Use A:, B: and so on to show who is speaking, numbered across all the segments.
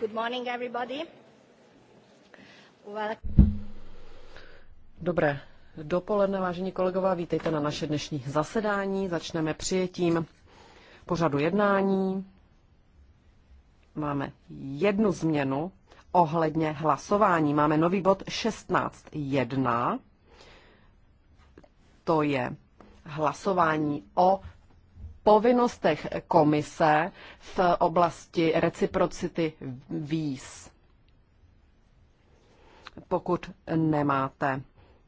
A: Good morning, everybody.
B: Well... Dobré dopoledne, vážení kolegové, vítejte na naše dnešní zasedání. Začneme přijetím pořadu jednání. Máme jednu změnu ohledně hlasování. Máme nový bod 16.1. To je hlasování o povinnostech komise v oblasti reciprocity víz. Pokud nemáte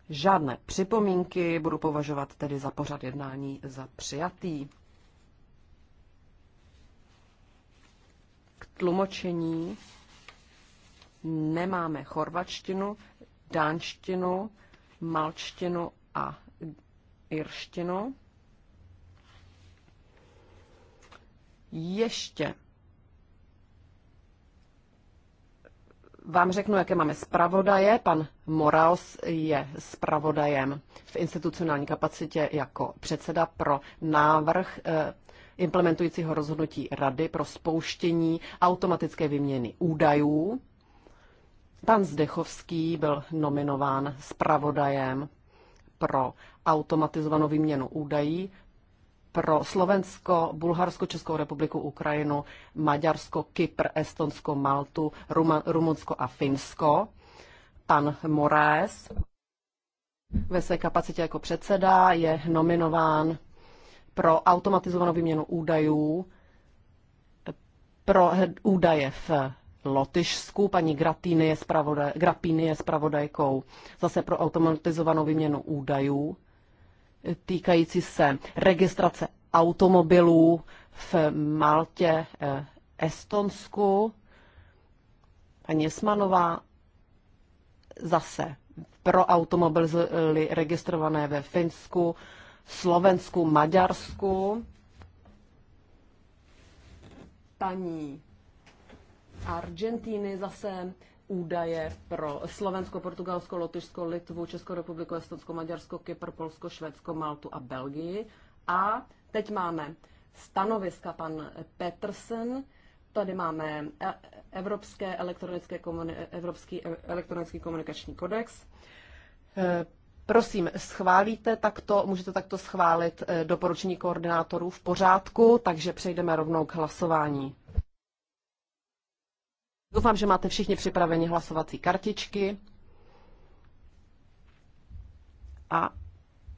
B: žádné připomínky, budu považovat tedy za pořad jednání za přijatý. K tlumočení nemáme chorvačtinu, dánštinu, malčtinu a irštinu. ještě vám řeknu, jaké máme zpravodaje. Pan Moraos je zpravodajem v institucionální kapacitě jako předseda pro návrh eh, implementujícího rozhodnutí Rady pro spouštění automatické vyměny údajů. Pan Zdechovský byl nominován zpravodajem pro automatizovanou výměnu údají pro Slovensko, Bulharsko, Českou republiku, Ukrajinu, Maďarsko, Kypr, Estonsko, Maltu, Ruma, Rumunsko a Finsko. Pan Moraes ve své kapacitě jako předseda je nominován pro automatizovanou výměnu údajů pro údaje v Lotyšsku. Paní Grapíny je, spravodaj, je spravodajkou zase pro automatizovanou výměnu údajů týkající se registrace automobilů v Maltě, eh, Estonsku. Paní Smanová zase pro automobily registrované ve Finsku, Slovensku, Maďarsku. Paní Argentíny zase údaje pro Slovensko, Portugalsko, Lotyšsko, Litvu, Českou republiku, Estonsko, Maďarsko, Kypr, Polsko, Švédsko, Maltu a Belgii. A teď máme stanoviska pan Petersen, tady máme e, Evropské elektronické komuni- Evropský e, elektronický komunikační kodex. E, prosím, schválíte takto, můžete takto schválit doporučení koordinátorů v pořádku, takže přejdeme rovnou k hlasování. Doufám, že máte všichni připraveni hlasovací kartičky. A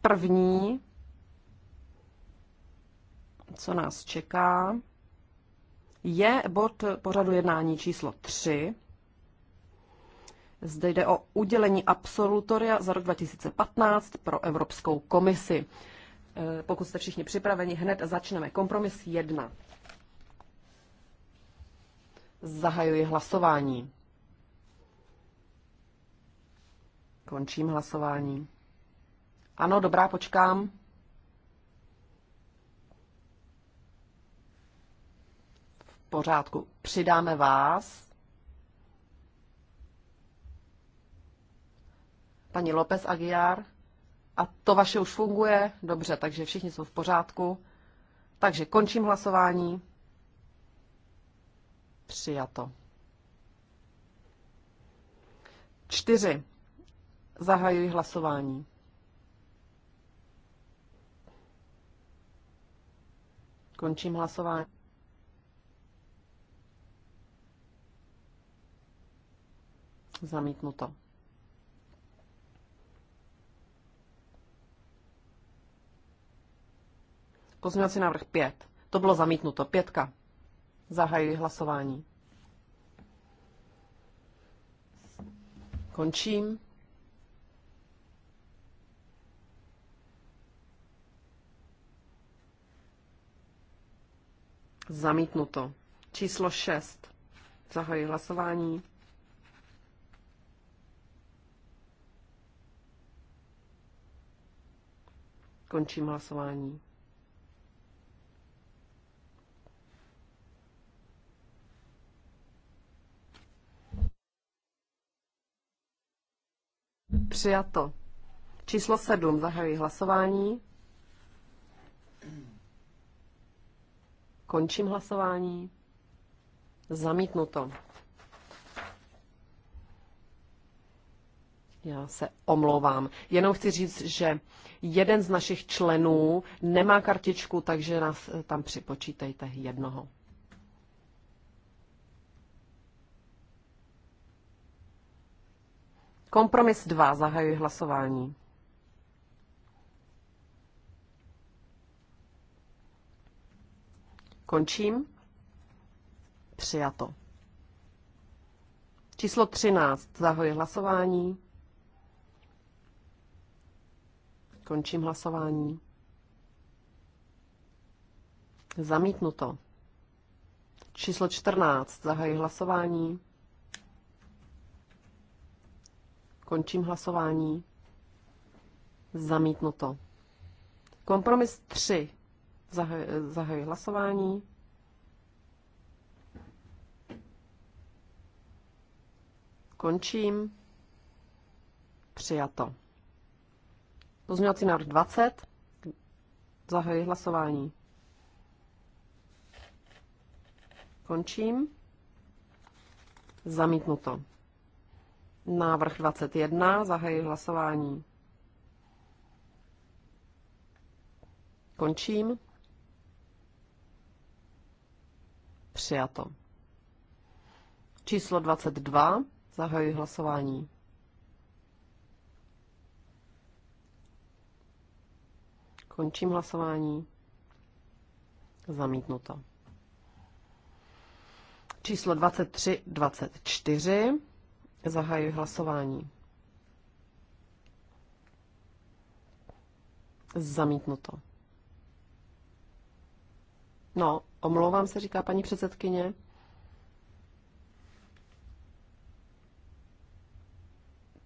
B: první, co nás čeká, je bod pořadu jednání číslo 3. Zde jde o udělení absolutoria za rok 2015 pro Evropskou komisi. E, pokud jste všichni připraveni, hned začneme. Kompromis 1. Zahajuji hlasování. Končím hlasování. Ano, dobrá, počkám. V pořádku. Přidáme vás. Paní López Aguiar. A to vaše už funguje? Dobře, takže všichni jsou v pořádku. Takže končím hlasování. Přijato. Čtyři. Zahajuji hlasování. Končím hlasování. Zamítnuto. Pozměňovací návrh 5. To bylo zamítnuto. Pětka. Zahajuji hlasování. Končím. Zamítnuto. Číslo 6. Zahajuji hlasování. Končím hlasování. Přijato. Číslo 7. Zahajuji hlasování. Končím hlasování. Zamítnuto. Já se omlouvám. Jenom chci říct, že jeden z našich členů nemá kartičku, takže nás tam připočítejte jednoho. Kompromis 2. Zahajuji hlasování. Končím. Přijato. Číslo 13. Zahajuji hlasování. Končím hlasování. Zamítnuto. Číslo 14. Zahajuji hlasování. Končím hlasování. Zamítnuto. Kompromis 3. Zahajuji hlasování. Končím. Přijato. Pozměňovací návrh 20. Zahajuji hlasování. Končím. Zamítnuto. Návrh 21, Zahají hlasování. Končím. Přijato. Číslo 22, Zahají hlasování. Končím hlasování. Zamítnuto. Číslo 23, 24. Zahajuji hlasování. Zamítnuto. No, omlouvám se, říká paní předsedkyně.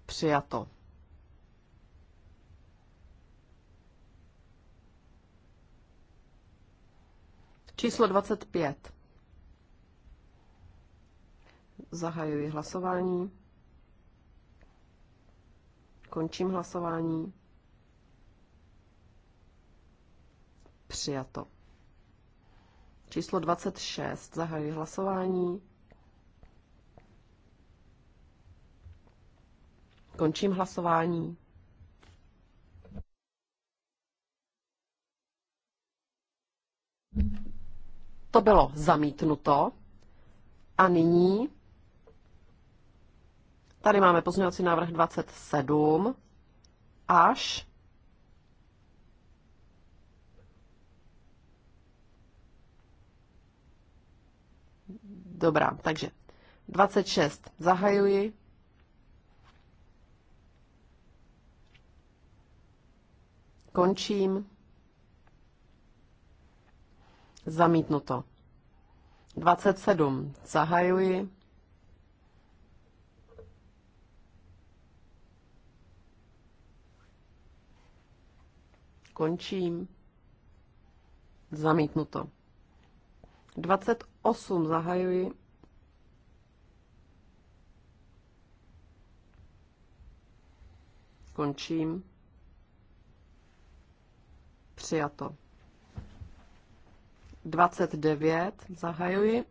B: Přijato. Číslo 25. Zahajuji hlasování. Končím hlasování. Přijato. Číslo 26. Zahajuji hlasování. Končím hlasování. To bylo zamítnuto. A nyní Tady máme pozměňovací návrh 27 až Dobrá, takže 26 zahajuji. Končím. Zamítnuto. 27 zahajuji. Končím. Zamítnuto. 28 zahajuji. Končím. Přijato. 29 zahajuji.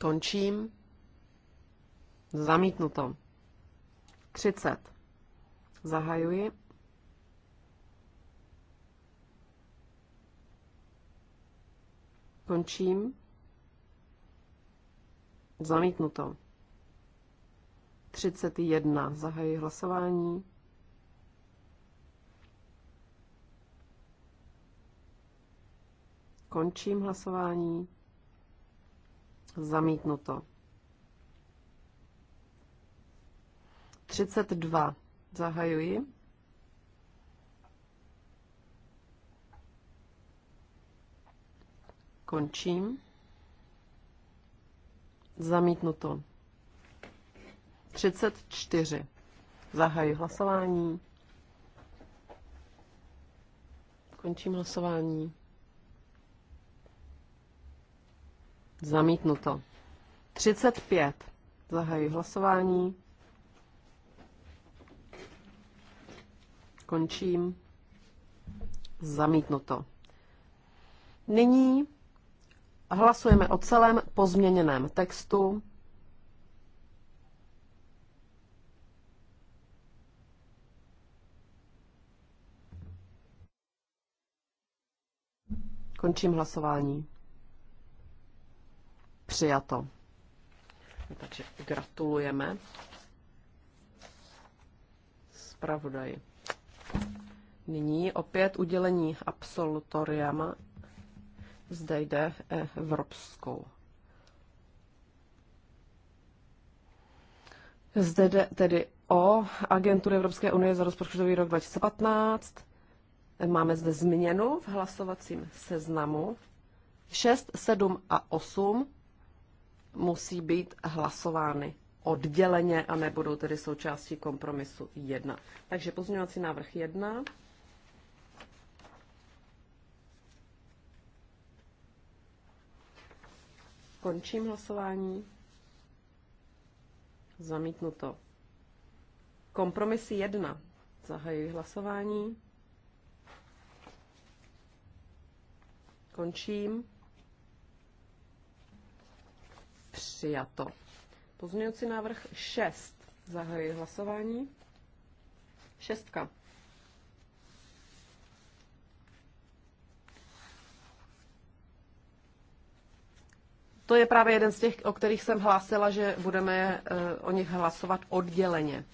B: Končím. Zamítnuto. 30. Zahajuji. Končím. Zamítnuto. 31. Zahajuji hlasování. Končím hlasování. Zamítnuto. 32. Zahajuji. Končím. Zamítnuto. 34. Zahajuji hlasování. Končím hlasování. Zamítnuto. 35. Zahajuji hlasování. Končím. Zamítnuto. Nyní hlasujeme o celém pozměněném textu. Končím hlasování. Přijato. Takže gratulujeme zpravodaji. Nyní opět udělení absolutoriama. Zde jde Evropskou. Zde jde tedy o agenturu Evropské unie za rozpočtový rok 2015. Máme zde změnu v hlasovacím seznamu. 6, 7 a 8 musí být hlasovány odděleně a nebudou tedy součástí kompromisu 1. Takže pozměňovací návrh 1. Končím hlasování. Zamítnuto. Kompromis 1. Zahajuji hlasování. Končím. Přijato. Pozměňovací návrh 6. Zahajuji hlasování. Šestka. To je právě jeden z těch, o kterých jsem hlásila, že budeme eh, o nich hlasovat odděleně.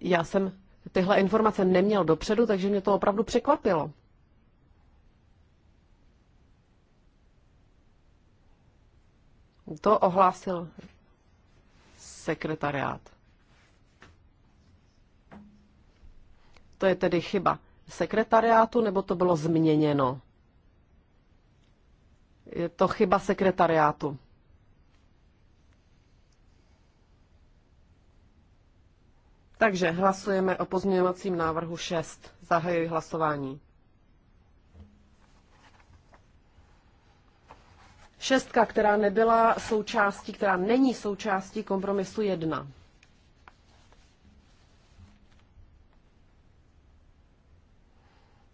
B: Já jsem tyhle informace neměl dopředu, takže mě to opravdu překvapilo. To ohlásil sekretariát. To je tedy chyba sekretariátu, nebo to bylo změněno? Je to chyba sekretariátu. Takže hlasujeme o pozměňovacím návrhu 6. Zahajuji hlasování. Šestka, která nebyla součástí, která není součástí kompromisu jedna.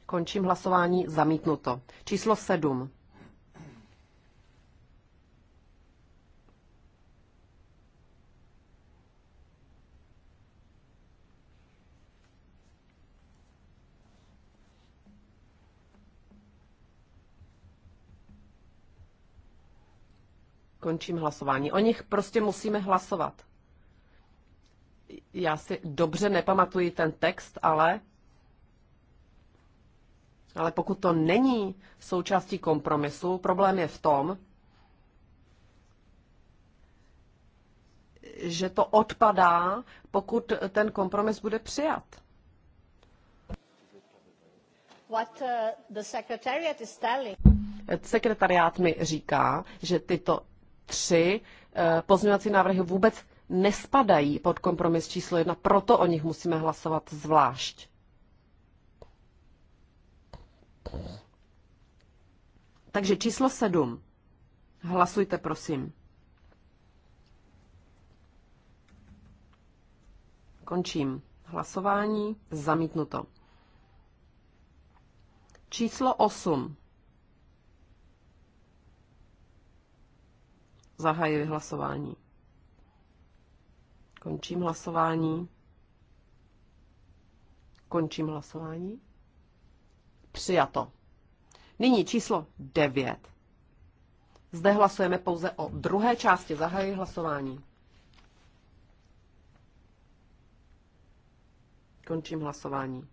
B: Končím hlasování zamítnuto. Číslo sedm. Končím hlasování. O nich prostě musíme hlasovat. Já si dobře nepamatuji ten text, ale ale pokud to není součástí kompromisu, problém je v tom, že to odpadá, pokud ten kompromis bude přijat. What, uh, Sekretariát mi říká, že tyto tři eh, pozměňovací návrhy vůbec nespadají pod kompromis číslo jedna, proto o nich musíme hlasovat zvlášť. Takže číslo sedm. Hlasujte, prosím. Končím hlasování. Zamítnuto. Číslo osm. Zahajuji hlasování. Končím hlasování. Končím hlasování. Přijato. Nyní číslo 9. Zde hlasujeme pouze o druhé části. Zahajuji hlasování. Končím hlasování.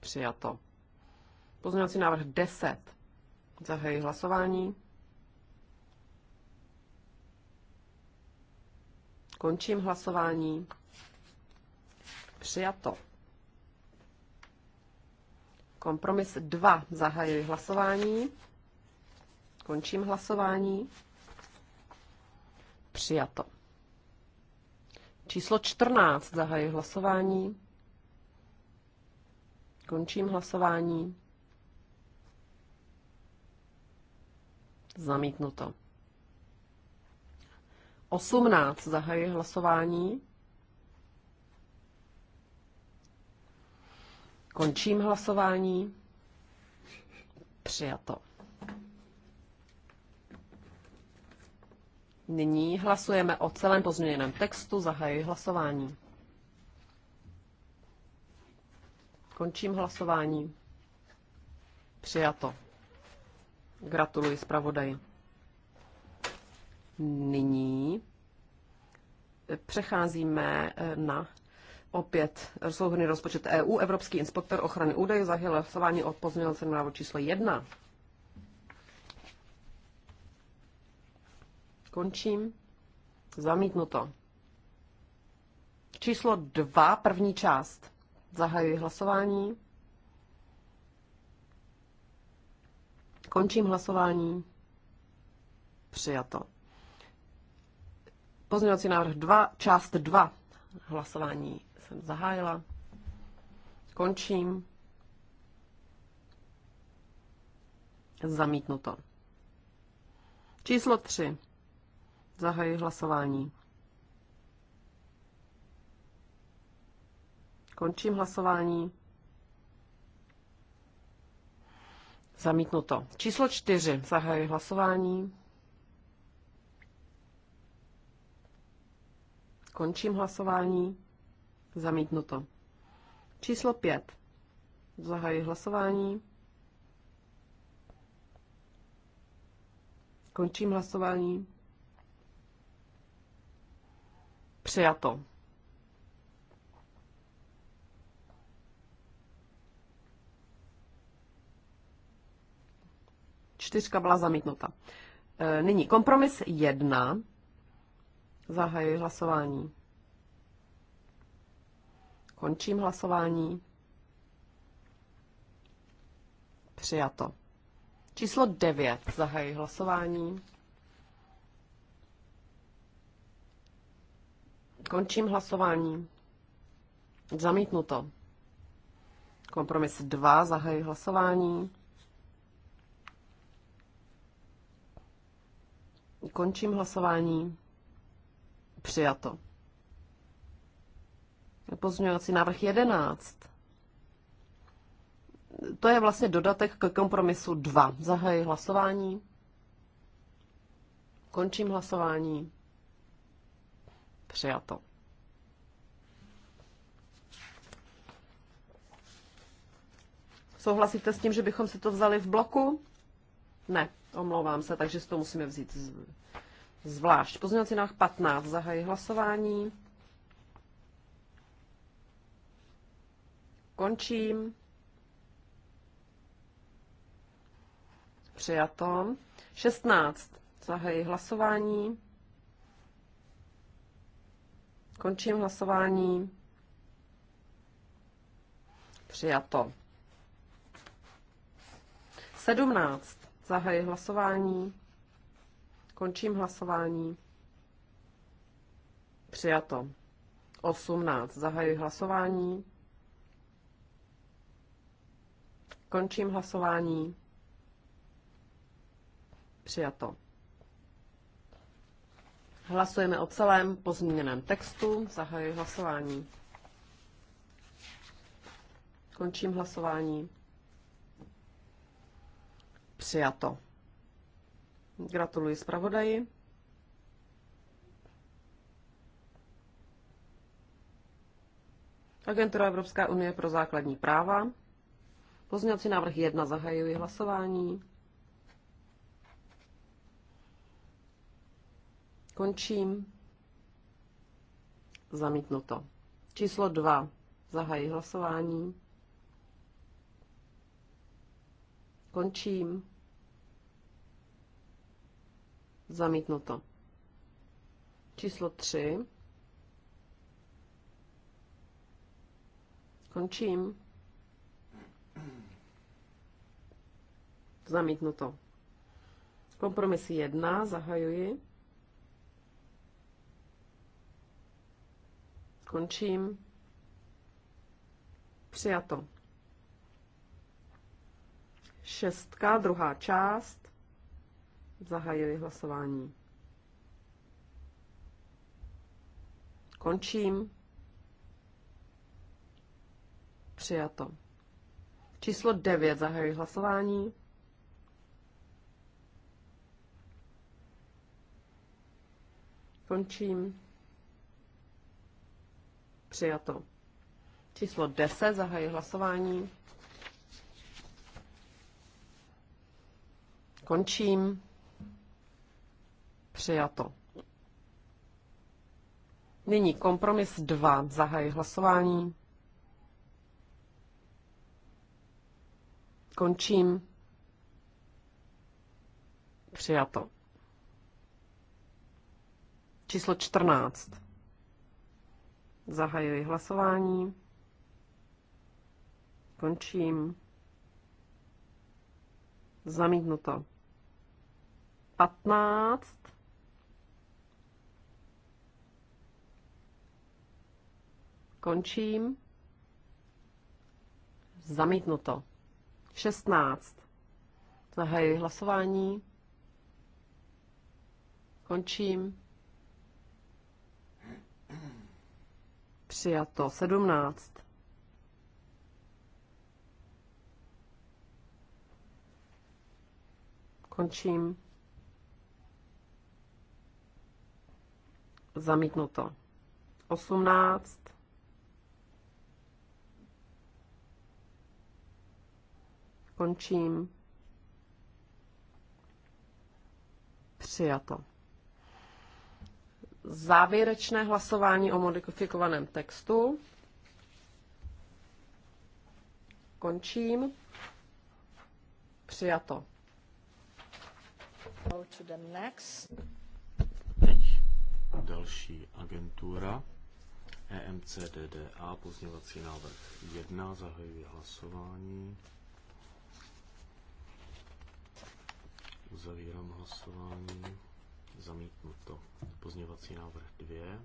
B: Přijato. Pozměňovací návrh 10. Zahajuji hlasování. Končím hlasování. Přijato. Kompromis 2. Zahajuji hlasování. Končím hlasování. Přijato. Číslo 14. Zahajuji hlasování. Končím hlasování. Zamítnuto. 18. Zahajuji hlasování. Končím hlasování. Přijato. Nyní hlasujeme o celém pozměněném textu. Zahajuji hlasování. Končím hlasování. Přijato. Gratuluji zpravodaji. Nyní eh, přecházíme eh, na opět souhrný rozpočet EU. Evropský inspektor ochrany údajů zahájil hlasování o pozměňovacím návrhu číslo 1. Končím. Zamítnuto. Číslo 2, první část. Zahajuji hlasování. Končím hlasování. Přijato. Pozměňovací návrh 2, část 2. Hlasování jsem zahájila. Končím. Zamítnuto. Číslo 3. Zahajuji hlasování. Končím hlasování. Zamítnuto. Číslo čtyři. Zahajuji hlasování. Končím hlasování. Zamítnuto. Číslo pět. Zahajuji hlasování. Končím hlasování. Přijato. Čtyřka byla zamítnuta. E, nyní kompromis jedna. Zahajuji hlasování. Končím hlasování. Přijato. Číslo 9. Zahajuji hlasování. Končím hlasování. Zamítnuto. Kompromis 2. Zahajuji hlasování. Končím hlasování. Přijato. Pozměňovací návrh 11. To je vlastně dodatek k kompromisu 2. Zahajuji hlasování. Končím hlasování. Přijato. Souhlasíte s tím, že bychom si to vzali v bloku? Ne. Omlouvám se, takže si to musíme vzít z, zvlášť. Pozměňovací návrh 15. Zahají hlasování. Končím. Přijato. 16. Zahají hlasování. Končím hlasování. Přijato. 17. Zahajuji hlasování. Končím hlasování. Přijato. 18. Zahajuji hlasování. Končím hlasování. Přijato. Hlasujeme o celém pozměněném textu. Zahajuji hlasování. Končím hlasování. Přijato. Gratuluji zpravodaji. Agentura Evropské unie pro základní práva. Pozměňovací návrh 1 zahajuji hlasování. Končím. Zamítnuto. Číslo 2 zahají hlasování. Končím. Zamítnuto. Číslo 3. Končím. Zamítnuto. Kompromis 1 zahajuji. Končím. Přijato. Šestka, druhá část. Zahajuji hlasování. Končím. Přijato. Číslo 9 zahajuji hlasování. Končím. Přijato. Číslo 10 zahajuji hlasování. Končím. Přijato. Nyní kompromis 2. Zahajuji hlasování. Končím. Přijato. Číslo 14. Zahajuji hlasování. Končím. Zamítnuto. 15. Končím. Zamítnuto. 16. Zahajuji hlasování. Končím. Přijato. 17. Končím. Zamítnuto. 18. Končím. Přijato. Závěrečné hlasování o modifikovaném textu. Končím. Přijato. Go to the next.
C: Další agentura EMCDDA, pozněvací návrh 1, zahajuji hlasování. Uzavírám hlasování. Zamítnuto. Pozněvací návrh 2.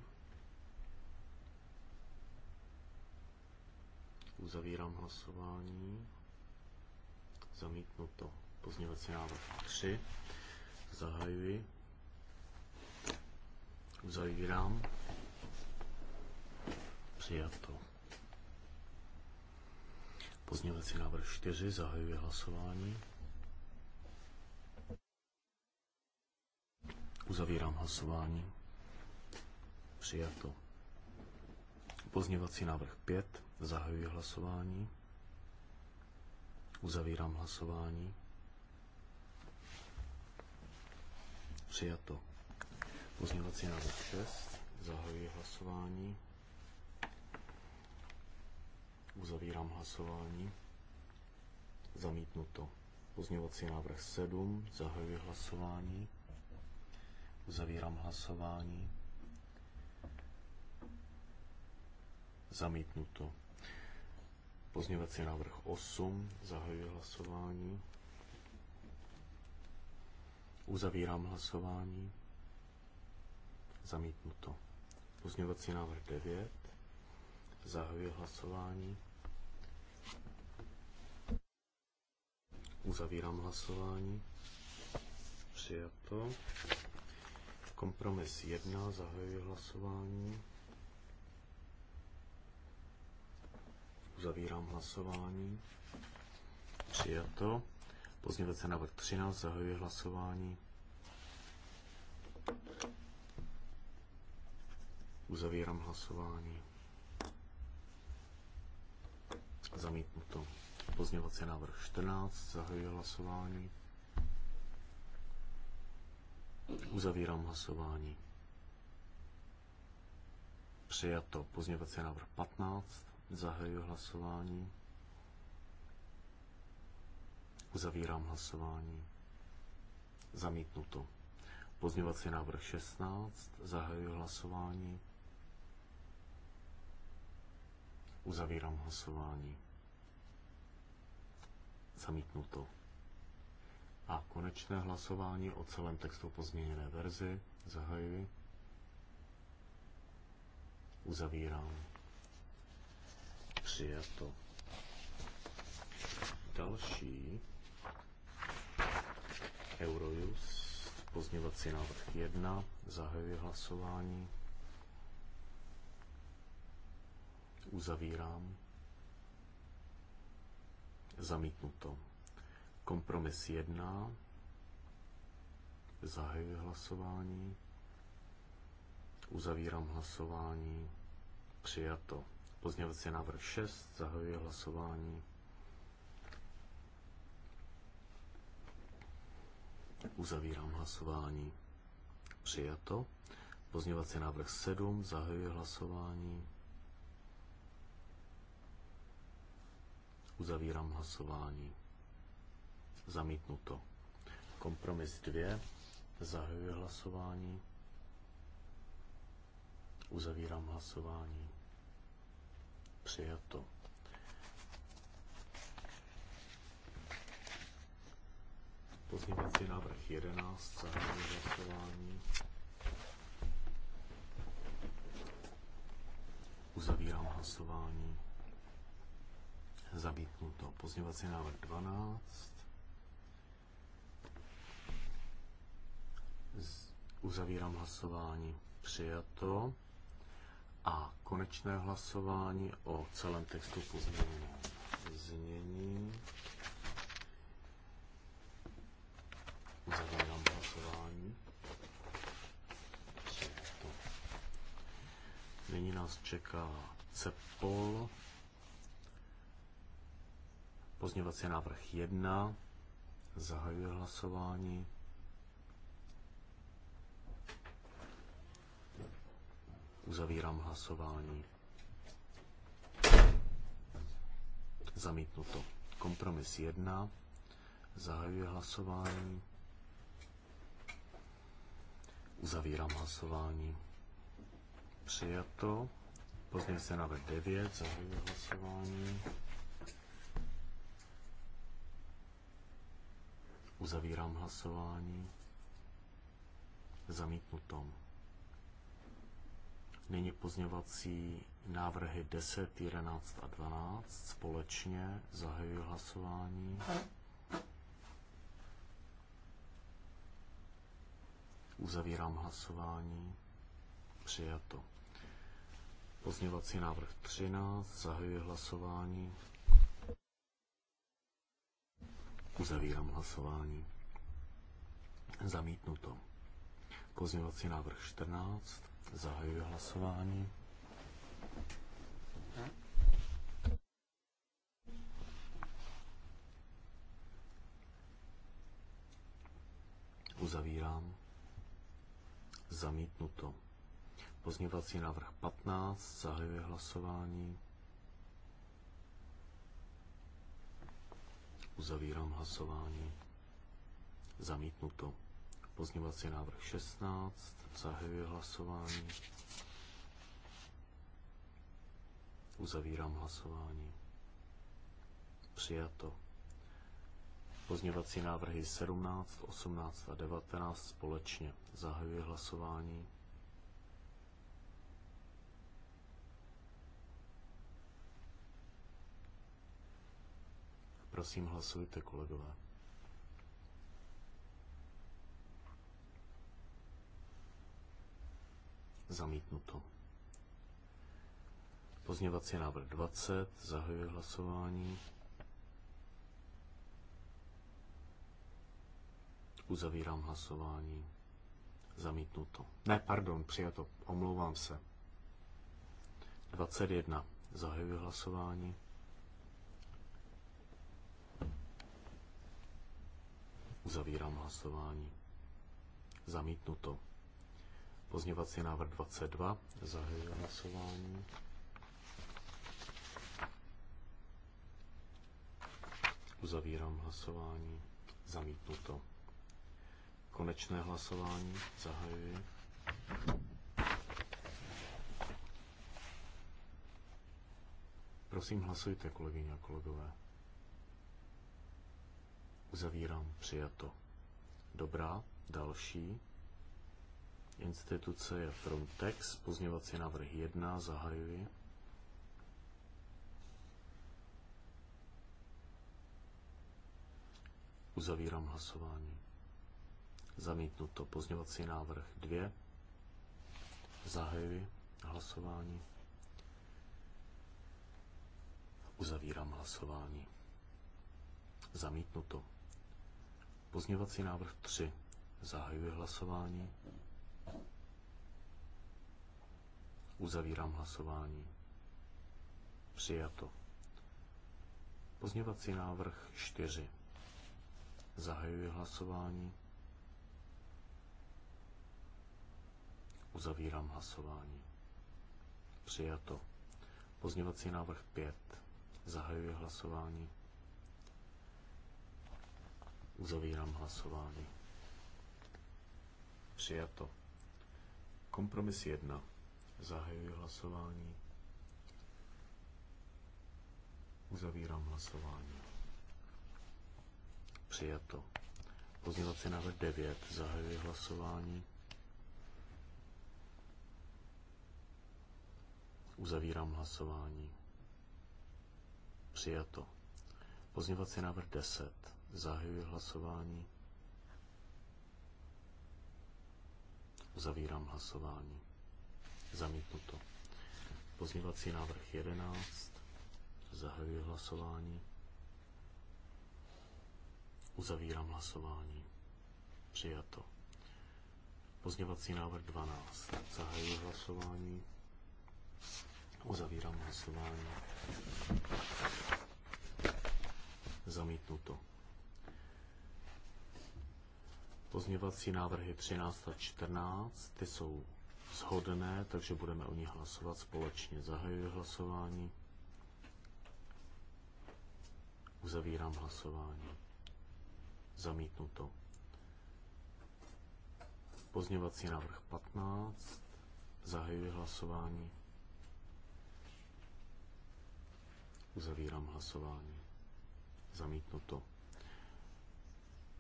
C: Uzavírám hlasování. Zamítnuto. Pozněvací návrh 3. Zahajuji. Uzavírám. Přijato. Pozměňovací návrh 4. Zahajuji hlasování. Uzavírám hlasování. Přijato. Pozměňovací návrh 5. Zahajuji hlasování. Uzavírám hlasování. Přijato. Pozměňovací návrh 6. Zahajuji hlasování. Uzavírám hlasování. Zamítnuto. Pozměňovací návrh 7. Zahajuji hlasování. Uzavírám hlasování. Zamítnuto. Pozměňovací návrh 8. Zahajuji hlasování. Uzavírám hlasování. Zamítnuto. Pozměňovací návrh 9. Zahajuji hlasování. Uzavírám hlasování. Přijato. Kompromis 1. Zahajuji hlasování. Uzavírám hlasování. Přijato. Pozměňovací návrh 13. Zahajuji hlasování. Uzavírám hlasování. Zamítnuto. Pozměňovací návrh 14. Zahajuji hlasování. Uzavírám hlasování. Přijato. Pozměňovací návrh 15. Zahajuji hlasování. Uzavírám hlasování. Zamítnuto. Pozměňovací návrh 16. Zahajuji hlasování. Uzavírám hlasování. Zamítnuto. A konečné hlasování o celém textu pozměněné verzi zahajuji. Uzavírám. Přijato. Další Eurojust, pozměvací návrh 1, zahajuji hlasování. Uzavírám. Zamítnuto. Kompromis 1. Zahajuji hlasování. Uzavírám hlasování. Přijato. Pozměňovací návrh 6. Zahajuji hlasování. Uzavírám hlasování. Přijato. Pozměňovací návrh 7. Zahajuji hlasování. Uzavírám hlasování. Zamítnuto. Kompromis 2. Zahajuji hlasování. Uzavírám hlasování. Přijato. Pozměňovací návrh 11. Zahajuji hlasování. Uzavírám hlasování zamítnuto. No, Pozněvací návrh 12. Uzavírám hlasování přijato a konečné hlasování o celém textu pozměněné znění. Uzavírám hlasování. Přijato. Nyní nás čeká CEPOL. Pozměňovací návrh 1. Zahajuji hlasování. Uzavírám hlasování. Zamítnuto. Kompromis 1. Zahajuji hlasování. Uzavírám hlasování. Přijato. Později se na 9. Zahajuji hlasování. Uzavírám hlasování. Zamítnuto. Nyní pozněvací návrhy 10, 11 a 12 společně. Zahajuji hlasování. Uzavírám hlasování. Přijato. Pozněvací návrh 13. Zahajuji hlasování. Uzavírám hlasování. Zamítnuto. Pozměňovací návrh 14. Zahajuji hlasování. Uzavírám. Zamítnuto. Pozměňovací návrh 15. Zahajuji hlasování. Uzavírám hlasování. Zamítnuto. Pozněvací návrh 16. Zahajuji hlasování. Uzavírám hlasování. Přijato. Pozněvací návrhy 17, 18 a 19 společně. Zahajuji hlasování. Prosím, hlasujte, kolegové. Zamítnuto. Pozněvací návrh 20. Zahajuji hlasování. Uzavírám hlasování. Zamítnuto. Ne, pardon, přijato. Omlouvám se. 21. Zahajuji hlasování. Uzavírám hlasování. Zamítnuto. Pozněvací návrh 22. Zahajuji hlasování. Uzavírám hlasování. Zamítnuto. Konečné hlasování zahajuji. Prosím, hlasujte, kolegyně a kolegové. Uzavírám. Přijato. Dobrá. Další. Instituce je Frontex. pozněvací návrh 1. Zahajuji. Uzavírám hlasování. Zamítnuto. pozněvací návrh 2. Zahajuji hlasování. Uzavírám hlasování. Zamítnuto. Pozměvací návrh 3. Zahajuji hlasování. Uzavírám hlasování. Přijato. Pozměvací návrh 4. Zahajuji hlasování. Uzavírám hlasování. Přijato. Pozměvací návrh 5. Zahajuji hlasování. Uzavírám hlasování. Přijato. Kompromis 1. Zahajuji hlasování. Uzavírám hlasování. Přijato. Pozměňovací návrh 9. Zahajuji hlasování. Uzavírám hlasování. Přijato. Pozměňovací návrh 10. Zahajuji hlasování. Zavírám hlasování. Zamítnuto. Pozměvací návrh 11. Zahajuji hlasování. Uzavírám hlasování. Přijato. Pozměvací návrh 12. Zahajuji hlasování. Uzavírám hlasování. Zamítnuto. Pozměvací návrhy 13 a 14, ty jsou shodné, takže budeme o nich hlasovat společně. Zahajuji hlasování. Uzavírám hlasování. Zamítnuto. Pozměvací návrh 15. Zahajuji hlasování. Uzavírám hlasování. Zamítnuto.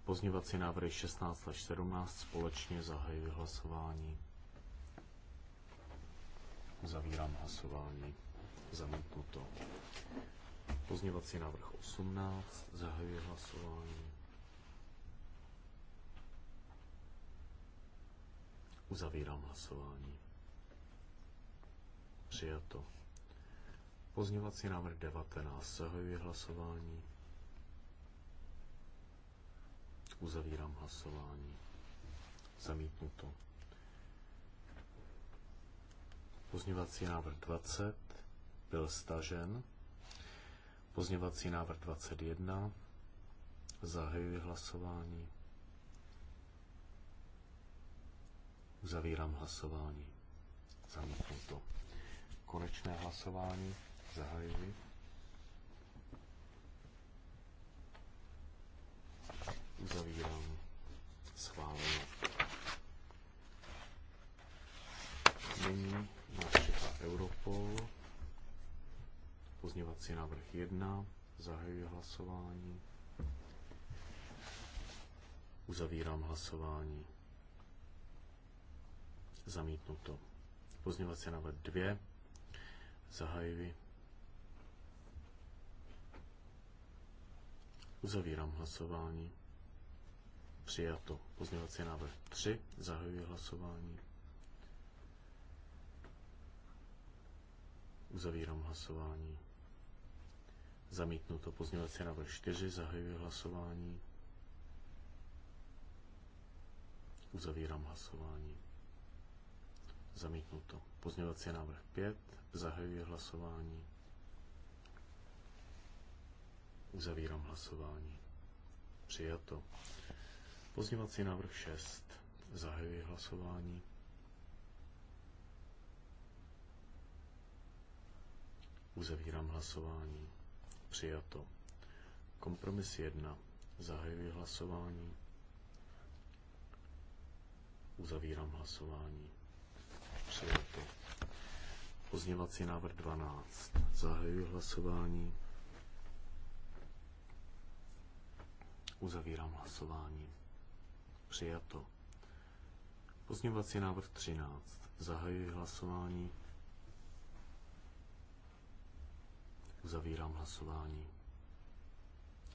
C: Pozměvací návrhy 16 až 17 společně zahajuji hlasování. Zavírám hlasování. Zamítnuto. Pozněvací návrh 18 zahajuji hlasování. Uzavírám hlasování. Přijato. Pozněvací návrh 19 Zahajuji hlasování. Uzavírám hlasování. Zamítnuto. Pozněvací návrh 20 byl stažen. Pozněvací návrh 21. Zahajuji hlasování. Uzavírám hlasování. Zamítnuto. Konečné hlasování. Zahajuji. Uzavírám. Schváleno. Nyní nás čeká Europol. Pozněvací návrh 1. Zahajuji hlasování. Uzavírám hlasování. Zamítnuto. Pozněvací návrh 2. Zahajuji. Uzavírám hlasování. Přijato. Pozměňovací návrh 3. Zahajuji hlasování. Uzavírám hlasování. Zamítnuto. Pozměňovací návrh 4. Zahajuji hlasování. Uzavírám hlasování. Zamítnuto. Pozměňovací návrh 5. Zahajuji hlasování. Uzavírám hlasování. Přijato. Pozněvací návrh 6. Zahajuji hlasování. Uzavírám hlasování. Přijato. Kompromis 1. Zahajuji hlasování. Uzavírám hlasování. Přijato. Pozněvací návrh 12. Zahajuji hlasování. Uzavírám hlasování. Přijato. Pozměňovací návrh 13. Zahajuji hlasování. Uzavírám hlasování.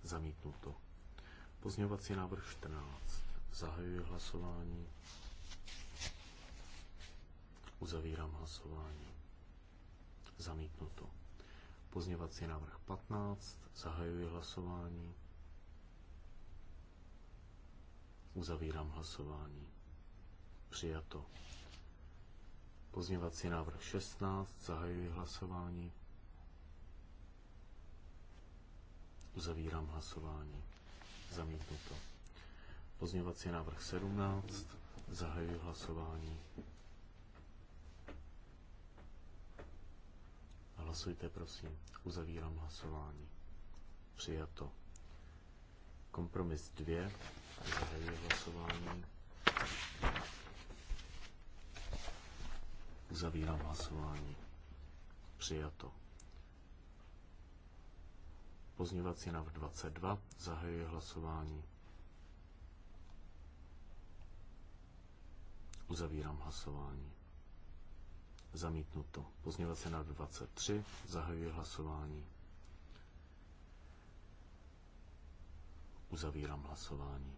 C: Zamítnuto. Pozměňovací návrh 14. Zahajuji hlasování. Uzavírám hlasování. Zamítnuto. Pozměňovací návrh 15. Zahajuji hlasování. Uzavírám hlasování. Přijato. Pozměvací návrh 16. Zahajuji hlasování. Uzavírám hlasování. Zamítnuto. Pozměvací návrh 17. Zahajuji hlasování. Hlasujte, prosím. Uzavírám hlasování. Přijato. Kompromis 2. Zahajuji hlasování. Uzavírám hlasování. Přijato. Pozměňovací návrh 22. Zahajuji hlasování. Uzavírám hlasování. Zamítnuto. Pozměňovací návrh 23. Zahajuji hlasování. Uzavírám hlasování.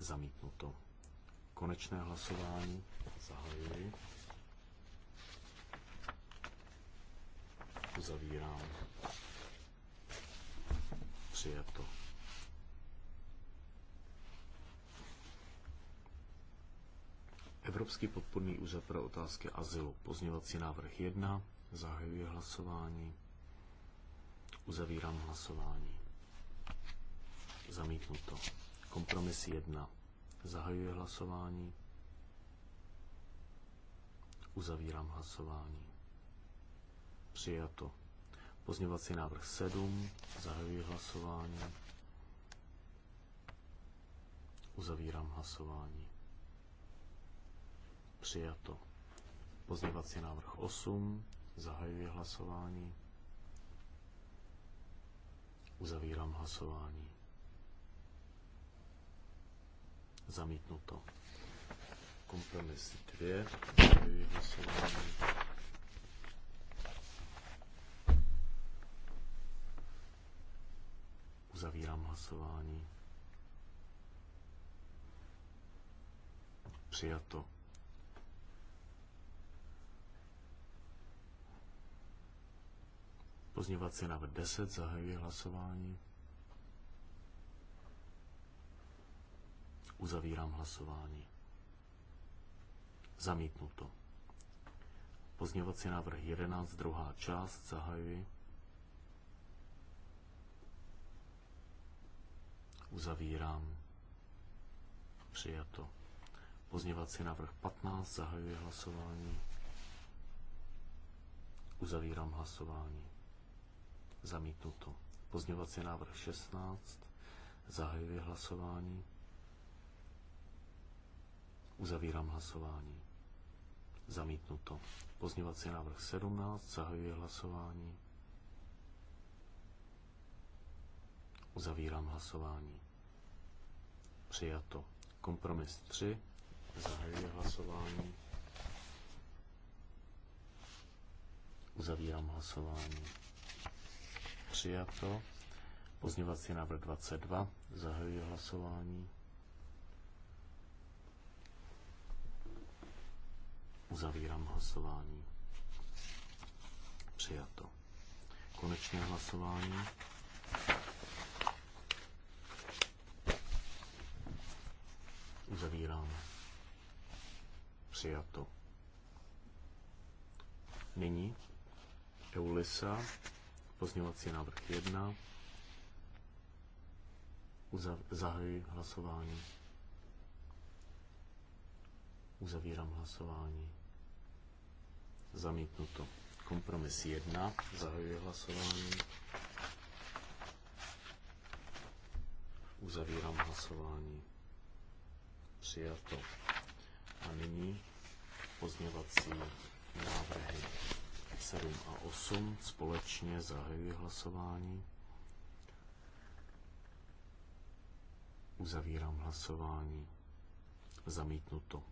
C: Zamítnuto. Konečné hlasování zahajuji. Zavírám. Přijato. Evropský podporný úřad pro otázky azylu. Pozněvací návrh 1. Zahajuji hlasování. Uzavírám hlasování. Zamítnuto. Kompromis 1. Zahajuji hlasování. Uzavírám hlasování. Přijato. Pozměvací návrh 7. Zahajuji hlasování. Uzavírám hlasování. Přijato. Pozměvací návrh 8. Zahajuji hlasování. Uzavírám hlasování. Zamítnuto. Kompromis 2. Uzavírám hlasování. Přijato. Pozněvací návrh 10. zahajuje hlasování. Uzavírám hlasování. Zamítnuto. Pozněvací návrh 11, druhá část, zahajuji. Uzavírám. Přijato. Pozněvací návrh 15, zahajuji hlasování. Uzavírám hlasování. Zamítnuto. Pozněvací návrh 16, zahajuji hlasování. Uzavírám hlasování. Zamítnuto. Pozněvací návrh 17. Zahajuji hlasování. Uzavírám hlasování. Přijato. Kompromis 3. Zahajuji hlasování. Uzavírám hlasování. Přijato. Pozněvací návrh 22. Zahajuji hlasování. Uzavírám hlasování. Přijato. Konečné hlasování. Uzavírám. Přijato. Nyní Eulisa, pozněvací návrh 1. Uzav- zahajuji hlasování. Uzavírám hlasování. Zamítnuto. Kompromis 1. Zahajuji hlasování. Uzavírám hlasování. Přijato. A nyní pozměvací návrhy 7 a 8 společně zahajuji hlasování. Uzavírám hlasování. Zamítnuto.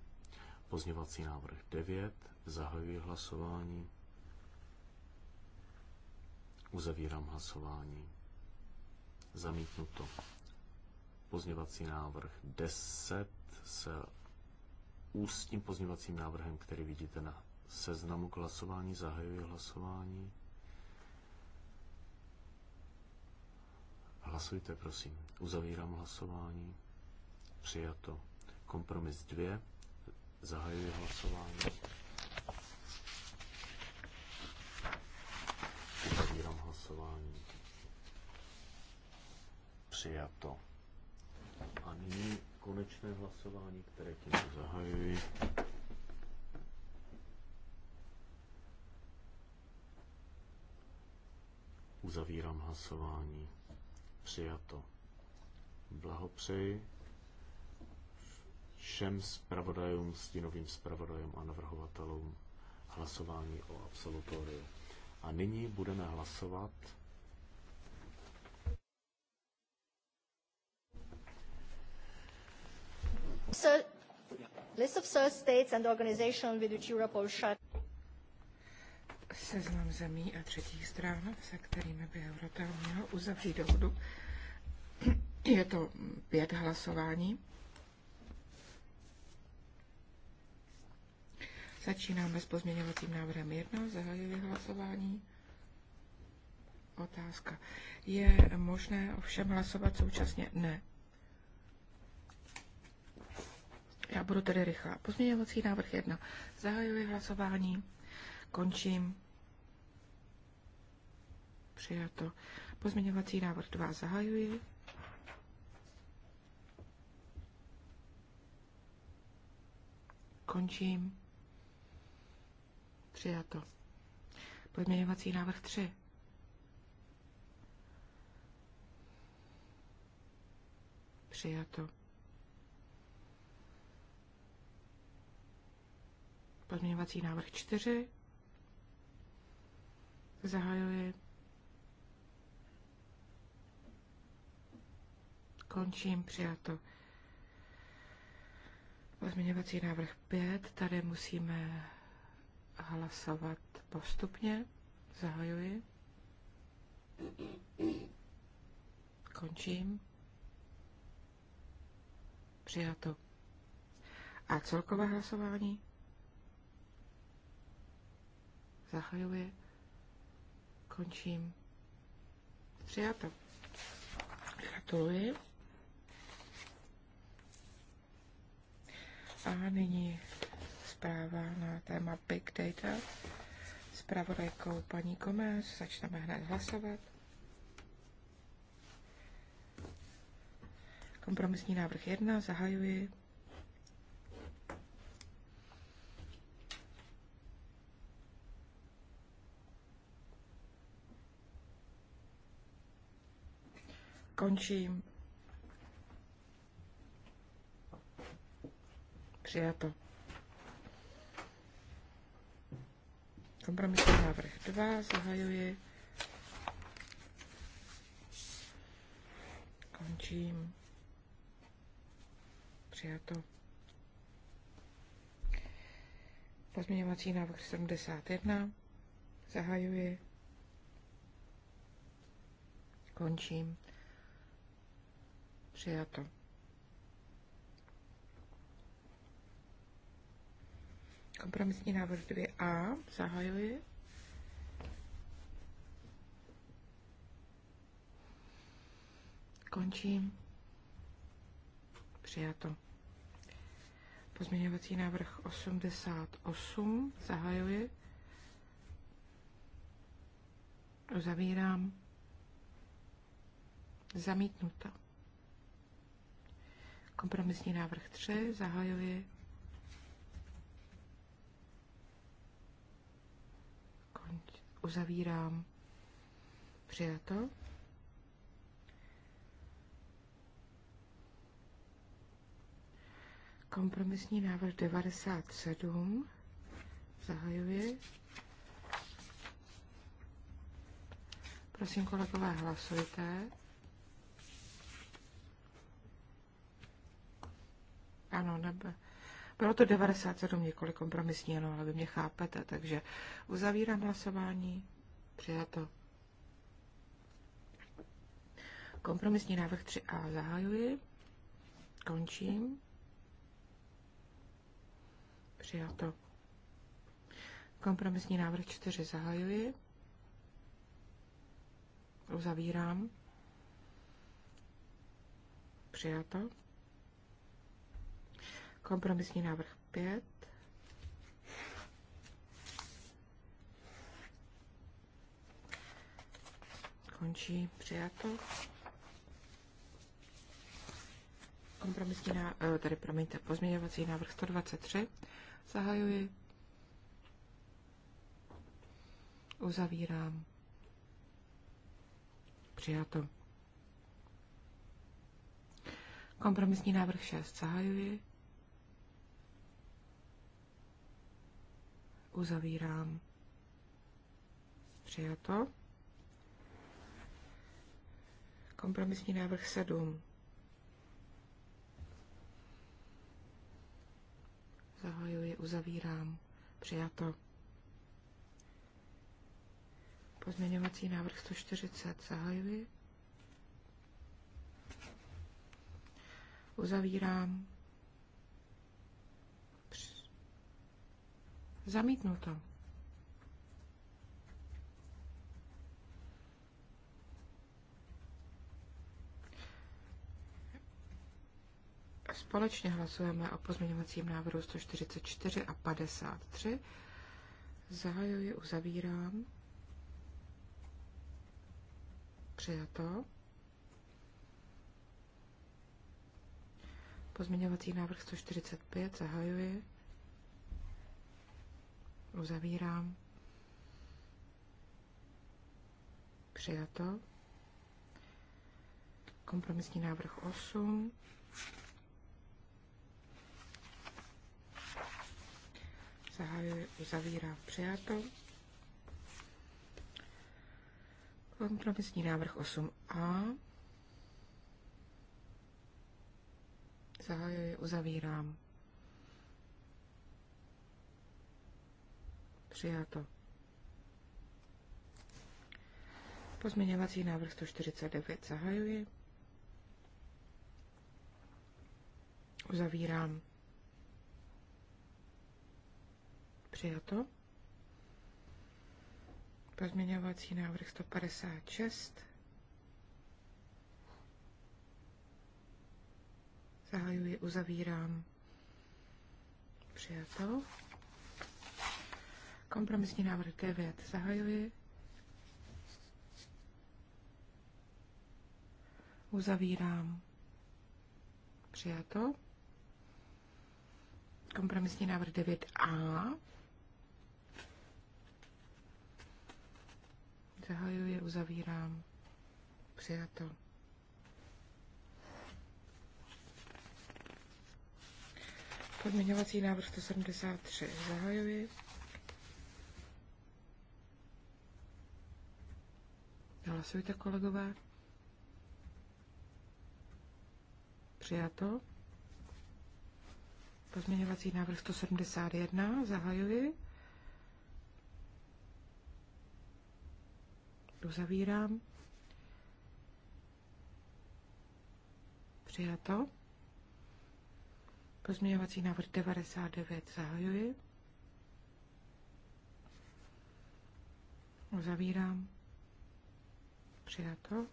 C: Pozněvací návrh 9. Zahajuji hlasování. Uzavírám hlasování. Zamítnuto. Pozněvací návrh 10 s ústním pozněvacím návrhem, který vidíte na seznamu k hlasování. Zahajuji hlasování. Hlasujte, prosím. Uzavírám hlasování. Přijato. Kompromis 2. Zahajuji hlasování. Uzavírám hlasování. Přijato. A nyní konečné hlasování, které tím zahajuji. Uzavírám hlasování. Přijato. Blahopřeji všem zpravodajům, stínovým zpravodajům a navrhovatelům hlasování o absolutoriu. A nyní budeme hlasovat
A: So, list of third states and organizations with which Europol shut seznam zemí a třetích stran, se kterými by Europol měl uzavřít dohodu. Je to pět hlasování. Začínáme s pozměňovacím návrhem 1. Zahajuji hlasování. Otázka. Je možné ovšem hlasovat současně? Ne. Já budu tedy rychlá. Pozměňovací návrh 1. Zahajuji hlasování. Končím. Přijato. Pozměňovací návrh 2. Zahajuji. Končím. Přijato. Pozměňovací návrh 3. Přijato. Pozměňovací návrh 4. Zahajuji. Končím. Přijato. Pozměňovací návrh 5. Tady musíme hlasovat postupně. Zahajuji. Končím. Přijato. A celkové hlasování? Zahajuji. Končím. Přijato. Gratuluji. A nyní zpráva na téma Big Data. Zpravodajkou paní komes, začneme hned hlasovat. Kompromisní návrh 1 zahajuji. Končím. Přijato. Kompromisní návrh 2 zahajuji. Končím. Přijato. Pozměňovací návrh 71 zahajuji. Končím. Přijato. Kompromisní návrh 2a zahajuji. Končím. Přijato. Pozměňovací návrh 88 zahajuji. Uzavírám. Zamítnuto. Kompromisní návrh 3 zahajuji. uzavírám. Přijato. Kompromisní návrh 97. Zahajuji. Prosím, kolegové, hlasujte. Ano, nebe. Bylo to 97, několik kompromisní, no, ale vy mě chápete, takže uzavírám hlasování. Přijato. Kompromisní návrh 3a zahajuji. Končím. Přijato. Kompromisní návrh 4 zahajuji. Uzavírám. Přijato. Kompromisní návrh 5. Končí přijato. Kompromisní návrh, eh, tady promiňte, pozměňovací návrh 123. Zahajuji. Uzavírám. Přijato. Kompromisní návrh 6 zahajuji. uzavírám. Přijato. Kompromisní návrh 7. Zahajuji, uzavírám. Přijato. Pozměňovací návrh 140. Zahajuji. Uzavírám. Zamítnuto. Společně hlasujeme o pozměňovacím návrhu 144 a 53. Zahajuji, uzavírám. Přijato. Pozměňovací návrh 145 zahajuji. Uzavírám. Přijato. Kompromisní návrh 8. Zahajuji, uzavírám. Přijato. Kompromisní návrh 8a. Zahajuji, uzavírám. Přijato. Pozměňovací návrh 149 zahajuji. Uzavírám. Přijato. Pozměňovací návrh 156. Zahajuji, uzavírám. Přijato. Kompromisní návrh 9 zahajuji. Uzavírám. Přijato. Kompromisní návrh 9a. Zahajuji, uzavírám. Přijato. Podměňovací návrh 173. Zahajuji. Hlasujte, kolegové. Přijato. Pozměňovací návrh 171. Zahajuji. Uzavírám. Přijato. Pozměňovací návrh 99. Zahajuji. Uzavírám. Přijato.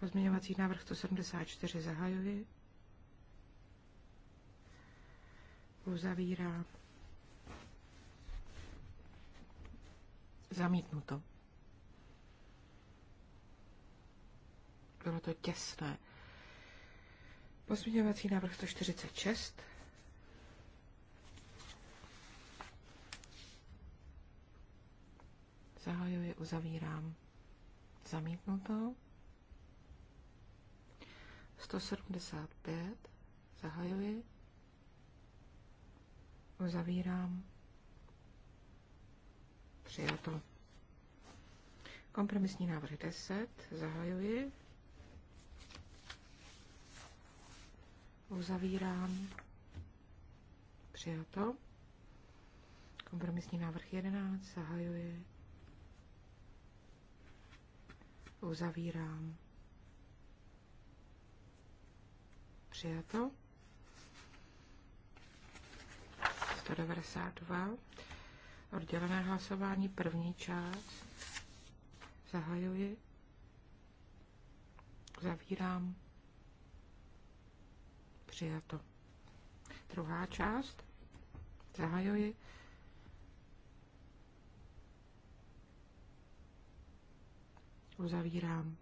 A: Pozměňovací návrh 174 zahajuji. Uzavírám. Zamítnuto. Bylo to těsné. Pozměňovací návrh 146. Zahajuji, uzavírám. Zamítnuto. 175. Zahajuji. Uzavírám. Přijato. Kompromisní návrh 10. Zahajuji. Uzavírám. Přijato. Kompromisní návrh 11. Zahajuji. Uzavírám. Přijato. 192. Oddělené hlasování, první část. Zahajuji. Zavírám. Přijato. Druhá část. Zahajuji. Uzavírám.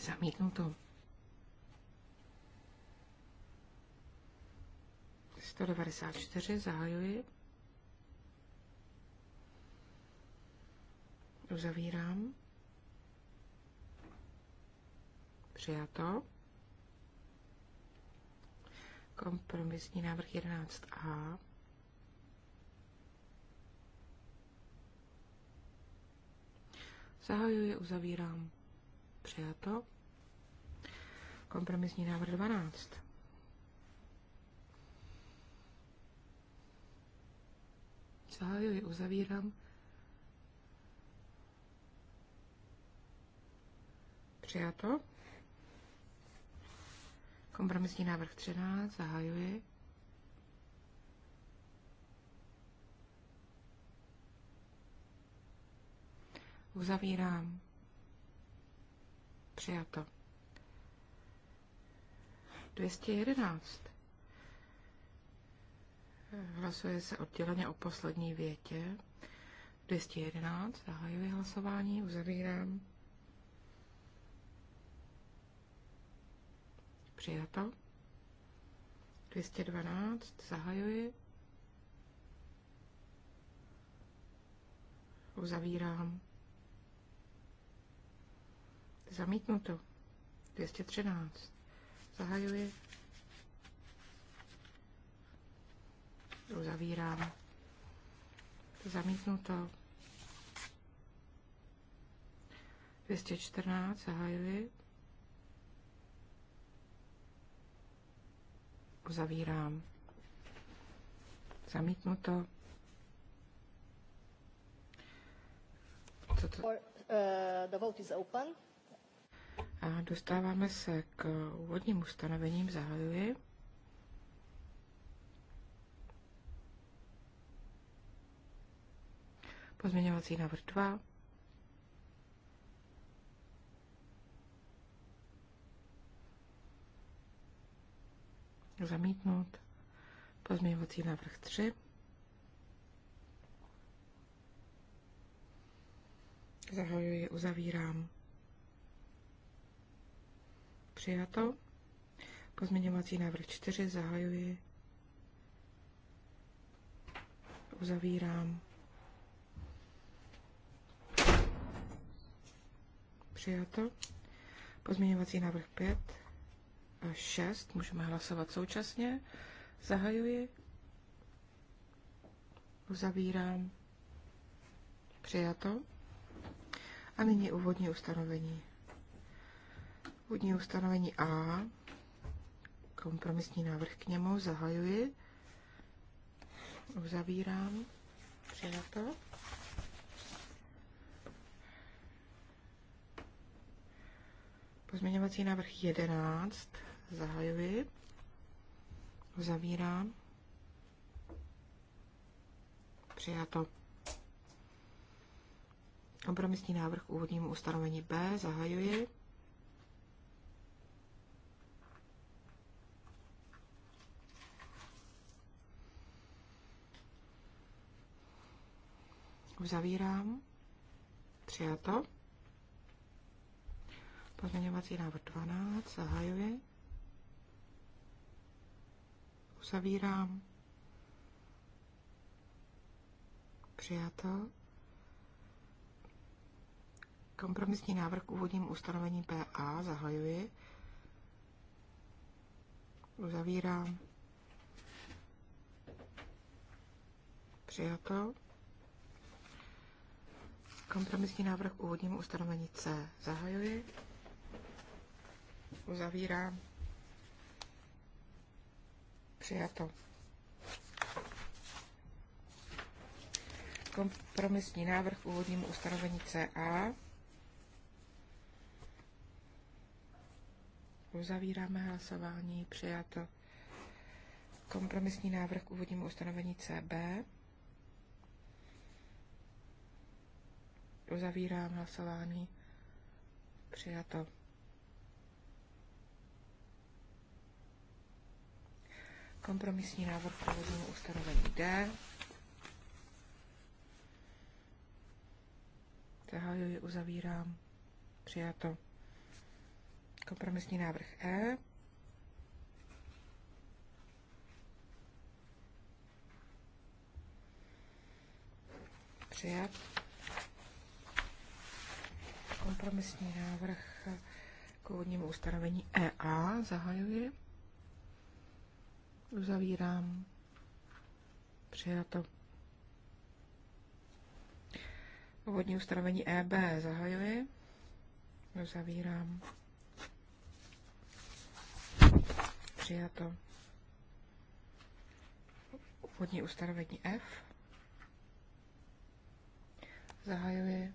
A: Zamítnu to. čtyři zahajuji. Uzavírám. Přijato. Kompromisní návrh 11a. Zahajuji, uzavírám. Přijato. Kompromisní návrh 12. Zahajuji, uzavírám. Přijato. Kompromisní návrh 13. Zahajuji. Uzavírám. Přijato. 211. Hlasuje se odděleně o poslední větě. 211. Zahajuji hlasování, uzavírám. Přijato. 212. Zahajuji. Uzavírám. Zamítnuto. 213. Zahajuji. Uzavírám. Zamítnuto. 214. Zahajuji. Uzavírám. Zamítnuto.
B: Co to? uh, the vote is open.
A: A dostáváme se k úvodním ustanovením. Zahajuji. Pozměňovací návrh 2. Zamítnout. Pozměňovací návrh 3. Zahajuji, uzavírám. Přijato. Pozměňovací návrh 4 zahajuji. Uzavírám. Přijato. Pozměňovací návrh 5 a 6 můžeme hlasovat současně. Zahajuji. Uzavírám. Přijato. A nyní úvodní ustanovení. Úvodní ustanovení A, kompromisní návrh k němu, zahajuji, uzavírám, přijato. Pozměňovací návrh 11, zahajuji, uzavírám, přijato. Kompromisní návrh k úvodnímu ustanovení B, zahajuji, Uzavírám. Přijato. Pozměňovací návrh 12 zahajuji. Uzavírám. Přijato. Kompromisní návrh k úvodním ustanovení PA zahajuji. Uzavírám. Přijato. Kompromisní návrh k úvodnímu ustanovení C zahajuji. Uzavírám. Přijato. Kompromisní návrh k úvodnímu ustanovení CA. Uzavíráme hlasování. Přijato. Kompromisní návrh k úvodnímu ustanovení CB. Uzavírám hlasování. Přijato. Kompromisní návrh provozu ustanovení D. Zahajuji, uzavírám. Přijato. Kompromisní návrh E. Přijat. Kompromisní návrh k úvodnímu ustanovení EA zahajuji. Uzavírám. Přijato. Úvodní ustanovení EB zahajuji. Uzavírám. Přijato. Úvodní ustanovení F. Zahajuji.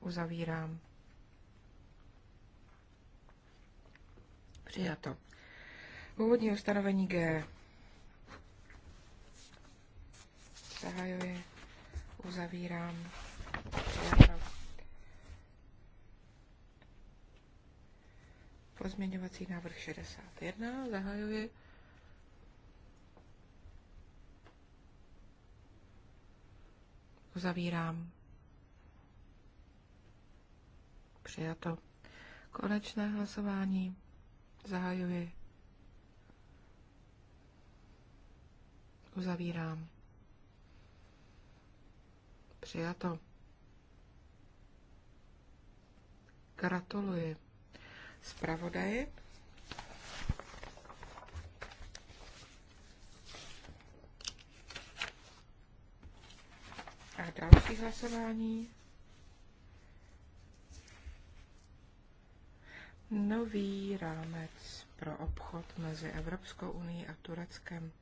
A: Uzavírám. Přijato. Původní ustanovení G. Zahajuji, uzavírám, přijato. Pozměňovací návrh 61, zahajuji. Uzavírám. Přijato. Konečné hlasování. Zahajuji. Uzavírám. Přijato. Gratuluji zpravodaji. A další hlasování nový rámec pro obchod mezi Evropskou unii a Tureckem.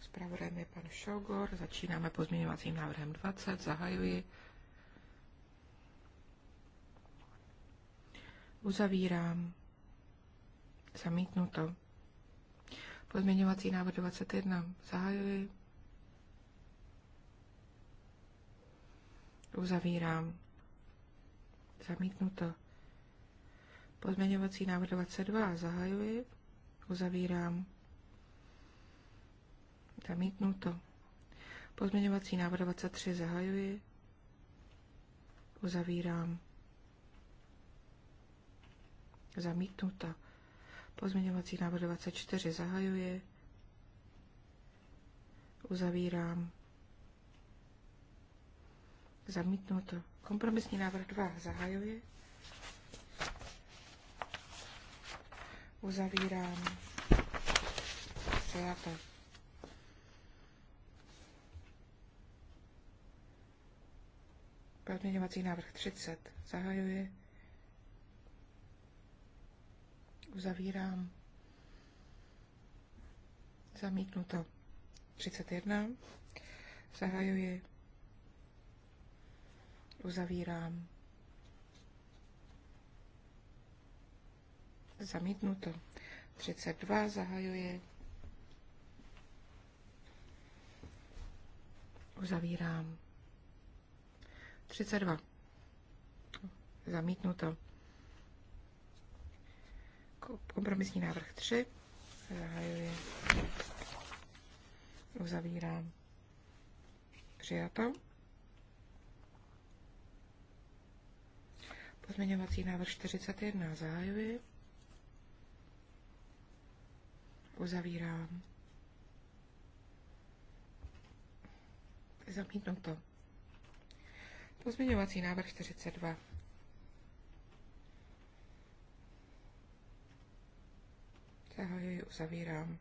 A: Zpravodajem je pan Šogor, začínáme pozměňovacím návrhem 20, zahajuji. Uzavírám. Zamítnuto. Pozměňovací návrh 21. Zahajuji. Uzavírám. Zamítnuto. Pozměňovací návrh 22 zahajuji. Uzavírám. Zamítnuto. Pozměňovací návrh 23 zahajuji. Uzavírám. Zamítnuto. Pozměňovací návrh 24 zahajuji. Uzavírám. Zamítnuto. Kompromisní návrh 2 zahajuje. Uzavírám. Přijato. Pozměňovací návrh 30 zahajuje. Uzavírám. Zamítnuto. 31. Zahajuje. Uzavírám. Zamítnuto. 32 zahajuje. Uzavírám. 32. Zamítnuto. Kompromisní návrh 3. Zahajuje. Uzavírám. Přijatou. Pozměňovací návrh 41 zahajuji. Uzavírám. Zamítnuto. Pozměňovací návrh 42. Zahajuji, uzavírám.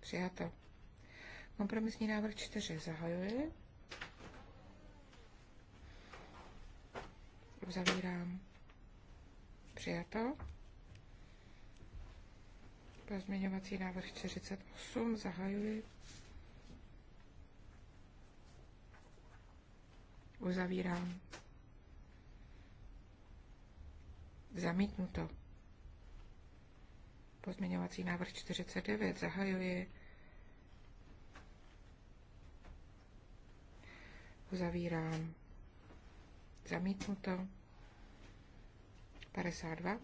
A: Přijato. Kompromisní návrh 4 zahajuji. Uzavírám přijato. Pozměňovací návrh 48 zahajuji. Uzavírám. Zamítnuto. Pozměňovací návrh 49 zahajuji. Uzavírám. Zamítnuto. 52.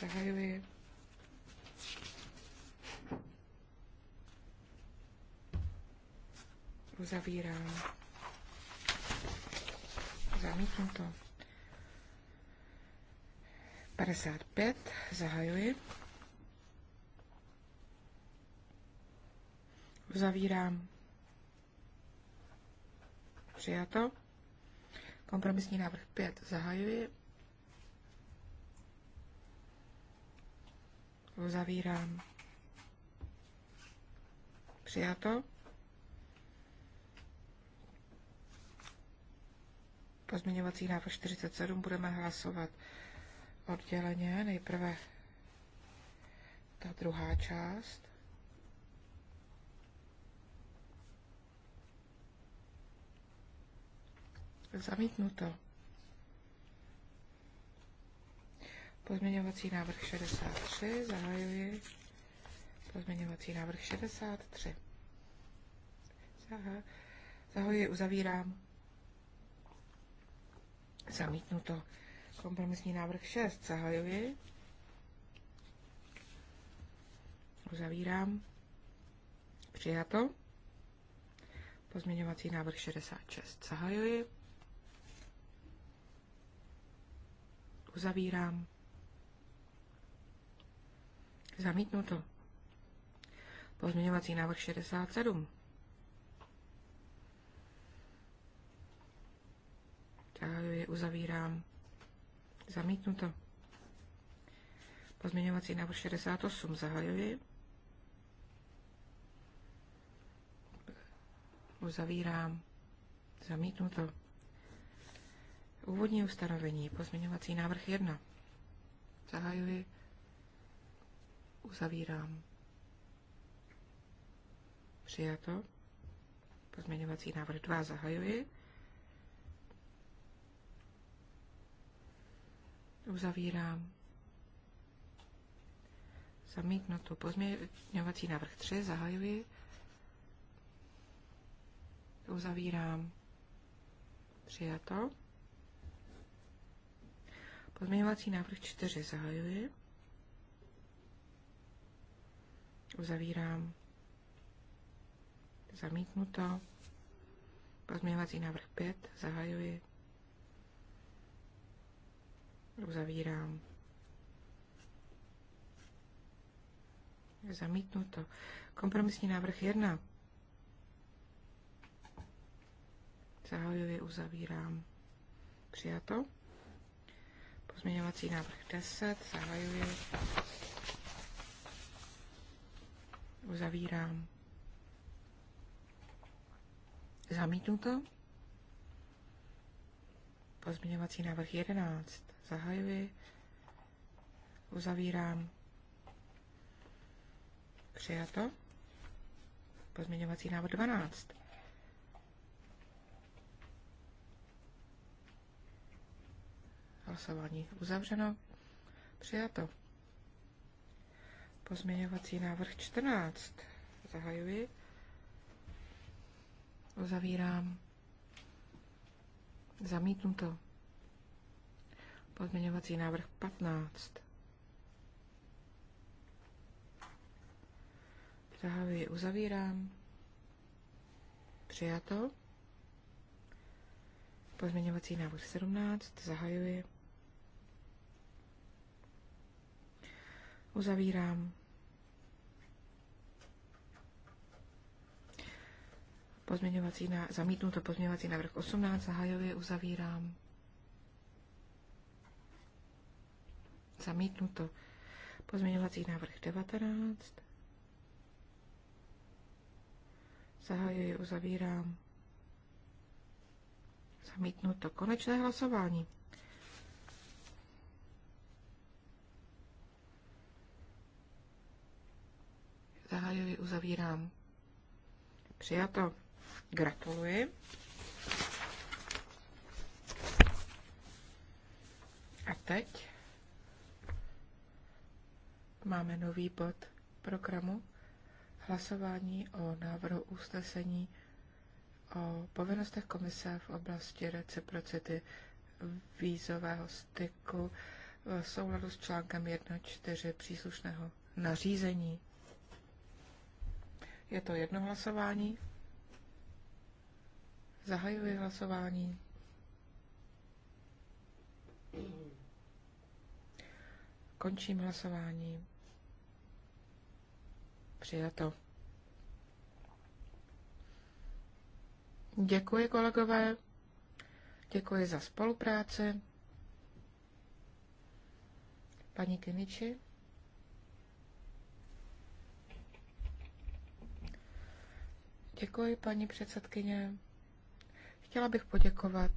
A: Zahajuji. Uzavírám. Zamítnu to. 55. Zahajuji. Uzavírám. Přijato. Kompromisní návrh 5 zahajuji. Uzavírám. Přijato. Pozměňovací návrh 47 budeme hlasovat odděleně. Nejprve ta druhá část. Zamítnuto. Pozměňovací návrh 63, zahajuji. Pozměňovací návrh 63. Zaha. Zahajuji, uzavírám. Zamítnuto. Kompromisní návrh 6, zahajuji. Uzavírám. Přijato. Pozměňovací návrh 66 zahajuji. Uzavírám. Zamítnuto. Pozměňovací návrh 67. Zahajuji, uzavírám. Zamítnuto. Pozměňovací návrh 68. Zahajuji. Uzavírám. Zamítnuto. Úvodní ustanovení. Pozměňovací návrh 1. Zahajuji. Uzavírám. Přijato. Pozměňovací návrh 2 zahajuji. Uzavírám. Zamítnuto. Pozměňovací návrh 3 zahajuji. Uzavírám. Přijato. Pozměňovací návrh 4 zahajuji. Uzavírám. Zamítnu to. Pozměňovací návrh 5. Zahajuji. Uzavírám. Zamítnu to. Kompromisní návrh 1. Zahajuji, uzavírám. Přijato. Pozměňovací návrh 10. Zahajuji. Uzavírám. Zamítnuto. Pozměňovací návrh 11. Zahajuji. Uzavírám. Přijato. Pozměňovací návrh 12. Hlasování uzavřeno. Přijato. Pozměňovací návrh 14. Zahajuji. Uzavírám. Zamítnuto. Pozměňovací návrh 15. Zahajuji, uzavírám. Přijato. Pozměňovací návrh 17. Zahajuji. Uzavírám. Pozměňovací na, zamítnuto pozměňovací návrh 18, zahajově uzavírám. Zamítnuto. Pozměňovací návrh 19. Zahajuji, uzavírám. Zamítnuto. Konečné hlasování. Zahajuji, uzavírám. Přijato. Gratuluji. A teď máme nový bod programu hlasování o návrhu usnesení o povinnostech komise v oblasti reciprocity vízového styku v souladu s článkem 1.4 příslušného nařízení. Je to jedno hlasování. Zahajuji hlasování. Končím hlasování. Přijato. Děkuji, kolegové. Děkuji za spolupráci. Paní Kiniči. Děkuji, paní předsedkyně. Chtěla bych poděkovat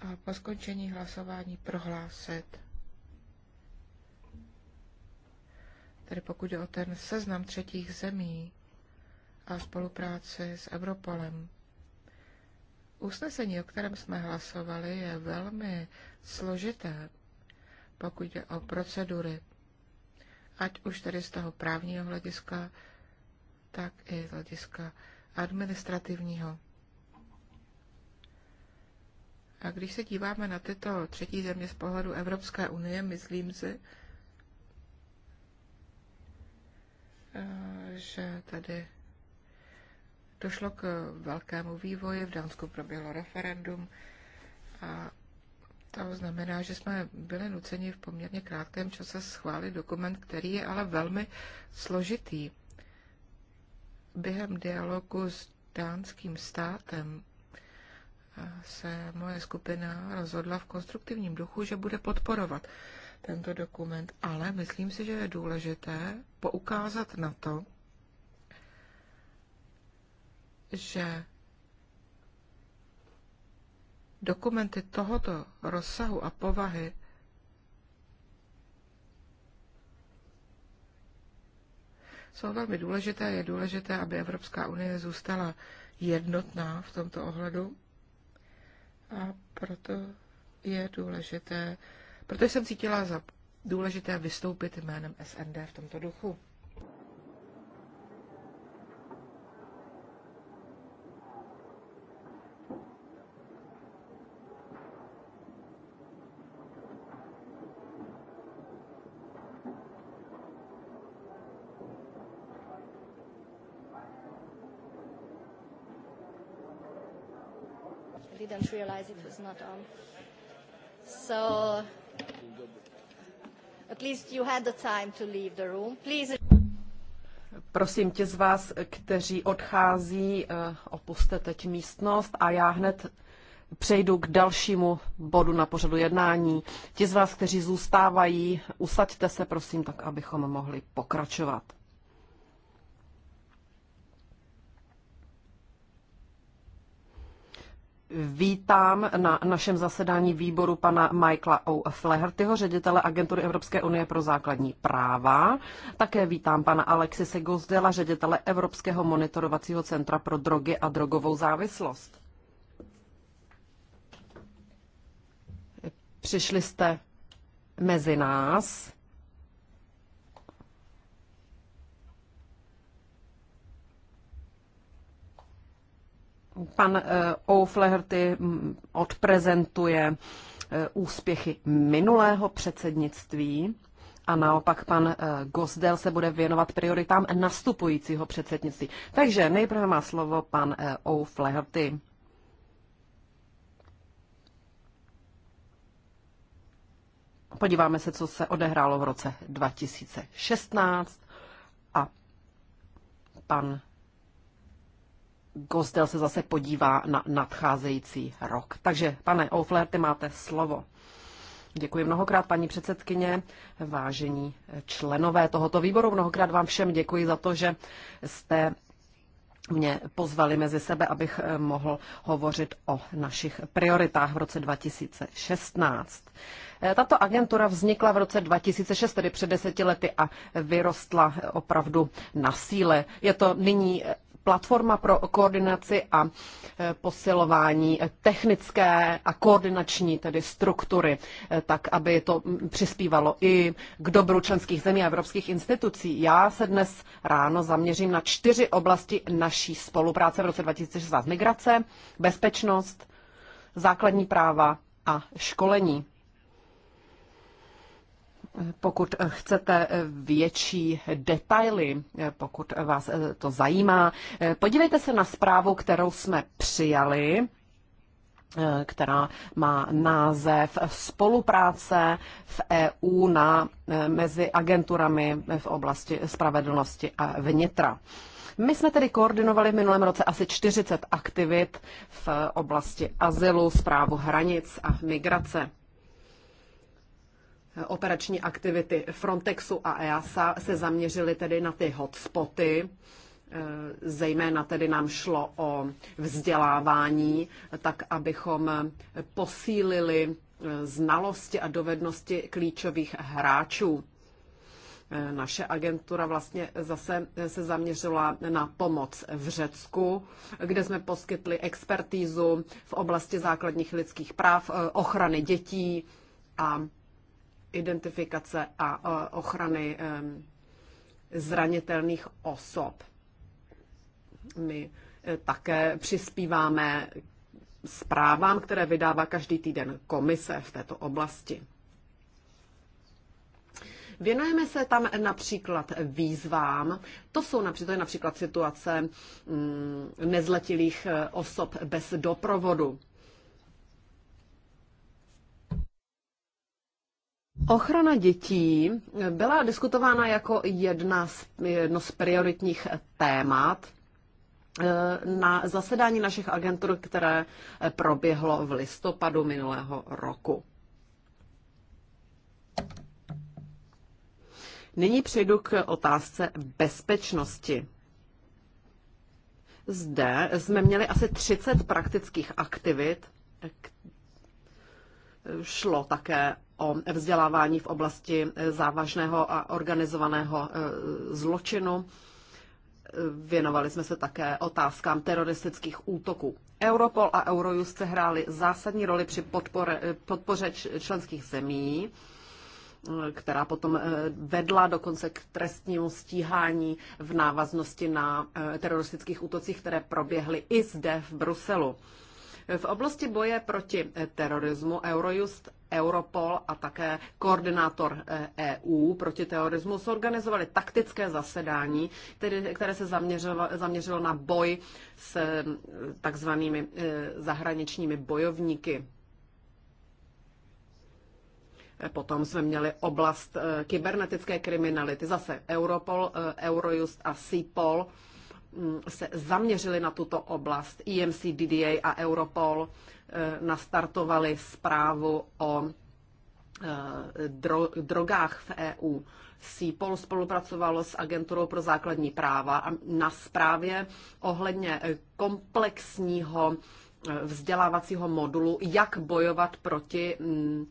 A: a po skončení hlasování prohlásit. Tedy pokud je o ten seznam třetích zemí a spolupráci s Evropolem. Usnesení, o kterém jsme hlasovali, je velmi složité, pokud je o procedury, ať už tedy z toho právního hlediska, tak i z hlediska administrativního. A když se díváme na tyto třetí země z pohledu Evropské unie, myslím si, eh, že tady došlo k velkému vývoji. V Dánsku proběhlo referendum a to znamená, že jsme byli nuceni v poměrně krátkém čase schválit dokument, který je ale velmi složitý. Během dialogu s dánským státem eh, se moje skupina rozhodla v konstruktivním duchu, že bude podporovat tento dokument, ale myslím si, že je důležité poukázat na to, že dokumenty tohoto rozsahu a povahy
B: jsou velmi důležité. Je důležité,
A: aby Evropská unie zůstala jednotná v tomto ohledu. A proto je důležité, protože jsem cítila za důležité vystoupit jménem SND v tomto duchu. realize it was not on. So
B: at least you had the time to leave the room. Please. Prosím tě z vás, kteří odchází, eh, opuste teď místnost a já hned přejdu k dalšímu bodu na pořadu jednání. Ti z vás, kteří zůstávají, usaďte se prosím tak, abychom mohli pokračovat. Vítám na našem zasedání výboru pana Michaela O. Flehertyho, ředitele Agentury Evropské unie pro základní práva. Také vítám pana Alexise Gozdela, ředitele Evropského monitorovacího centra pro drogy a drogovou závislost. Přišli jste mezi nás pan eh, O'Flaherty mm, odprezentuje eh, úspěchy minulého předsednictví a naopak pan eh, Gosdel se bude věnovat prioritám nastupujícího předsednictví. Takže nejprve má slovo pan O'Flaherty. Podíváme se, co se odehrálo v roce 2016 a pan Gostel se zase podívá na nadcházející rok. Takže, pane ty máte slovo. Děkuji mnohokrát, paní předsedkyně, vážení členové tohoto výboru. Mnohokrát vám všem děkuji za to, že jste mě pozvali mezi sebe, abych eh, mohl hovořit o našich prioritách v roce 2016. Eh, tato agentura vznikla v roce 2006, tedy před deseti lety, a vyrostla eh, opravdu na síle. Je to nyní platforma pro koordinaci a e, posilování technické a koordinační tedy struktury, e, tak aby to přispívalo i k dobru členských zemí a evropských institucí. Já se dnes ráno zaměřím na čtyři oblasti naší spolupráce v roce 2016. Migrace, bezpečnost, základní práva a školení. Pokud chcete větší detaily, pokud vás to zajímá, podívejte se na zprávu, kterou jsme přijali která má název Spolupráce v EU na, mezi agenturami v oblasti spravedlnosti a vnitra. My jsme tedy koordinovali v minulém roce asi 40 aktivit v oblasti azylu, zprávu hranic a migrace operační aktivity Frontexu a EASA se zaměřily tedy na ty hotspoty, e, zejména tedy nám šlo o vzdělávání, tak abychom posílili e, znalosti a dovednosti klíčových hráčů. E, naše agentura vlastně zase se zaměřila na pomoc v Řecku, kde jsme poskytli expertízu v oblasti základních lidských práv, ochrany dětí a identifikace a ochrany zranitelných osob. My eh, také přispíváme zprávám, které vydává každý týden komise v této oblasti. Věnujeme se tam například výzvám. To jsou například, to je například situace mm, nezletilých eh, osob bez doprovodu. Ochrana dětí byla diskutována jako jedna z, jedno z prioritních témat eh, na zasedání našich agentur, které proběhlo v listopadu minulého roku. Nyní přejdu k otázce bezpečnosti. Zde jsme měli asi 30 praktických aktivit. Šlo také o vzdělávání v oblasti eh, závažného a organizovaného eh, zločinu. Eh, věnovali jsme se také otázkám teroristických útoků. Europol a Eurojust hráli zásadní roli při podpore, podpoře členských zemí, která potom vedla dokonce k trestnímu stíhání v návaznosti na teroristických útocích, které proběhly i zde v Bruselu. V oblasti boje proti terorismu Eurojust Europol a také koordinátor EU eh, e proti terorismu zorganizovali taktické zasedání, které, které se zaměřilo, zaměřilo na boj s eh, takzvanými eh, zahraničními bojovníky. Potom jsme měli oblast kybernetické kriminality. Zase Europol, Eurojust a CIPOL mm, se zaměřili na tuto oblast. EMC, DDA a Europol Eh, nastartovali zprávu o eh, dro, drogách v EU. SIPOL spolupracovalo s Agenturou pro základní práva na zprávě ohledně eh, komplexního vzdělávacího modulu, jak bojovat proti mm,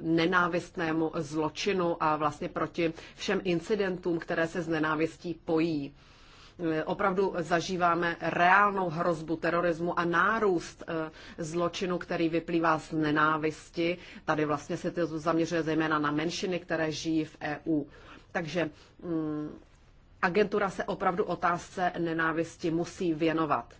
B: nenávistnému zločinu a vlastně proti všem incidentům, které se s nenávistí pojí opravdu zažíváme reálnou hrozbu terorismu a nárůst eh, zločinu, který vyplývá z nenávisti. Tady vlastně se to zaměřuje zejména na menšiny, které žijí v EU. Takže mm, agentura se opravdu otázce nenávisti musí věnovat.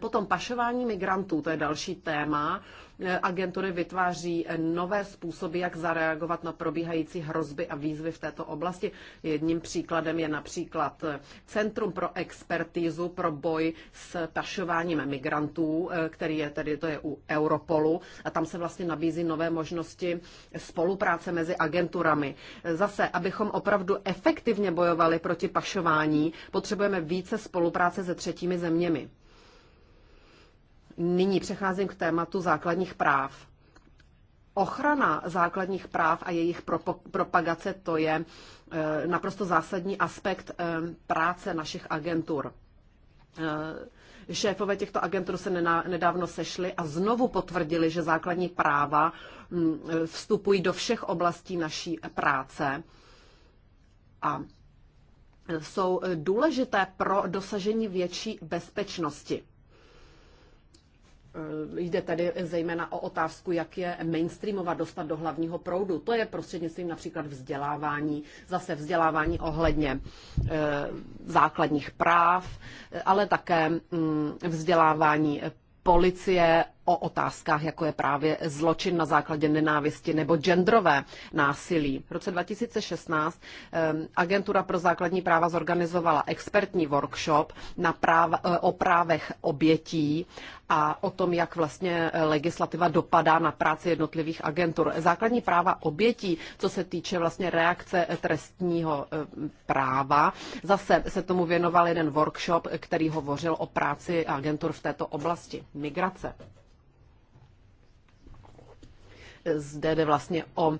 B: Potom pašování migrantů, to je další téma. Eh, agentury vytváří eh, nové způsoby, jak zareagovat na probíhající hrozby a výzvy v této oblasti. Jedním příkladem je například eh, Centrum pro expertízu pro boj s pašováním migrantů, který je tedy, to je u Europolu a tam se vlastně nabízí nové možnosti spolupráce mezi agenturami. Zase, abychom opravdu efektivně bojovali proti pašování, potřebujeme více spolupráce se třetími zeměmi. Nyní přecházím k tématu základních práv. Ochrana základních práv a jejich propagace to je eh, naprosto zásadní aspekt eh, práce našich agentur. Eh, šéfové těchto agentur se nedávno sešli a znovu potvrdili, že základní práva hm, vstupují do všech oblastí naší práce a jsou důležité pro dosažení větší bezpečnosti. Eh, jde tady zejména o otázku, jak je mainstreamovat dostat do hlavního proudu. To je prostřednictvím například vzdělávání, zase vzdělávání ohledně eh, základních práv, eh, ale také mm, vzdělávání policie o otázkách, jako je právě zločin na základě nenávisti nebo genderové násilí. V roce 2016 Agentura pro základní práva zorganizovala expertní workshop na práv, e, o právech obětí a o tom, jak vlastně e, legislativa dopadá na práci jednotlivých agentur. Základní práva obětí, co se týče vlastně reakce e, trestního práva, zase se tomu věnoval jeden workshop, který hovořil o práci agentur v této oblasti migrace. Zde jde vlastně o e,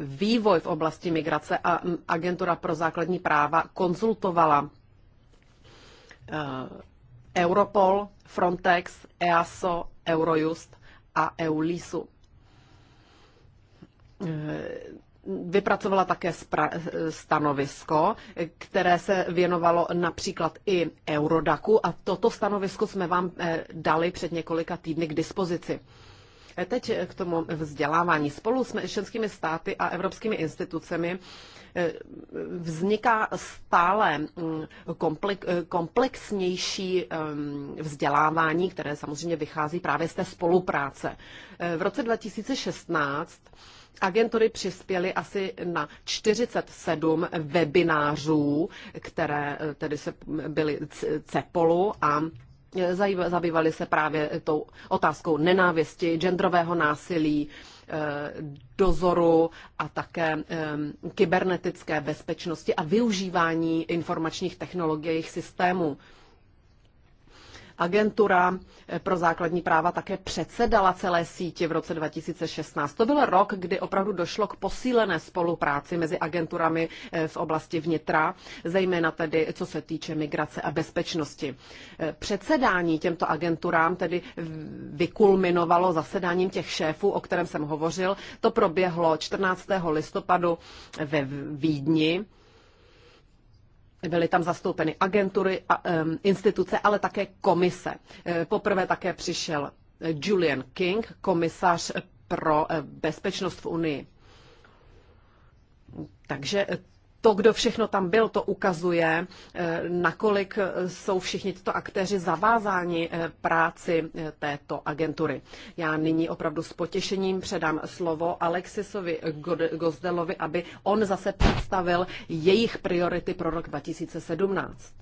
B: vývoj v oblasti migrace a Agentura pro základní práva konzultovala e, Europol, Frontex, EASO, Eurojust a EULISu. E, vypracovala také stanovisko, které se věnovalo například i Eurodaku a toto stanovisko jsme vám dali před několika týdny k dispozici. Eh, teď eh, k tomu vzdělávání. Spolu s členskými státy a evropskými institucemi eh, vzniká stále mm, komplexnější ehm, vzdělávání, které samozřejmě vychází právě z té spolupráce. V roce 2016 Agentury přispěly asi na 47 webinářů, které tedy se byly CEPOLu a zabývali se právě tou otázkou nenávisti, genderového násilí, eh, dozoru a také eh, kybernetické bezpečnosti a využívání informačních technologií jejich systémů. Agentura eh, pro základní práva také předsedala celé síti v roce 2016. To byl rok, kdy opravdu došlo k posílené spolupráci mezi agenturami eh, v oblasti vnitra, zejména tedy co se týče migrace a bezpečnosti. Eh, předsedání těmto agenturám tedy vykulminovalo zasedáním těch šéfů, o kterém jsem hovořil. To proběhlo 14. listopadu ve Vídni. Byly tam zastoupeny agentury, a, um, instituce, ale také komise. E, poprvé také přišel e, Julian King, komisař pro e, bezpečnost v Unii. Takže to, kdo všechno tam byl, to ukazuje, eh, nakolik eh, jsou všichni tyto aktéři zavázáni eh, práci této agentury. Já nyní opravdu s potěšením předám slovo Alexisovi Gozdelovi, aby on zase představil jejich priority pro rok 2017.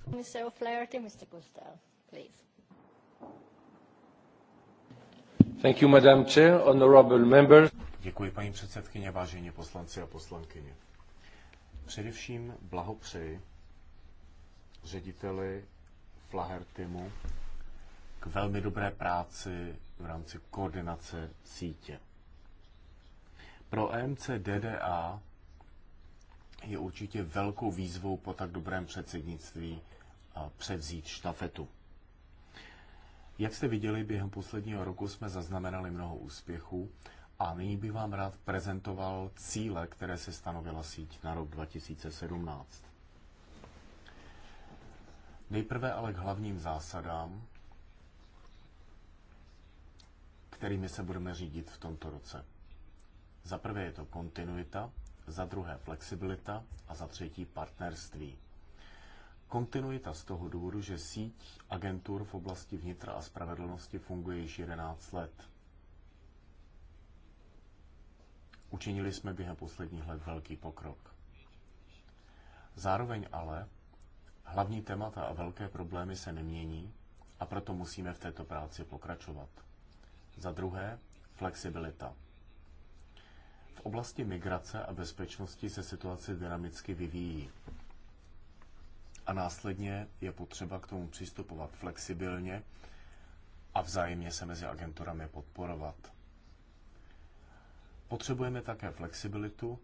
C: Děkuji, paní předsedkyně, vážení poslanci a poslankyně. Především blahopřeji řediteli Flahertimu k velmi dobré práci v rámci koordinace sítě. Pro EMC DDA je určitě velkou výzvou po tak dobrém předsednictví převzít štafetu. Jak jste viděli, během posledního roku jsme zaznamenali mnoho úspěchů a nyní bych vám rád prezentoval cíle, které se stanovila síť na rok 2017. Nejprve ale k hlavním zásadám, kterými se budeme řídit v tomto roce. Za prvé je to kontinuita, za druhé flexibilita a za třetí partnerství. Kontinuita z toho důvodu, že síť agentur v oblasti vnitra a spravedlnosti funguje již 11 let. Učinili jsme během posledních let velký pokrok. Zároveň ale hlavní témata a velké problémy se nemění a proto musíme v této práci pokračovat. Za druhé, flexibilita. V oblasti migrace a bezpečnosti se situace dynamicky vyvíjí. A následně je potřeba k tomu přistupovat flexibilně a vzájemně se mezi agenturami podporovat. Potřebujeme také flexibilitu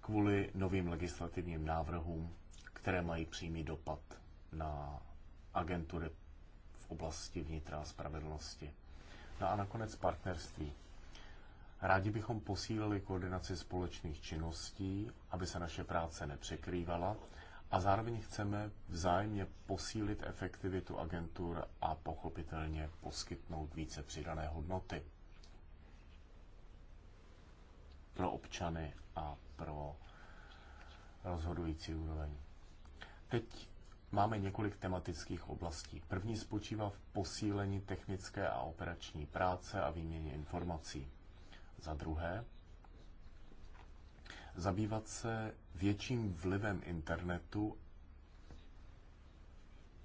C: kvůli novým legislativním návrhům, které mají přímý dopad na agentury v oblasti vnitra a spravedlnosti. No a nakonec partnerství. Rádi bychom posílili koordinaci společných činností, aby se naše práce nepřekrývala a zároveň chceme vzájemně posílit efektivitu agentur a pochopitelně poskytnout více přidané hodnoty pro občany a pro rozhodující úroveň. Teď máme několik tematických oblastí. První spočívá v posílení technické a operační práce a výměně informací. Za druhé, zabývat se větším vlivem internetu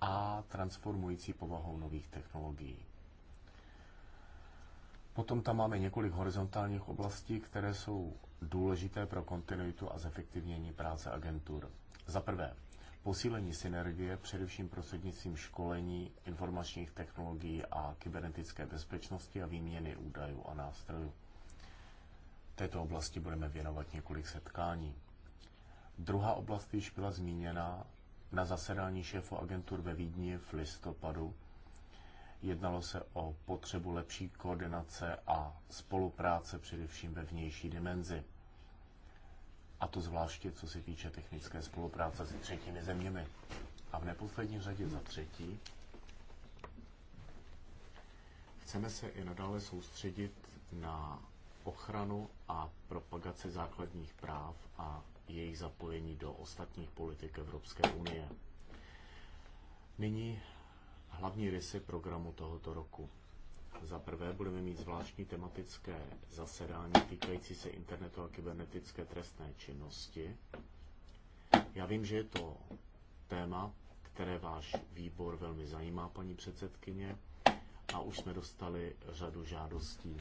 C: a transformující povahou nových technologií. Potom tam máme několik horizontálních oblastí, které jsou důležité pro kontinuitu a zefektivnění práce agentur. Za prvé, posílení synergie především prostřednictvím školení informačních technologií a kybernetické bezpečnosti a výměny údajů a nástrojů. Této oblasti budeme věnovat několik setkání. Druhá oblast již byla zmíněna na zasedání šéfu agentur ve Vídni v listopadu Jednalo se o potřebu lepší koordinace a spolupráce především ve vnější dimenzi. A to zvláště, co se týče technické spolupráce s třetími zeměmi. A v neposlední řadě za třetí, chceme se i nadále soustředit na ochranu a propagaci základních práv a jejich zapojení do ostatních politik Evropské unie. Nyní hlavní rysy programu tohoto roku. Za prvé budeme mít zvláštní tematické zasedání týkající se internetu a kybernetické trestné činnosti. Já vím, že je to téma, které váš výbor velmi zajímá, paní předsedkyně, a už jsme dostali řadu žádostí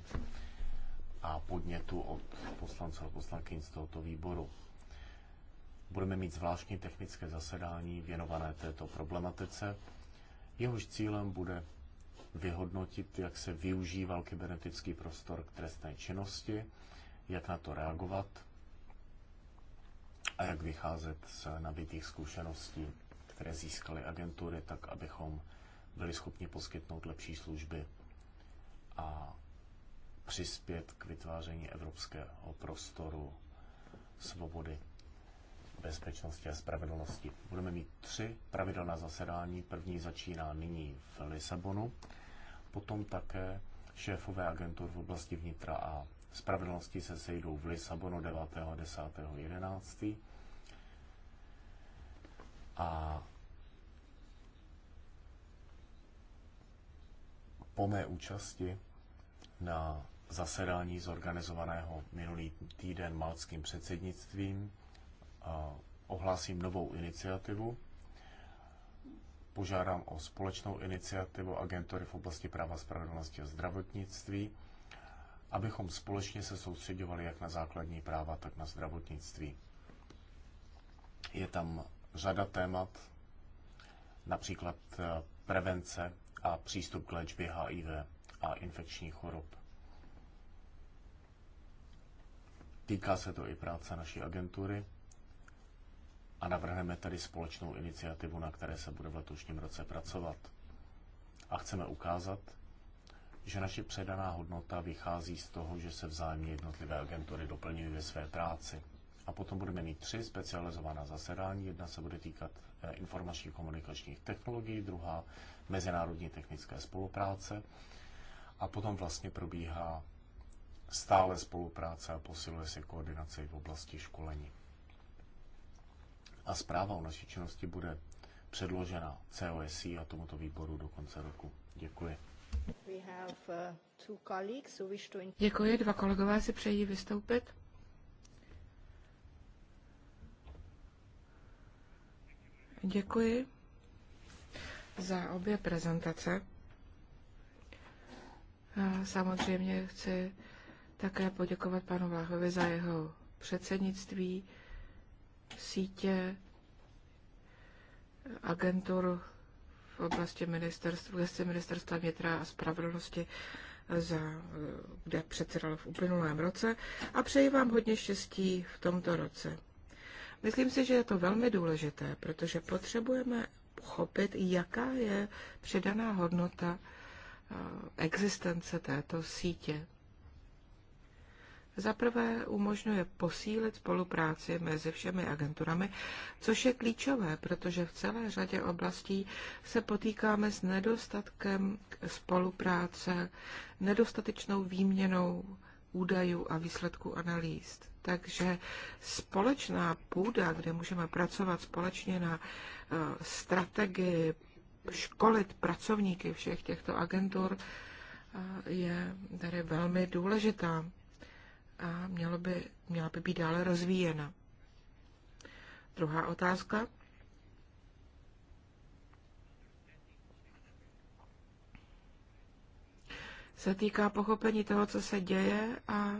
C: a podnětu od poslanců a poslankyň z tohoto výboru. Budeme mít zvláštní technické zasedání věnované této problematice jehož cílem bude vyhodnotit, jak se využíval kybernetický prostor k trestné činnosti, jak na to reagovat a jak vycházet z nabitých zkušeností, které získaly agentury, tak abychom byli schopni poskytnout lepší služby a přispět k vytváření evropského prostoru svobody, bezpečnosti a spravedlnosti. Budeme mít tři pravidelná zasedání. První začíná nyní v Lisabonu, potom také šéfové agentur v oblasti vnitra a spravedlnosti se sejdou v Lisabonu 9. 10. 11. A po mé účasti na zasedání zorganizovaného minulý týden malckým předsednictvím ohlásím novou iniciativu. Požádám o společnou iniciativu agentury v oblasti práva spravedlnosti a zdravotnictví, abychom společně se soustředovali jak na základní práva, tak na zdravotnictví. Je tam řada témat, například eh, prevence a přístup k léčbě HIV a infekčních chorob. Týká se to i práce naší agentury a navrhneme tady společnou iniciativu, na které se bude v letošním roce pracovat. A chceme ukázat, že naše předaná hodnota vychází z toho, že se vzájemně jednotlivé agentury doplňují ve své práci. A potom budeme mít tři specializovaná zasedání. Jedna se bude týkat eh, informačních komunikačních technologií, druhá mezinárodní technické spolupráce. A potom vlastně probíhá stále spolupráce a posiluje se koordinace v oblasti školení a zpráva o naší činnosti bude předložena COSI a tomuto výboru do konce roku. Děkuji.
B: Uh, Děkuji,
A: dva kolegové si přejí vystoupit. Děkuji za obě prezentace. A samozřejmě chci také poděkovat panu Vláchovi za jeho předsednictví sítě agentur v oblasti ministerstva, oblasti ministerstva vnitra a spravedlnosti, eh, za, eh, kde předsedal v uplynulém roce a přeji vám hodně štěstí v tomto roce. Myslím si, že je to velmi důležité, protože potřebujeme pochopit, jaká je předaná hodnota eh, existence této sítě. Za prvé umožňuje posílit spolupráci mezi všemi agenturami, což je klíčové, protože v celé řadě oblastí se potýkáme s nedostatkem spolupráce, nedostatečnou výměnou údajů a výsledků analýz. Takže společná půda, kde můžeme pracovat společně na eh, strategii, školit pracovníky všech těchto agentur, eh, je tady velmi důležitá a mělo by, měla by být dále rozvíjena. Druhá otázka. se týká pochopení toho, co se děje a e,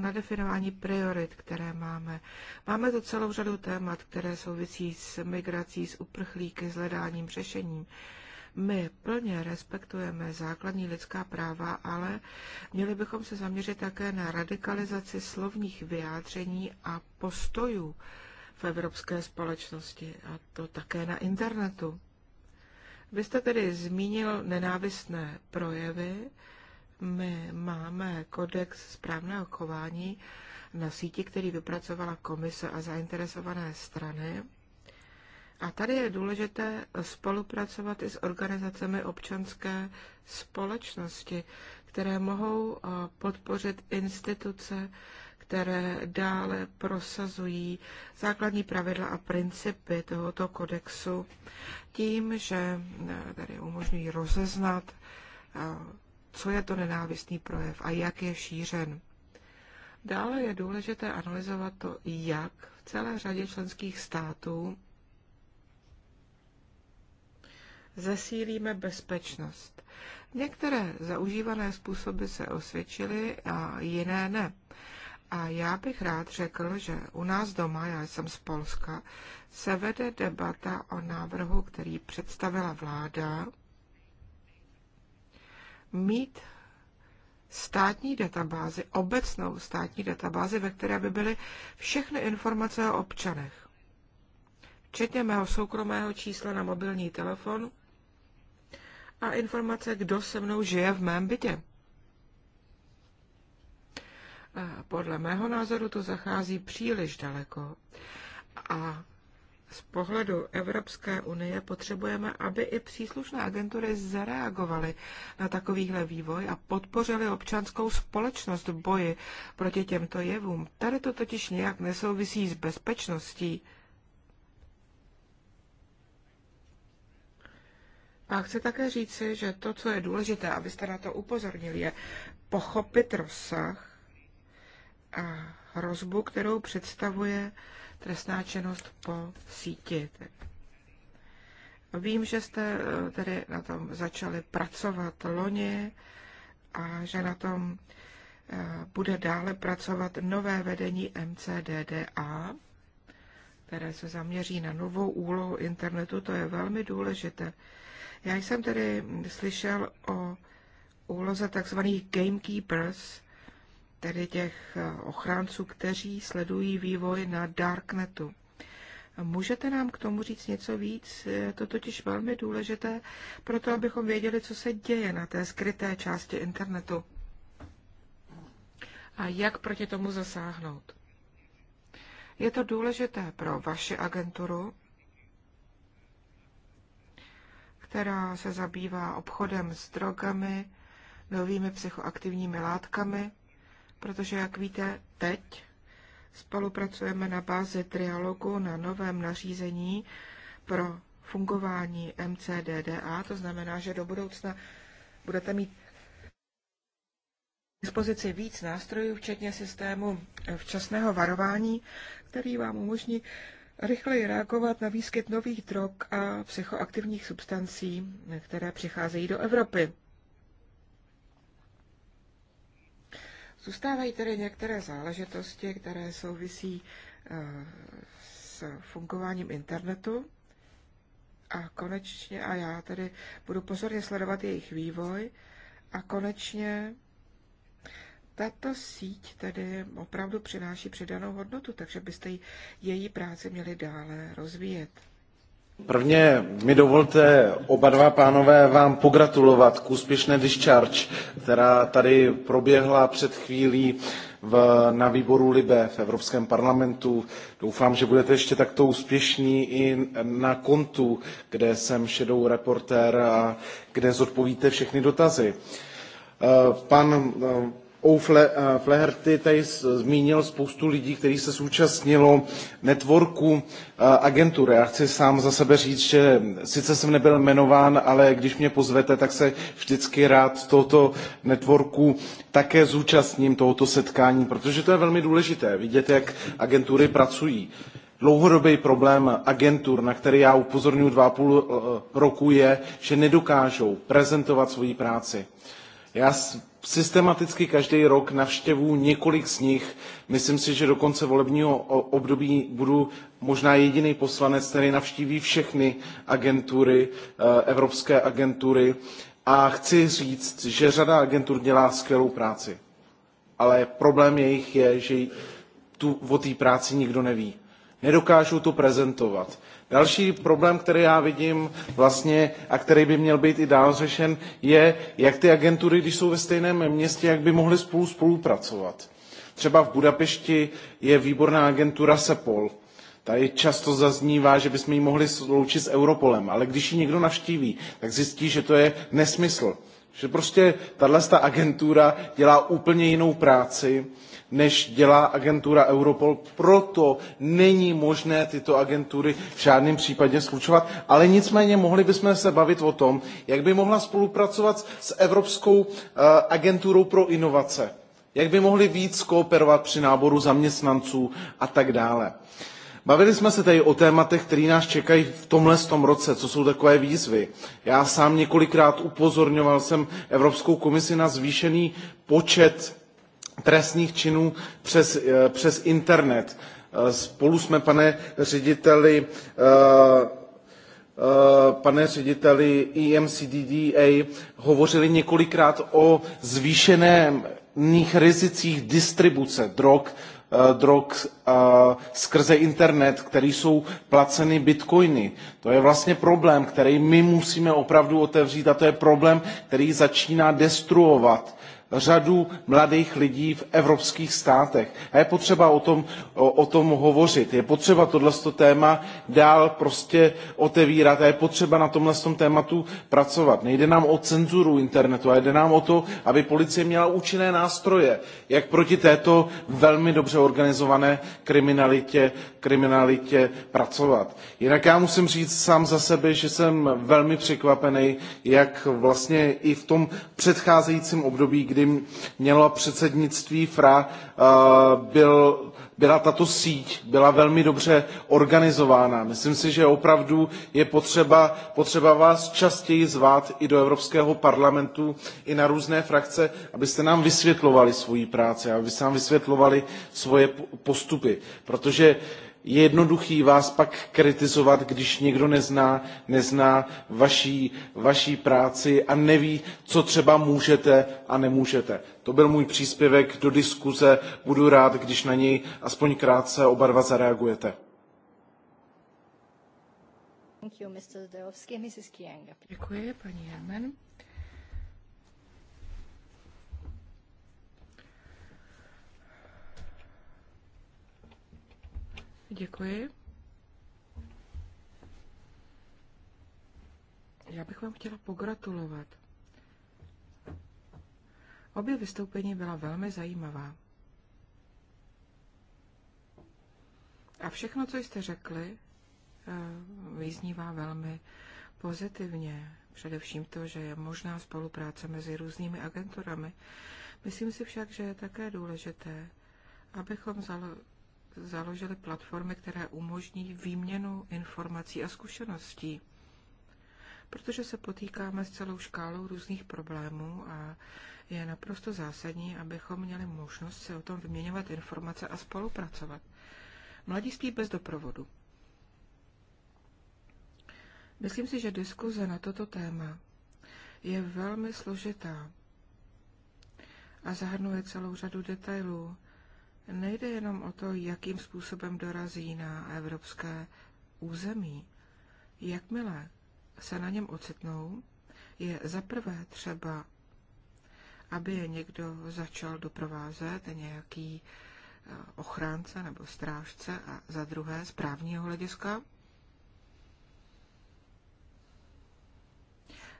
A: nadefinování priorit, které máme. Máme tu celou řadu témat, které souvisí s migrací, s uprchlíky, s hledáním řešením. My plně respektujeme základní lidská práva, ale měli bychom se zaměřit také na radikalizaci slovních vyjádření a postojů v evropské společnosti, a to také na internetu. Vy jste tedy zmínil nenávistné projevy. My máme kodex správného chování na síti, který vypracovala komise a zainteresované strany. A tady je důležité spolupracovat i s organizacemi občanské společnosti, které mohou eh, podpořit instituce, které dále prosazují základní pravidla a principy tohoto kodexu tím, že eh, tady umožňují rozeznat, eh, co je to nenávistný projev a jak je šířen. Dále je důležité analyzovat to, jak v celé řadě členských států zesílíme bezpečnost. Některé zaužívané způsoby se osvědčily a jiné ne. A já bych rád řekl, že u nás doma, já jsem z Polska, se vede debata o návrhu, který představila vláda, mít státní databázi, obecnou státní databázi, ve které by byly všechny informace o občanech, včetně mého soukromého čísla na mobilní telefon a informace, kdo se mnou žije v mém bytě. A podle mého názoru to zachází příliš daleko. A z pohledu Evropské unie potřebujeme, aby i příslušné agentury zareagovaly na takovýhle vývoj a podpořily občanskou společnost v boji proti těmto jevům. Tady to totiž nějak nesouvisí s bezpečností. A chci také říci, že to, co je důležité, abyste na to upozornili, je pochopit rozsah a hrozbu, kterou představuje trestná činnost po síti. Vím, že jste eh, tedy na tom začali pracovat loni a že na tom eh, bude dále pracovat nové vedení MCDDA, které se zaměří na novou úlohu internetu. To je velmi důležité. Já jsem tedy slyšel o úloze tzv. gamekeepers, tedy těch eh, ochránců, kteří sledují vývoj na darknetu. Můžete nám k tomu říct něco víc? Je to totiž velmi důležité pro to, abychom věděli, co se děje na té skryté části internetu. A jak proti tomu zasáhnout? Je to důležité pro vaši agenturu, která se zabývá obchodem s drogami, novými psychoaktivními látkami, protože, jak víte, teď spolupracujeme na bázi trialogu na novém nařízení pro fungování MCDDA, to znamená, že do budoucna budete mít dispozici víc nástrojů, včetně systému včasného varování, který vám umožní rychleji reagovat na výskyt nových drog a psychoaktivních substancí, které přicházejí do Evropy. Zůstávají tedy některé záležitosti, které souvisí eh, s fungováním internetu. A konečně, a já tedy budu pozorně sledovat jejich vývoj, a konečně tato síť tedy opravdu přináší přidanou hodnotu, takže byste její práci měli dále rozvíjet.
D: Prvně mi dovolte oba dva pánové vám pogratulovat k úspěšné discharge, která tady proběhla před chvílí v, na výboru Libe v Evropském parlamentu. Doufám, že budete ještě takto úspěšní i na kontu, kde jsem šedou reportér a kde zodpovíte všechny dotazy. Eh, pan eh, O. Eh, Fleherty tady zmínil spoustu lidí, kteří se zúčastnilo networku eh, agentury. Já chci sám za sebe říct, že sice jsem nebyl jmenován, ale když mě pozvete, tak se vždycky rád tohoto networku také zúčastním tohoto setkání, protože to je velmi důležité vidět, jak agentury pracují. Dlouhodobý problém agentur, na který já upozorňuji dva a půl eh, roku, je, že nedokážou prezentovat svoji práci. Já systematicky každý rok navštěvu několik z nich. Myslím si, že do konce volebního období budu možná jediný poslanec, který navštíví všechny agentury, eh, evropské agentury. A chci říct, že řada agentur dělá skvělou práci. Ale problém jejich je, že tu, o té práci nikdo neví. Nedokážou to prezentovat Další problém, který já vidím vlastně a který by měl být i dál řešen, je, jak ty agentury, když jsou ve stejném městě, jak by mohly spolu spolupracovat. Třeba v Budapešti je výborná agentura SEPOL, Tady často zaznívá, že bychom ji mohli sloučit s Europolem, ale když ji někdo navštíví, tak zjistí, že to je nesmysl. Že prostě tahle agentura dělá úplně jinou práci než dělá agentura Europol. Proto není možné tyto agentury v žádném případě slučovat, ale nicméně mohli bychom se bavit o tom, jak by mohla spolupracovat s Evropskou eh, agenturou pro inovace, jak by mohli víc kooperovat při náboru zaměstnanců a tak dále. Bavili jsme se tady o tématech, které nás čekají v tomhle tom roce, co jsou takové výzvy. Já sám několikrát upozorňoval jsem Evropskou komisi na zvýšený počet trestných činů přes, eh, přes internet. Eh, spolu jsme, pane řediteli, eh, pane řediteli EMCDDA, hovořili několikrát o zvýšených rizicích distribuce drog, drog skrze internet, které jsou placeny bitcoiny. To je vlastně problém, který my musíme opravdu otevřít a to je problém, který začíná destruovat řadu mladých lidí v evropských státech. A je potřeba o tom, o, o tom hovořit. Je potřeba tohle téma dál prostě otevírat a je potřeba na tomhle tématu pracovat. Nejde nám o cenzuru internetu, ale jde nám o to, aby policie měla účinné nástroje, jak proti této velmi dobře organizované kriminalitě, kriminalitě pracovat. Jinak já musím říct sám za sebe, že jsem velmi překvapený, jak vlastně i v tom předcházejícím období, kdy měla předsednictví FRA, eh, byl, byla tato síť, byla velmi dobře organizována. Myslím si, že opravdu je potřeba, potřeba vás častěji zvát i do Evropského parlamentu, i na různé frakce, abyste nám vysvětlovali svoji práci, abyste nám vysvětlovali svoje postupy. Protože uh, je jednoduchý vás pak kritizovat, když někdo nezná, nezná vaší, vaší práci a neví, co třeba můžete a nemůžete. To byl můj příspěvek do diskuze. Budu rád, když na něj aspoň krátce oba dva zareagujete.
A: Děkuji, paní Jermen. Děkuji. Já bych vám chtěla pogratulovat. Obě vystoupení byla velmi zajímavá. A všechno, co jste řekli, eh, vyznívá velmi pozitivně. Především to, že je možná spolupráce mezi různými agenturami. Myslím si však, že je také důležité, abychom založili platformy, které umožní výměnu informací a zkušeností. Protože se potýkáme s celou škálou různých problémů a je naprosto zásadní, abychom měli možnost se o tom vyměňovat informace a spolupracovat. Mladiství bez doprovodu. Myslím si, že diskuze na toto téma je velmi složitá a zahrnuje celou řadu detailů nejde jenom o to, jakým způsobem dorazí na evropské území. Jakmile se na něm ocitnou, je zaprvé třeba, aby je někdo začal doprovázet, nějaký eh, ochránce nebo strážce a za druhé z právního hlediska.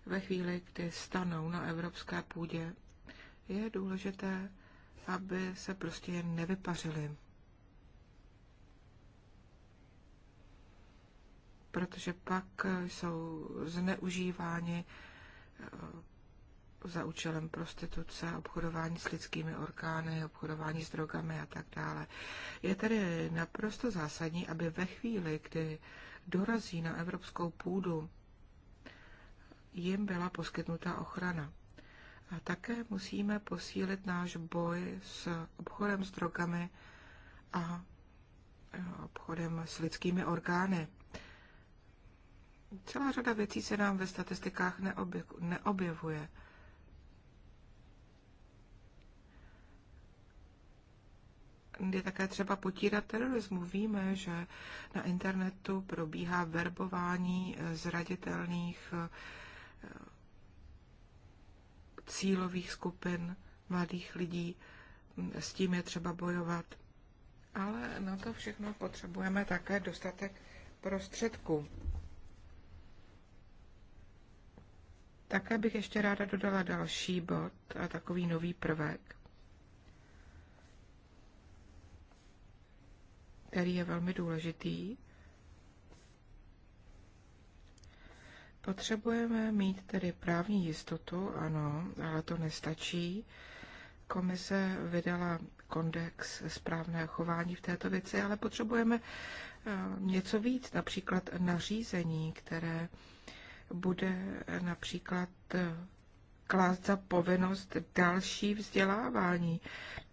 A: Ve chvíli, kdy stanou na evropské půdě, je důležité aby se prostě jen nevypařili. Protože pak jsou zneužíváni eh, za účelem prostituce, obchodování s lidskými orgány, obchodování s drogami a tak dále. Je tedy naprosto zásadní, aby ve chvíli, kdy dorazí na evropskou půdu, jim byla poskytnuta ochrana. A také musíme posílit náš boj s obchodem s drogami a e, obchodem s lidskými orgány. Celá řada věcí se nám ve statistikách neobjevuje. je také třeba potírat terorismu. Víme, že na internetu probíhá verbování e, zraditelných e, cílových skupin mladých lidí. S tím je třeba bojovat. Ale na to všechno potřebujeme také dostatek prostředků. Také bych ještě ráda dodala další bod a takový nový prvek, který je velmi důležitý. Potřebujeme mít tedy právní jistotu, ano, ale to nestačí. Komise vydala kondex správného chování v této věci, ale potřebujeme eh, něco víc, například nařízení, které bude například eh, klást za povinnost další vzdělávání,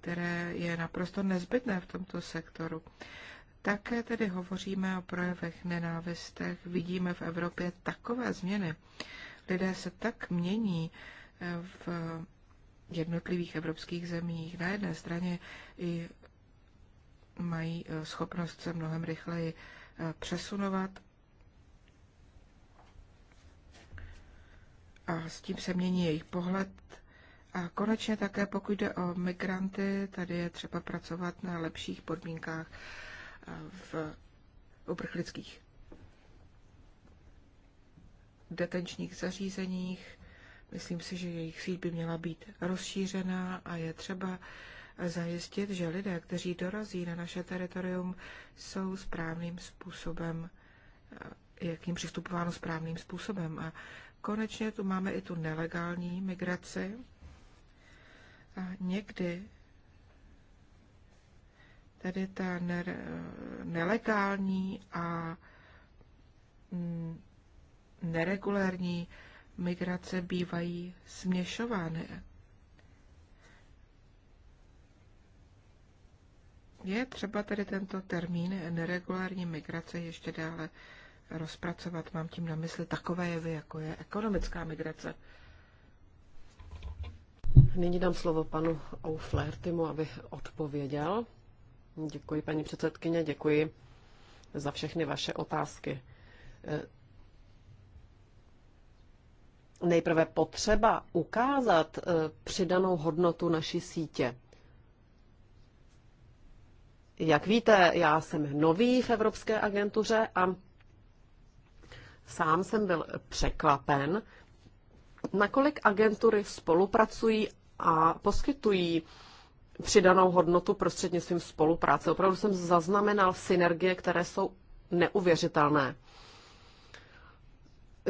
A: které je naprosto nezbytné v tomto sektoru. Také tedy hovoříme o projevech nenávistech. Vidíme v Evropě takové změny. Lidé se tak mění eh, v jednotlivých evropských zemích. Na jedné straně i mají eh, schopnost se mnohem rychleji eh, přesunovat a s tím se mění jejich pohled. A konečně také, pokud jde o migranty, tady je třeba pracovat na lepších podmínkách v uprchlických detenčních zařízeních. Myslím si, že jejich síť by měla být rozšířená a je třeba zajistit, že lidé, kteří dorazí na naše teritorium, jsou správným způsobem, eh, jakým přistupováno správným způsobem. A konečně tu máme i tu nelegální migraci. A někdy tedy ta ne, nelegální a mm, neregulární migrace bývají směšovány. Je třeba tedy tento termín neregulární migrace ještě dále rozpracovat. Mám tím na mysli takové jevy, jako je ekonomická migrace.
B: Nyní dám slovo panu Auflertimu, aby odpověděl. Děkuji, paní předsedkyně, děkuji za všechny vaše otázky. E, nejprve potřeba ukázat e, přidanou hodnotu naší sítě. Jak víte, já jsem nový v Evropské agentuře a sám jsem byl překvapen, nakolik agentury spolupracují a poskytují přidanou hodnotu prostřednictvím spolupráce. Opravdu jsem zaznamenal synergie, které jsou neuvěřitelné.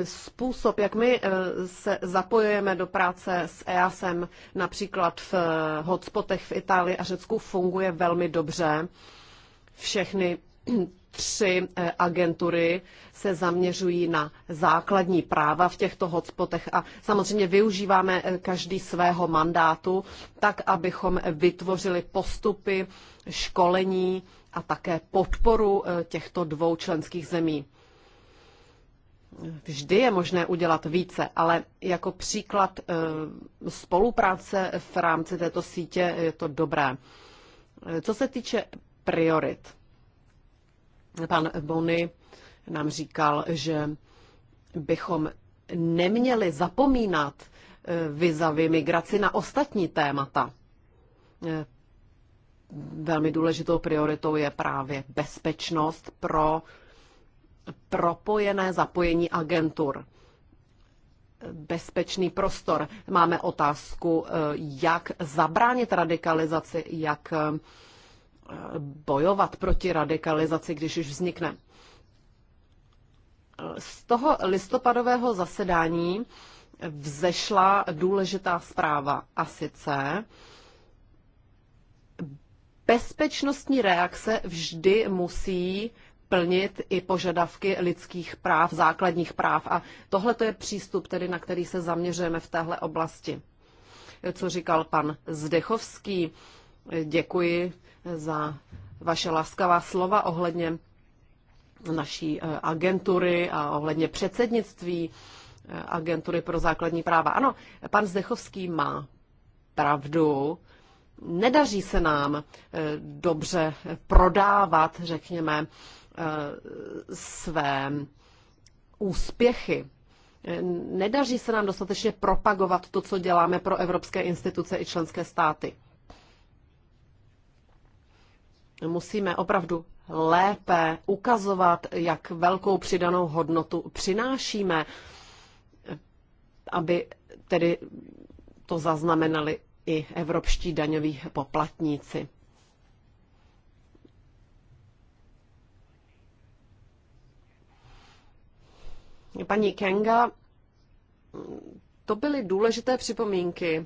B: Způsob, jak my eh, se zapojujeme do práce s EASem, například v eh, hotspotech v Itálii a Řecku, funguje velmi dobře. Všechny tři eh, agentury se zaměřují na základní práva v těchto hotspotech a samozřejmě využíváme eh, každý svého mandátu tak, abychom vytvořili postupy, školení a také podporu eh, těchto dvou členských zemí. Vždy je možné udělat více, ale jako příklad spolupráce v rámci této sítě je to dobré. Co se týče priorit, Pan Bony nám říkal, že bychom neměli zapomínat eh, vizavy migraci na ostatní témata. Eh, velmi důležitou prioritou je právě bezpečnost pro propojené zapojení agentur. Bezpečný prostor. Máme otázku, eh, jak zabránit radikalizaci, jak bojovat proti radikalizaci, když už vznikne. Z toho listopadového zasedání vzešla důležitá zpráva a sice bezpečnostní reakce vždy musí plnit i požadavky lidských práv, základních práv. A tohle to je přístup, tedy, na který se zaměřujeme v téhle oblasti. Co říkal pan Zdechovský, děkuji za vaše laskavá slova ohledně naší eh, agentury a ohledně předsednictví eh, agentury pro základní práva. Ano, pan Zdechovský má pravdu. Nedaří se nám eh, dobře prodávat, řekněme, své úspěchy. Nedaří se nám dostatečně propagovat to, co děláme pro evropské instituce i členské státy musíme opravdu lépe ukazovat, jak velkou přidanou hodnotu přinášíme, aby tedy to zaznamenali i evropští daňoví poplatníci. Paní Kenga, to byly důležité připomínky.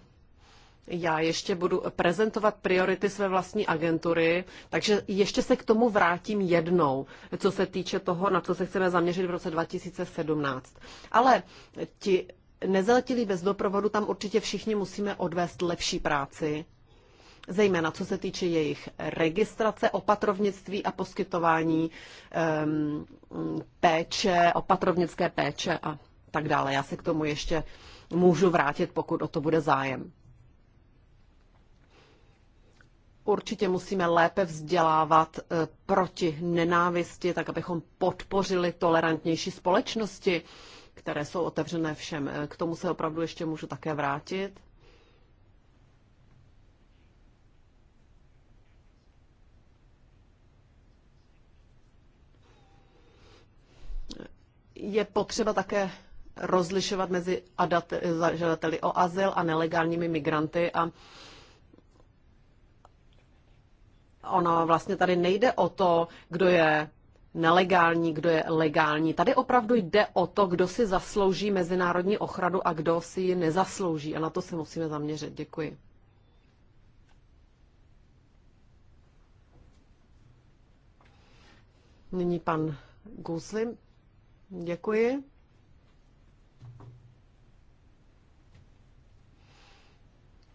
B: Já ještě budu prezentovat priority své vlastní agentury, takže ještě se k tomu vrátím jednou, co se týče toho, na co se chceme zaměřit v roce 2017. Ale ti nezletilí bez doprovodu, tam určitě všichni musíme odvést lepší práci, zejména co se týče jejich registrace, opatrovnictví a poskytování um, péče, opatrovnické péče a tak dále. Já se k tomu ještě můžu vrátit, pokud o to bude zájem. Určitě musíme lépe vzdělávat eh, proti nenávisti, tak abychom podpořili tolerantnější společnosti, které jsou otevřené všem. Eh, k tomu se opravdu ještě můžu také vrátit. Je potřeba také rozlišovat mezi eh, žadateli o azyl a nelegálními migranty a ono vlastně tady nejde o to, kdo je nelegální, kdo je legální. Tady opravdu jde o to, kdo si zaslouží mezinárodní ochranu a kdo si ji nezaslouží. A na to se musíme zaměřit. Děkuji. Nyní pan Guslim. Děkuji.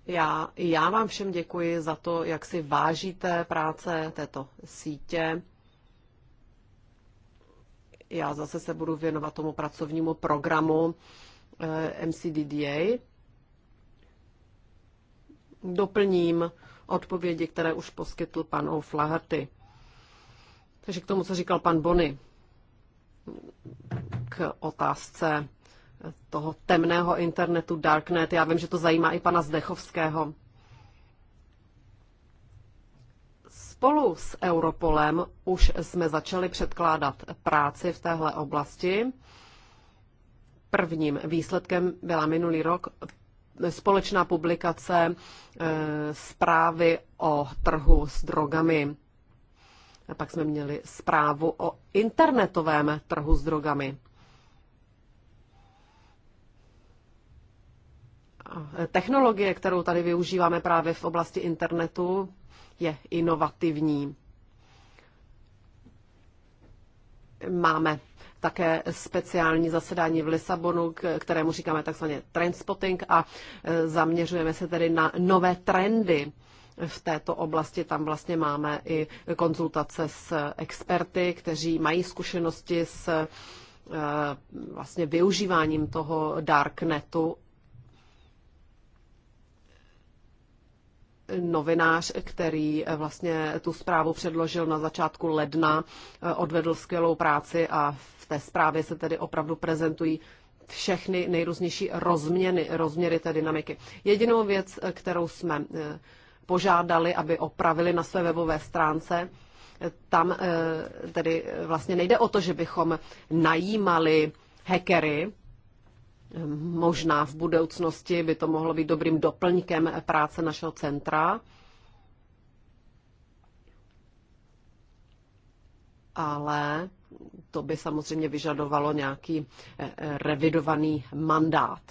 B: Já, já vám všem děkuji za to, jak si vážíte práce této sítě. Já zase se budu věnovat tomu pracovnímu programu eh, MCDDA. Doplním odpovědi, které už poskytl pan O'Flaherty. Takže k tomu, co říkal pan Bony, k otázce toho temného internetu, darknet. Já vím, že to zajímá i pana Zdechovského. Spolu s Europolem už jsme začali předkládat práci v téhle oblasti. Prvním výsledkem byla minulý rok společná publikace eh, zprávy o trhu s drogami. A pak jsme měli zprávu o internetovém trhu s drogami. E, technologie, kterou tady využíváme právě v oblasti internetu, je inovativní. Máme také speciální zasedání v Lisabonu, kterému říkáme takzvaně trendspotting a e, zaměřujeme se tedy na nové trendy v této oblasti. Tam vlastně máme i konzultace s experty, kteří mají zkušenosti s e, vlastně využíváním toho darknetu novinář, který eh, vlastně tu zprávu předložil na začátku ledna, eh, odvedl skvělou práci a v té zprávě se tedy opravdu prezentují všechny nejrůznější rozměny, rozměry té dynamiky. Jedinou věc, eh, kterou jsme požádali, aby opravili na své webové stránce, tam tedy vlastně nejde o to, že bychom najímali hackery, Možná v budoucnosti by to mohlo být dobrým doplňkem práce našeho centra. Ale to by samozřejmě vyžadovalo nějaký eh, revidovaný mandát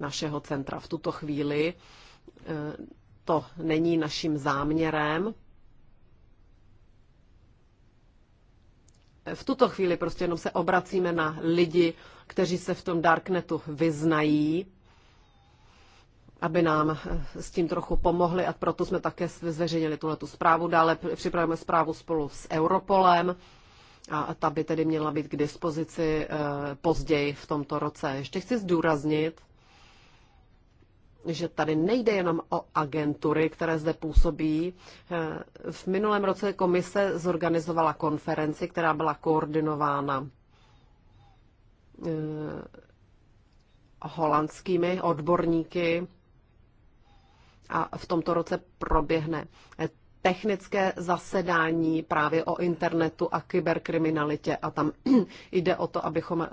B: našeho centra. V tuto chvíli eh, to není naším záměrem. V tuto chvíli prostě jenom se obracíme na lidi kteří se v tom darknetu vyznají, aby nám eh, s tím trochu pomohli a proto jsme také zveřejnili tuto zprávu. Dále připravujeme zprávu spolu s Europolem a ta by tedy měla být k dispozici eh, později v tomto roce. Ještě chci zdůraznit, že tady nejde jenom o agentury, které zde působí. Eh, v minulém roce komise zorganizovala konferenci, která byla koordinována Eh, holandskými odborníky a v tomto roce proběhne eh, technické zasedání právě o internetu a kyberkriminalitě a tam jde o to, abychom eh,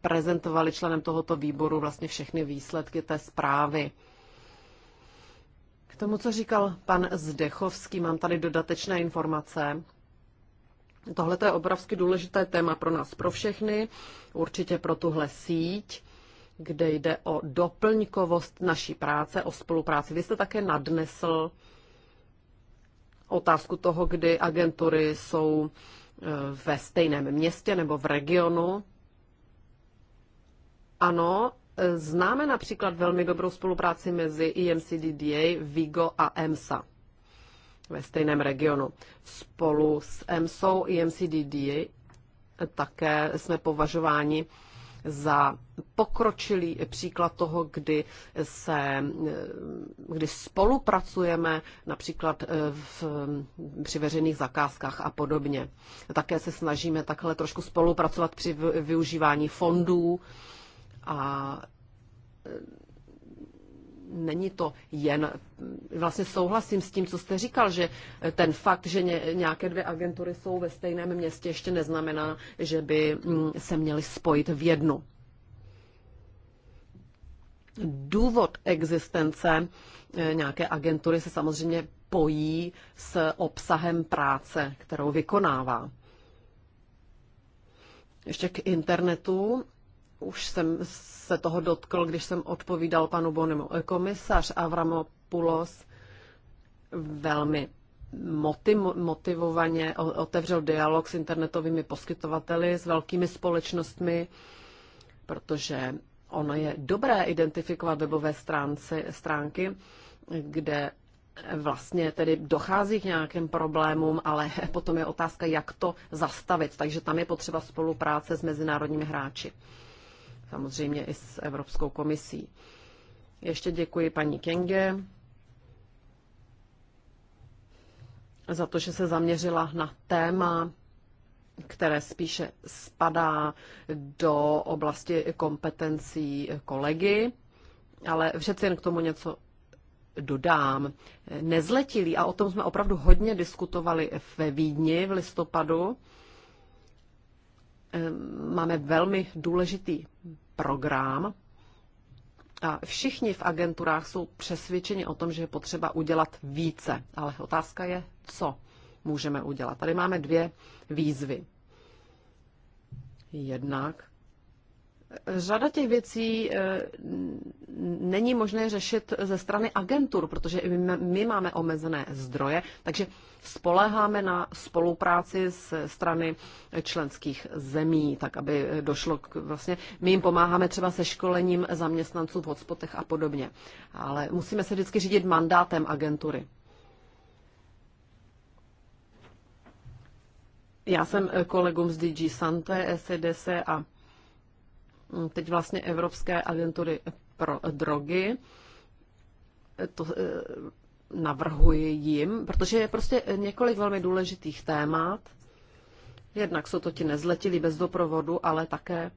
B: prezentovali členem tohoto výboru vlastně všechny výsledky té zprávy. K tomu, co říkal pan Zdechovský, mám tady dodatečné informace. Tohle je obrovsky důležité téma pro nás, pro všechny, určitě pro tuhle síť, kde jde o doplňkovost naší práce, o spolupráci. Vy jste také nadnesl otázku toho, kdy agentury jsou e, ve stejném městě nebo v regionu. Ano, e, známe například velmi dobrou spolupráci mezi EMCDDA, Vigo a EMSA ve stejném regionu. Spolu s EMSO i MCDD také jsme považováni za pokročilý příklad toho, kdy, se, kdy spolupracujeme například v, při veřejných zakázkách a podobně. Také se snažíme takhle trošku spolupracovat při využívání fondů a není to jen, vlastně souhlasím s tím, co jste říkal, že ten fakt, že nějaké dvě agentury jsou ve stejném městě, ještě neznamená, že by mm, se měly spojit v jednu. Důvod existence eh, nějaké agentury se samozřejmě pojí s obsahem práce, kterou vykonává. Ještě k internetu už jsem se toho dotkl, když jsem odpovídal panu Bonimu. Komisař Avramopoulos velmi motivovaně otevřel dialog s internetovými poskytovateli, s velkými společnostmi, protože ono je dobré identifikovat webové stránce, stránky, kde vlastně tedy dochází k nějakým problémům, ale potom je otázka, jak to zastavit. Takže tam je potřeba spolupráce s mezinárodními hráči samozřejmě i s Evropskou komisí. Ještě děkuji paní Kenge za to, že se zaměřila na téma, které spíše spadá do oblasti kompetencí kolegy, ale přeci jen k tomu něco dodám. Nezletilí, a o tom jsme opravdu hodně diskutovali ve Vídni v listopadu, Ehm, máme velmi důležitý program a všichni v agenturách jsou přesvědčeni o tom, že je potřeba udělat více. Ale otázka je, co můžeme udělat. Tady máme dvě výzvy. Jednak Řada těch věcí eh, není možné řešit ze strany agentur, protože my máme omezené zdroje, takže spoléháme na spolupráci ze strany členských zemí, tak aby došlo k vlastně, my jim pomáháme třeba se školením zaměstnanců v hotspotech a podobně, ale musíme se vždycky řídit mandátem agentury. Já jsem eh, kolegům z DG Sante, SEDC a teď vlastně Evropské agentury pro drogy. To eh, navrhuji jim, protože je prostě několik velmi důležitých témat. Jednak jsou to ti nezletili bez doprovodu, ale také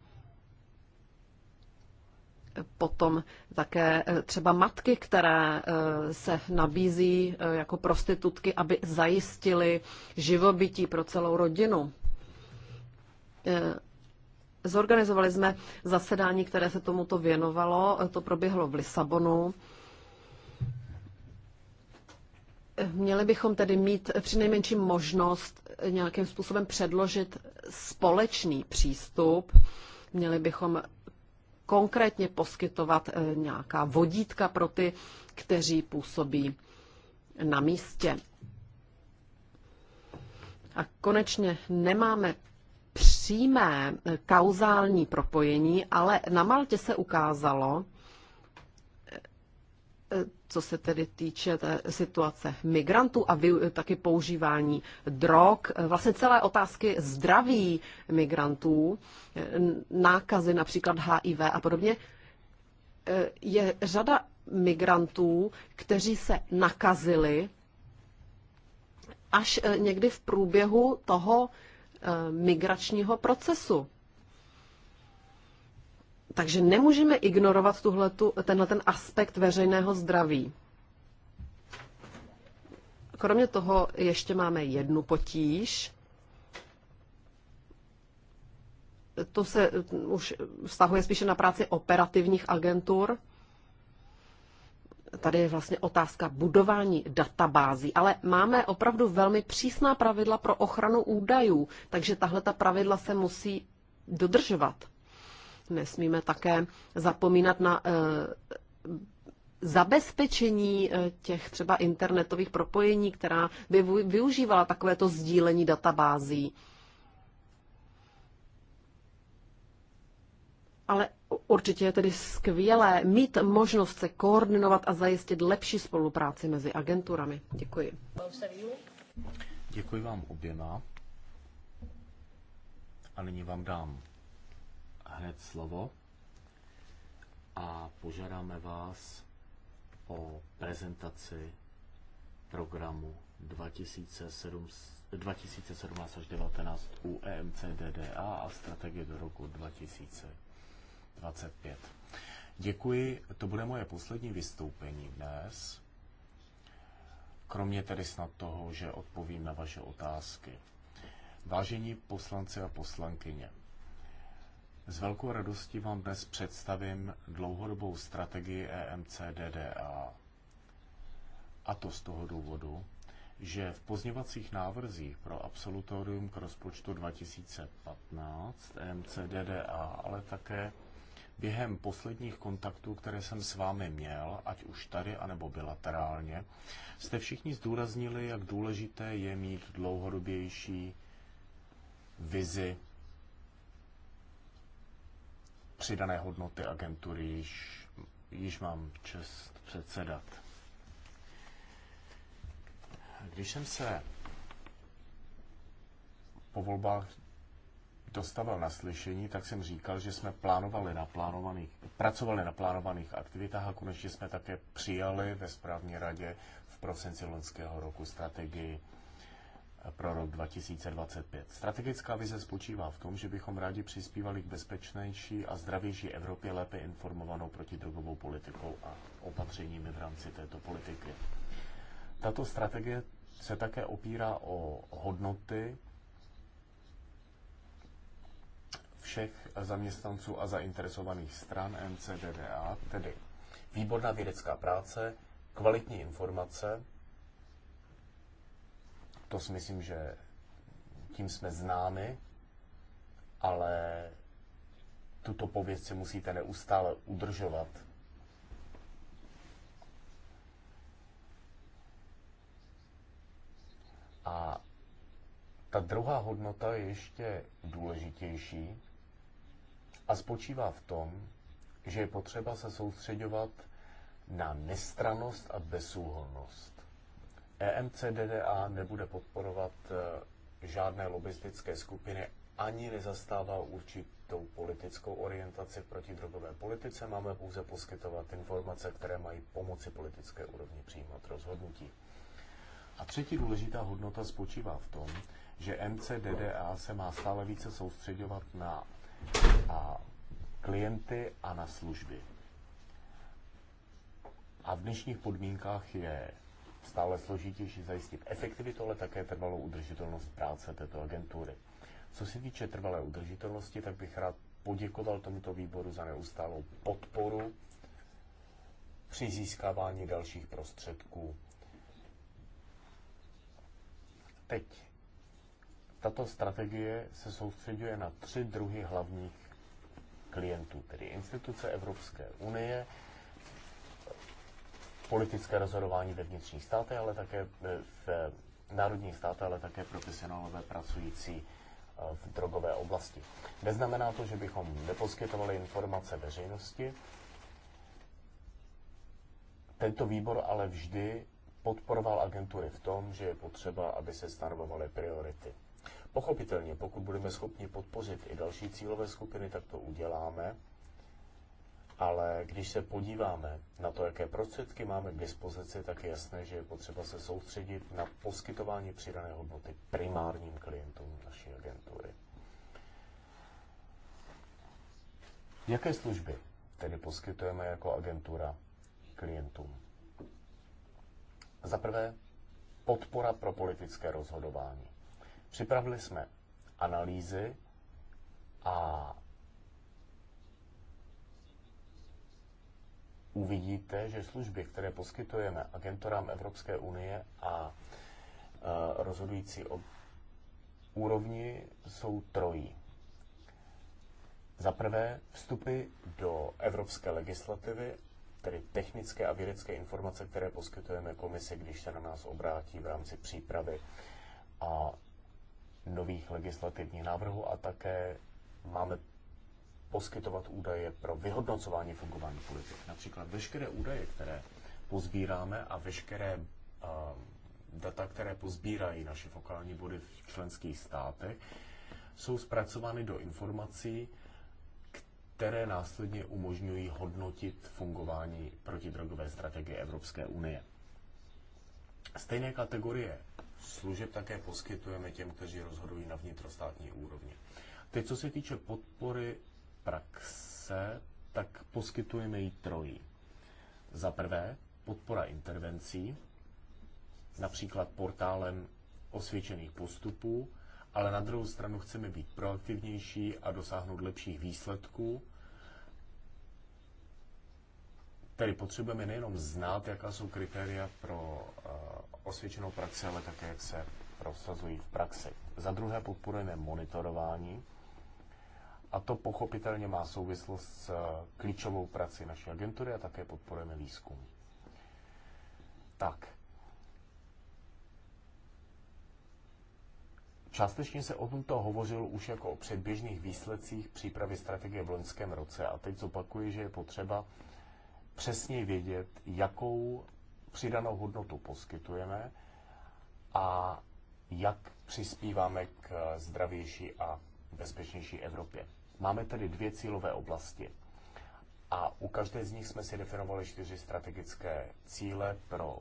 B: potom také eh, třeba matky, které eh, se nabízí jako prostitutky, aby zajistili živobytí pro celou rodinu Zorganizovali jsme zasedání, které se tomuto věnovalo. To proběhlo v Lisabonu. Měli bychom tedy mít přinejmenším možnost nějakým způsobem předložit společný přístup. Měli bychom konkrétně poskytovat eh, nějaká vodítka pro ty, kteří působí na místě. A konečně nemáme přímé eh, kauzální propojení, ale na Maltě se ukázalo, eh, co se tedy týče té situace migrantů a vy, eh, taky používání drog, vlastně celé otázky zdraví migrantů, nákazy například HIV a podobně, je řada migrantů, kteří se nakazili až někdy v průběhu toho Eh, migračního procesu. Takže nemůžeme ignorovat tuhletu, tenhle ten aspekt veřejného zdraví. Kromě toho ještě máme jednu potíž. To se už vztahuje spíše na práci operativních agentur, tady je vlastně otázka budování databází, ale máme opravdu velmi přísná pravidla pro ochranu údajů, takže tahle ta pravidla se musí dodržovat. Nesmíme také zapomínat na e, zabezpečení eh, těch třeba internetových propojení, která by využívala takovéto sdílení databází. Ale Určitě je tedy skvělé mít možnost se koordinovat a zajistit lepší spolupráci mezi agenturami. Děkuji.
C: Děkuji vám oběma. A nyní vám dám hned slovo a požádáme vás o prezentaci programu 2007, 2017 až 19 u EMCDDA a strategie do roku 2020. 25. Děkuji, to bude moje poslední vystoupení dnes, kromě tedy snad toho, že odpovím na vaše otázky. Vážení poslanci a poslankyně, s velkou radostí vám dnes představím dlouhodobou strategii EMCDDA. A to z toho důvodu, že v pozněvacích návrzích pro absolutorium k rozpočtu 2015 EMCDDA, ale také během posledních kontaktů, které jsem s vámi měl, ať už tady, anebo bilaterálně, jste všichni zdůraznili, jak důležité je mít dlouhodobější vizi přidané hodnoty agentury, již, již mám čest předsedat. Když jsem se po volbách dostavil na slyšení, tak jsem říkal, že jsme plánovali na plánovaných, pracovali na plánovaných aktivitách a konečně jsme také přijali ve správní radě v prosinci loňského roku strategii pro rok 2025. Strategická vize spočívá v tom, že bychom rádi přispívali k bezpečnější a zdravější Evropě lépe informovanou proti drogovou politikou a opatřeními v rámci této politiky. Tato strategie se také opírá o hodnoty, všech zaměstnanců a zainteresovaných stran MCDDA, tedy výborná vědecká práce, kvalitní informace, to si myslím, že tím jsme známi, ale tuto pověst si musíte neustále udržovat. A ta druhá hodnota je ještě důležitější, a spočívá v tom, že je potřeba se soustředovat na nestranost a bezúhonnost. EMCDDA nebude podporovat e, žádné lobbystické skupiny ani nezastává určitou politickou orientaci proti drogové politice. Máme pouze poskytovat informace, které mají pomoci politické úrovni přijímat rozhodnutí. A třetí důležitá hodnota spočívá v tom, že MCDDA se má stále více soustředovat na a klienty a na služby. A v dnešních podmínkách je stále složitější zajistit efektivitu, ale také trvalou udržitelnost práce této agentury. Co se týče trvalé udržitelnosti, tak bych rád poděkoval tomuto výboru za neustálou podporu při získávání dalších prostředků. Teď tato strategie se soustředuje na tři druhy hlavních klientů, tedy instituce Evropské unie, politické rozhodování ve vnitřních státech, ale také eh, v eh, národních státech, ale také profesionálové pracující eh, v drogové oblasti. Neznamená to, že bychom neposkytovali informace veřejnosti. Tento výbor ale vždy podporoval agentury v tom, že je potřeba, aby se stanovovaly priority. Pochopitelně, pokud budeme schopni podpořit i další cílové skupiny, tak to uděláme. Ale když se podíváme na to, jaké prostředky máme k dispozici, tak je jasné, že je potřeba se soustředit na poskytování přidané hodnoty primárním klientům naší agentury. Jaké služby tedy poskytujeme jako agentura klientům? Za prvé, podpora pro politické rozhodování. Připravili jsme analýzy a uvidíte, že služby, které poskytujeme agenturám Evropské unie a e, rozhodující o úrovni, jsou trojí. Za prvé vstupy do evropské legislativy, tedy technické a vědecké informace, které poskytujeme komisi, když se na nás obrátí v rámci přípravy a nových legislativních návrhů a také máme poskytovat údaje pro vyhodnocování fungování politik. Například veškeré údaje, které pozbíráme a veškeré uh, data, které pozbírají naše fokální body v členských státech, jsou zpracovány do informací, které následně umožňují hodnotit fungování protidrogové strategie Evropské unie. Stejné kategorie služeb také poskytujeme těm, kteří rozhodují na vnitrostátní úrovni. Teď, co se týče podpory praxe, tak poskytujeme ji trojí. Za prvé, podpora intervencí, například portálem osvědčených postupů, ale na druhou stranu chceme být proaktivnější a dosáhnout lepších výsledků Tedy potřebujeme nejenom znát, jaká jsou kritéria pro eh, osvědčenou praxi, ale také, jak se prosazují v praxi. Za druhé podporujeme monitorování a to pochopitelně má souvislost s eh, klíčovou prací naší agentury a také podporujeme výzkum. Tak. Částečně se o tomto hovořil už jako o předběžných výsledcích přípravy strategie v loňském roce a teď zopakuji, že je potřeba přesně vědět, jakou přidanou hodnotu poskytujeme a jak přispíváme k zdravější a bezpečnější Evropě. Máme tedy dvě cílové oblasti. A u každé z nich jsme si definovali čtyři strategické cíle pro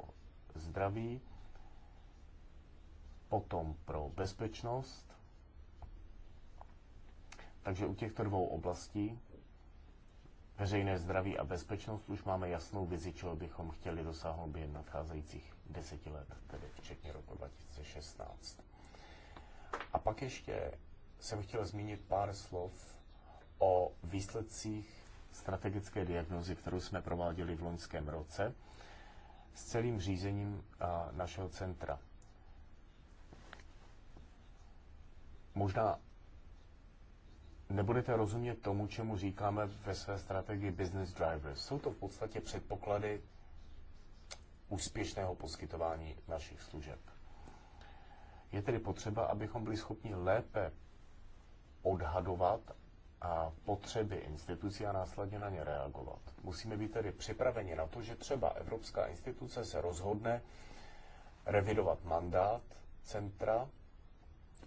C: zdraví, potom pro bezpečnost. Takže u těchto dvou oblastí veřejné zdraví a bezpečnost, už máme jasnou vizi, čeho bychom chtěli dosáhnout během nadcházejících deseti let, tedy včetně roku 2016. A pak ještě jsem chtěl zmínit pár slov o výsledcích strategické diagnozy, kterou jsme prováděli v loňském roce s celým řízením našeho centra. Možná nebudete rozumět tomu, čemu říkáme ve své strategii Business Drivers. Jsou to v podstatě předpoklady úspěšného poskytování našich služeb. Je tedy potřeba, abychom byli schopni lépe odhadovat a potřeby institucí a následně na ně reagovat. Musíme být tedy připraveni na to, že třeba Evropská instituce se rozhodne revidovat mandát centra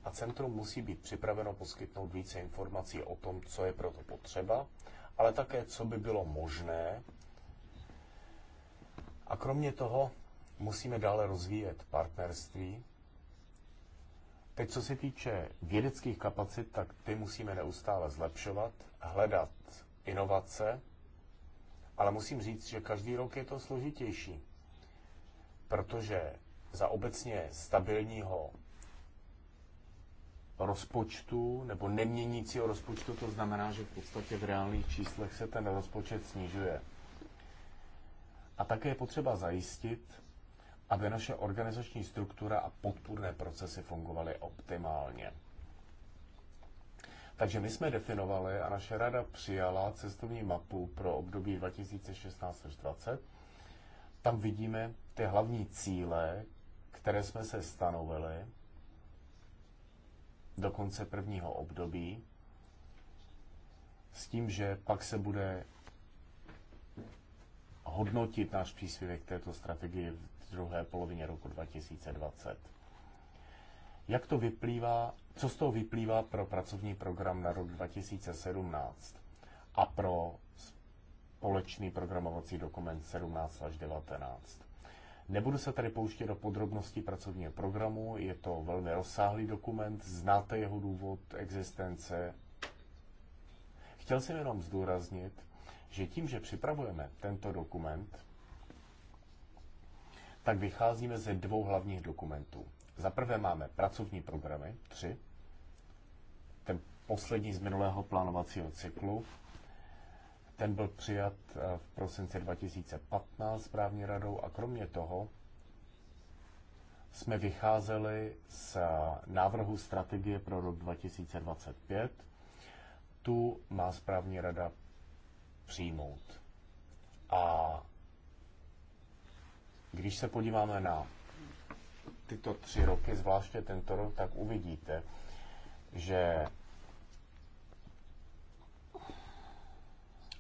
C: a centrum musí být připraveno poskytnout více informací o tom, co je proto potřeba, ale také, co by bylo možné. A kromě toho musíme dále rozvíjet partnerství. Teď, co se týče vědeckých kapacit, tak ty musíme neustále zlepšovat, hledat inovace, ale musím říct, že každý rok je to složitější, protože za obecně stabilního rozpočtu nebo neměnícího rozpočtu, to znamená, že v podstatě v reálných číslech se ten rozpočet snižuje. A také je potřeba zajistit, aby naše organizační struktura a podpůrné procesy fungovaly optimálně. Takže my jsme definovali a naše rada přijala cestovní mapu pro období 2016 2020. Tam vidíme ty hlavní cíle, které jsme se stanovili do konce prvního období, s tím, že pak se bude hodnotit náš příspěvek této strategii v druhé polovině roku 2020. Jak to vyplývá, co z toho vyplývá pro pracovní program na rok 2017 a pro společný programovací dokument 17 až 19? Nebudu se tady pouštět do podrobností pracovního programu, je to velmi rozsáhlý dokument, znáte jeho důvod existence. Chtěl jsem jenom zdůraznit, že tím, že připravujeme tento dokument, tak vycházíme ze dvou hlavních dokumentů. Za prvé máme pracovní programy, tři, ten poslední z minulého plánovacího cyklu, ten byl přijat eh, v prosinci 2015 správní radou a kromě toho jsme vycházeli z eh, návrhu strategie pro rok 2025. Tu má správní rada přijmout. A když se podíváme na tyto tři roky, zvláště tento rok, tak uvidíte, že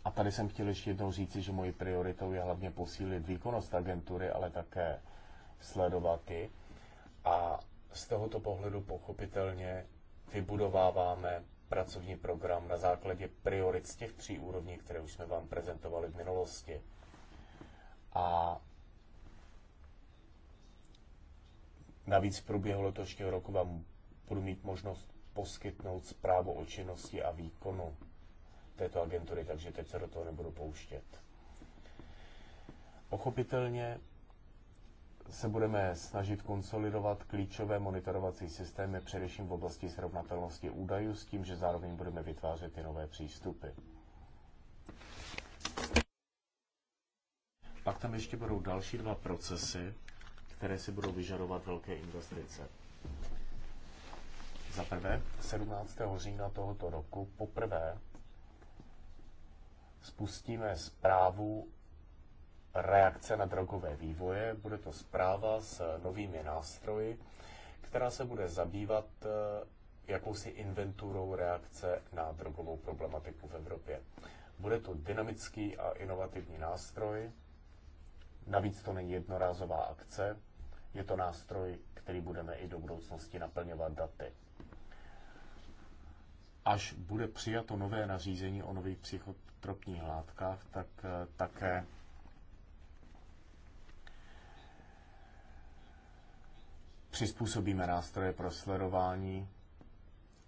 C: A tady jsem chtěl ještě jednou říci, že mojí prioritou je hlavně posílit výkonnost agentury, ale také sledovat ji. A z tohoto pohledu pochopitelně vybudováváme pracovní program na základě priorit z těch tří úrovní, které už jsme vám prezentovali v minulosti. A navíc v průběhu letošního roku vám budu mít možnost poskytnout zprávu o činnosti a výkonu této agentury, takže teď se do toho nebudu pouštět. Pochopitelně se budeme snažit konsolidovat klíčové monitorovací systémy, především v oblasti srovnatelnosti údajů, s tím, že zároveň budeme vytvářet i nové přístupy. Pak tam ještě budou další dva procesy, které si budou vyžadovat velké investice. Za prvé, 17. října tohoto roku poprvé spustíme zprávu reakce na drogové vývoje. Bude to zpráva s novými nástroji, která se bude zabývat eh, jakousi inventurou reakce na drogovou problematiku v Evropě. Bude to dynamický a inovativní nástroj. Navíc to není jednorázová akce. Je to nástroj, který budeme i do budoucnosti naplňovat daty až bude přijato nové nařízení o nových psychotropních látkách, tak eh, také přizpůsobíme nástroje pro sledování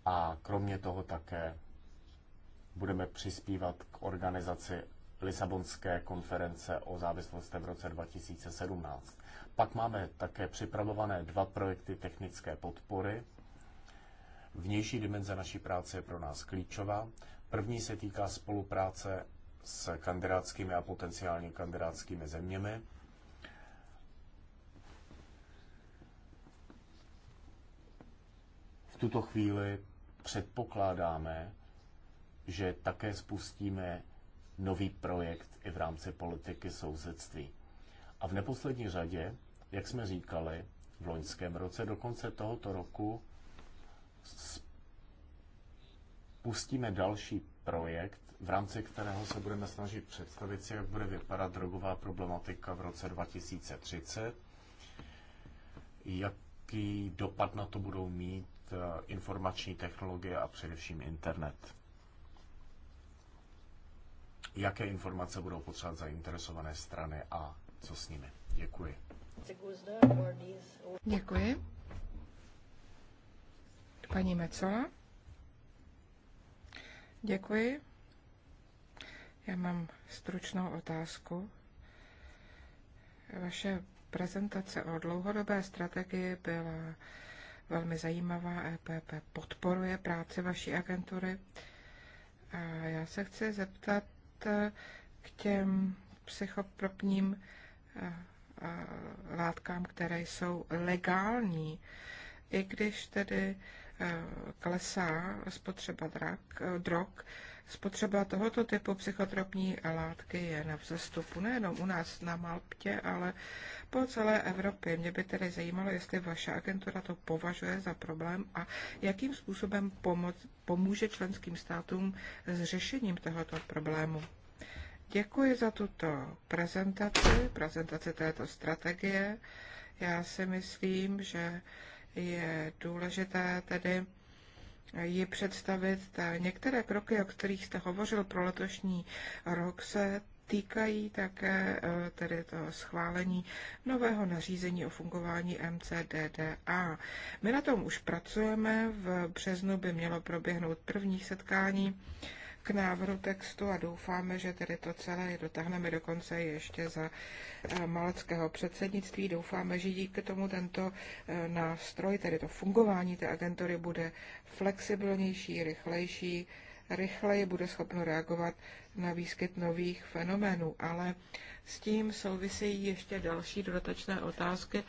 C: a kromě toho také budeme přispívat k organizaci Lisabonské konference o závislosti v roce 2017. Pak máme také připravované dva projekty technické podpory Vnější dimenze naší práce je pro nás klíčová. První se týká spolupráce s kandidátskými a potenciálně kandidátskými zeměmi. V tuto chvíli předpokládáme, že také spustíme nový projekt i v rámci politiky sousedství. A v neposlední řadě, jak jsme říkali, v loňském roce do konce tohoto roku spustíme další projekt, v rámci kterého se budeme snažit představit si, jak bude vypadat drogová problematika v roce 2030, jaký dopad na to budou mít eh, informační technologie a především internet. Jaké informace budou potřebovat zainteresované strany a co s nimi? Děkuji.
A: Děkuji. Paní Mecola. Děkuji. Já mám stručnou otázku. Vaše prezentace o dlouhodobé strategii byla velmi zajímavá. EPP podporuje práci vaší agentury. A já se chci zeptat e, k těm psychopropním e, e, látkám, které jsou legální, i když tedy Eh, klesá spotřeba drak, eh, drog, spotřeba tohoto typu psychotropní látky je na vzestupu nejenom u nás na Malptě, ale po celé Evropě. Mě by tedy zajímalo, jestli vaše agentura to považuje za problém a jakým způsobem pomoc, pomůže členským státům s řešením tohoto problému. Děkuji za tuto prezentaci, prezentaci této strategie. Já si myslím, že je důležité tedy ji představit. Ta některé kroky, o kterých jste hovořil pro letošní rok, se týkají také eh, tedy to schválení nového nařízení o fungování MCDDA. My na tom už pracujeme, v březnu by mělo proběhnout první setkání k návrhu textu a doufáme, že tedy to celé dotáhneme do konce ještě za eh, maleckého předsednictví. Doufáme, že díky tomu tento eh, nástroj, tedy to fungování té agentury bude flexibilnější, rychlejší, rychleji bude schopno reagovat na výskyt nových fenoménů. Ale s tím souvisejí ještě další dodatečné otázky,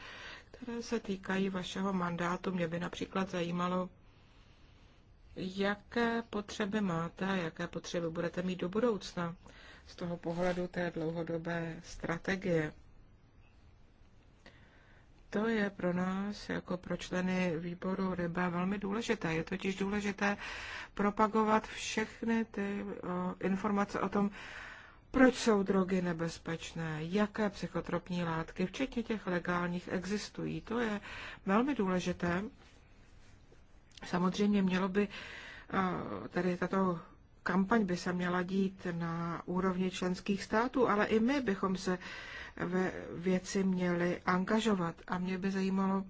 A: které se týkají vašeho mandátu. Mě by například zajímalo, jaké potřeby máte a jaké potřeby budete mít do budoucna z toho pohledu té dlouhodobé strategie. To je pro nás, jako pro členy výboru RYBA, velmi důležité. Je totiž důležité propagovat všechny ty o, informace o tom, proč jsou drogy nebezpečné, jaké psychotropní látky, včetně těch legálních, existují. To je velmi důležité Samozřejmě mělo by, tady tato kampaň by se měla dít na úrovni členských států, ale i my bychom se ve věci měli angažovat. A mě by zajímalo,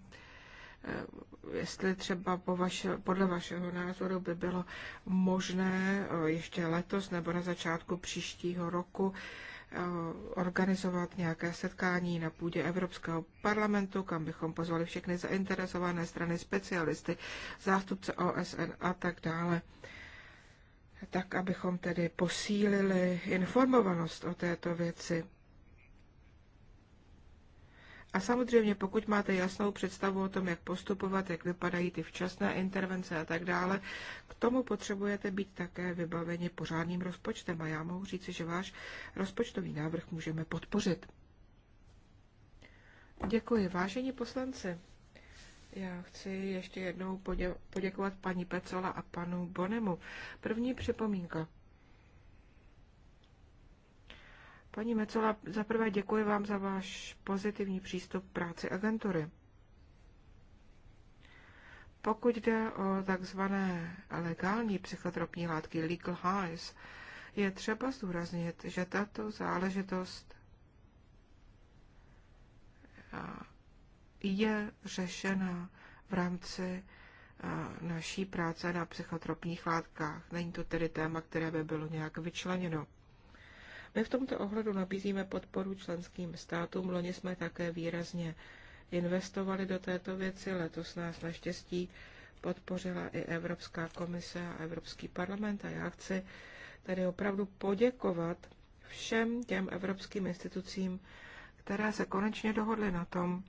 A: e, jestli třeba po vaše, podle vašeho názoru by bylo možné e, ještě letos nebo na začátku příštího roku organizovat nějaké setkání na půdě Evropského parlamentu, kam bychom pozvali všechny zainteresované strany, specialisty, zástupce OSN a tak dále. Tak, abychom tedy posílili informovanost o této věci. A samozřejmě, pokud máte jasnou představu o tom, jak postupovat, jak vypadají ty včasné intervence a tak dále, k tomu potřebujete být také vybaveni pořádným rozpočtem. A já mohu říci, že váš rozpočtový návrh můžeme podpořit. Děkuji, vážení poslanci. Já chci ještě jednou podě- poděkovat paní Pecola a panu Bonemu. První připomínka. Paní Mecola, zaprvé děkuji vám za váš pozitivní přístup k práci agentury. Pokud jde o takzvané legální psychotropní látky, legal highs, je třeba zdůraznit, že tato záležitost je řešena v rámci naší práce na psychotropních látkách. Není to tedy téma, které by bylo nějak vyčleněno. My v tomto ohledu nabízíme podporu členským státům. Loni jsme také výrazně investovali do této věci. Letos nás naštěstí podpořila i Evropská komise a Evropský parlament a já chci tady opravdu poděkovat všem těm evropským institucím, které se konečně dohodly na tom,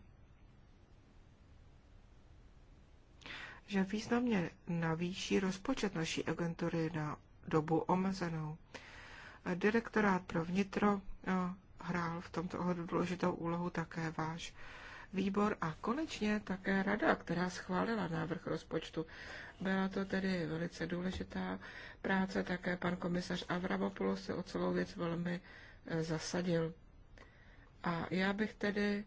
A: že významně navýší rozpočet naší agentury na dobu omezenou. Direktorát pro vnitro hrál v tomto ohledu důležitou úlohu také váš výbor a konečně také rada, která schválila návrh rozpočtu. Byla to tedy velice důležitá práce, také pan komisař Avramopoulos se o celou věc velmi eh, zasadil. A já bych tedy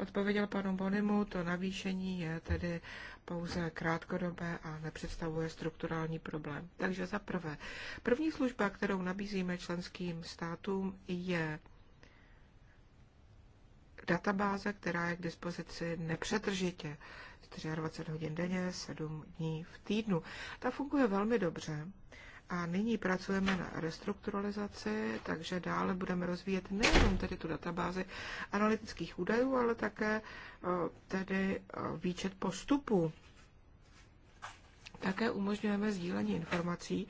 A: odpověděl panu Bonimu, to navýšení je tedy pouze krátkodobé a nepředstavuje strukturální problém. Takže za prvé, první služba, kterou nabízíme členským státům, je databáze, která je k dispozici nepřetržitě 24 hodin denně, 7 dní v týdnu. Ta funguje velmi dobře a nyní pracujeme na restrukturalizaci, takže dále budeme rozvíjet nejenom tedy tu databázi analytických údajů, ale také eh, tedy eh, výčet postupů. Také umožňujeme sdílení informací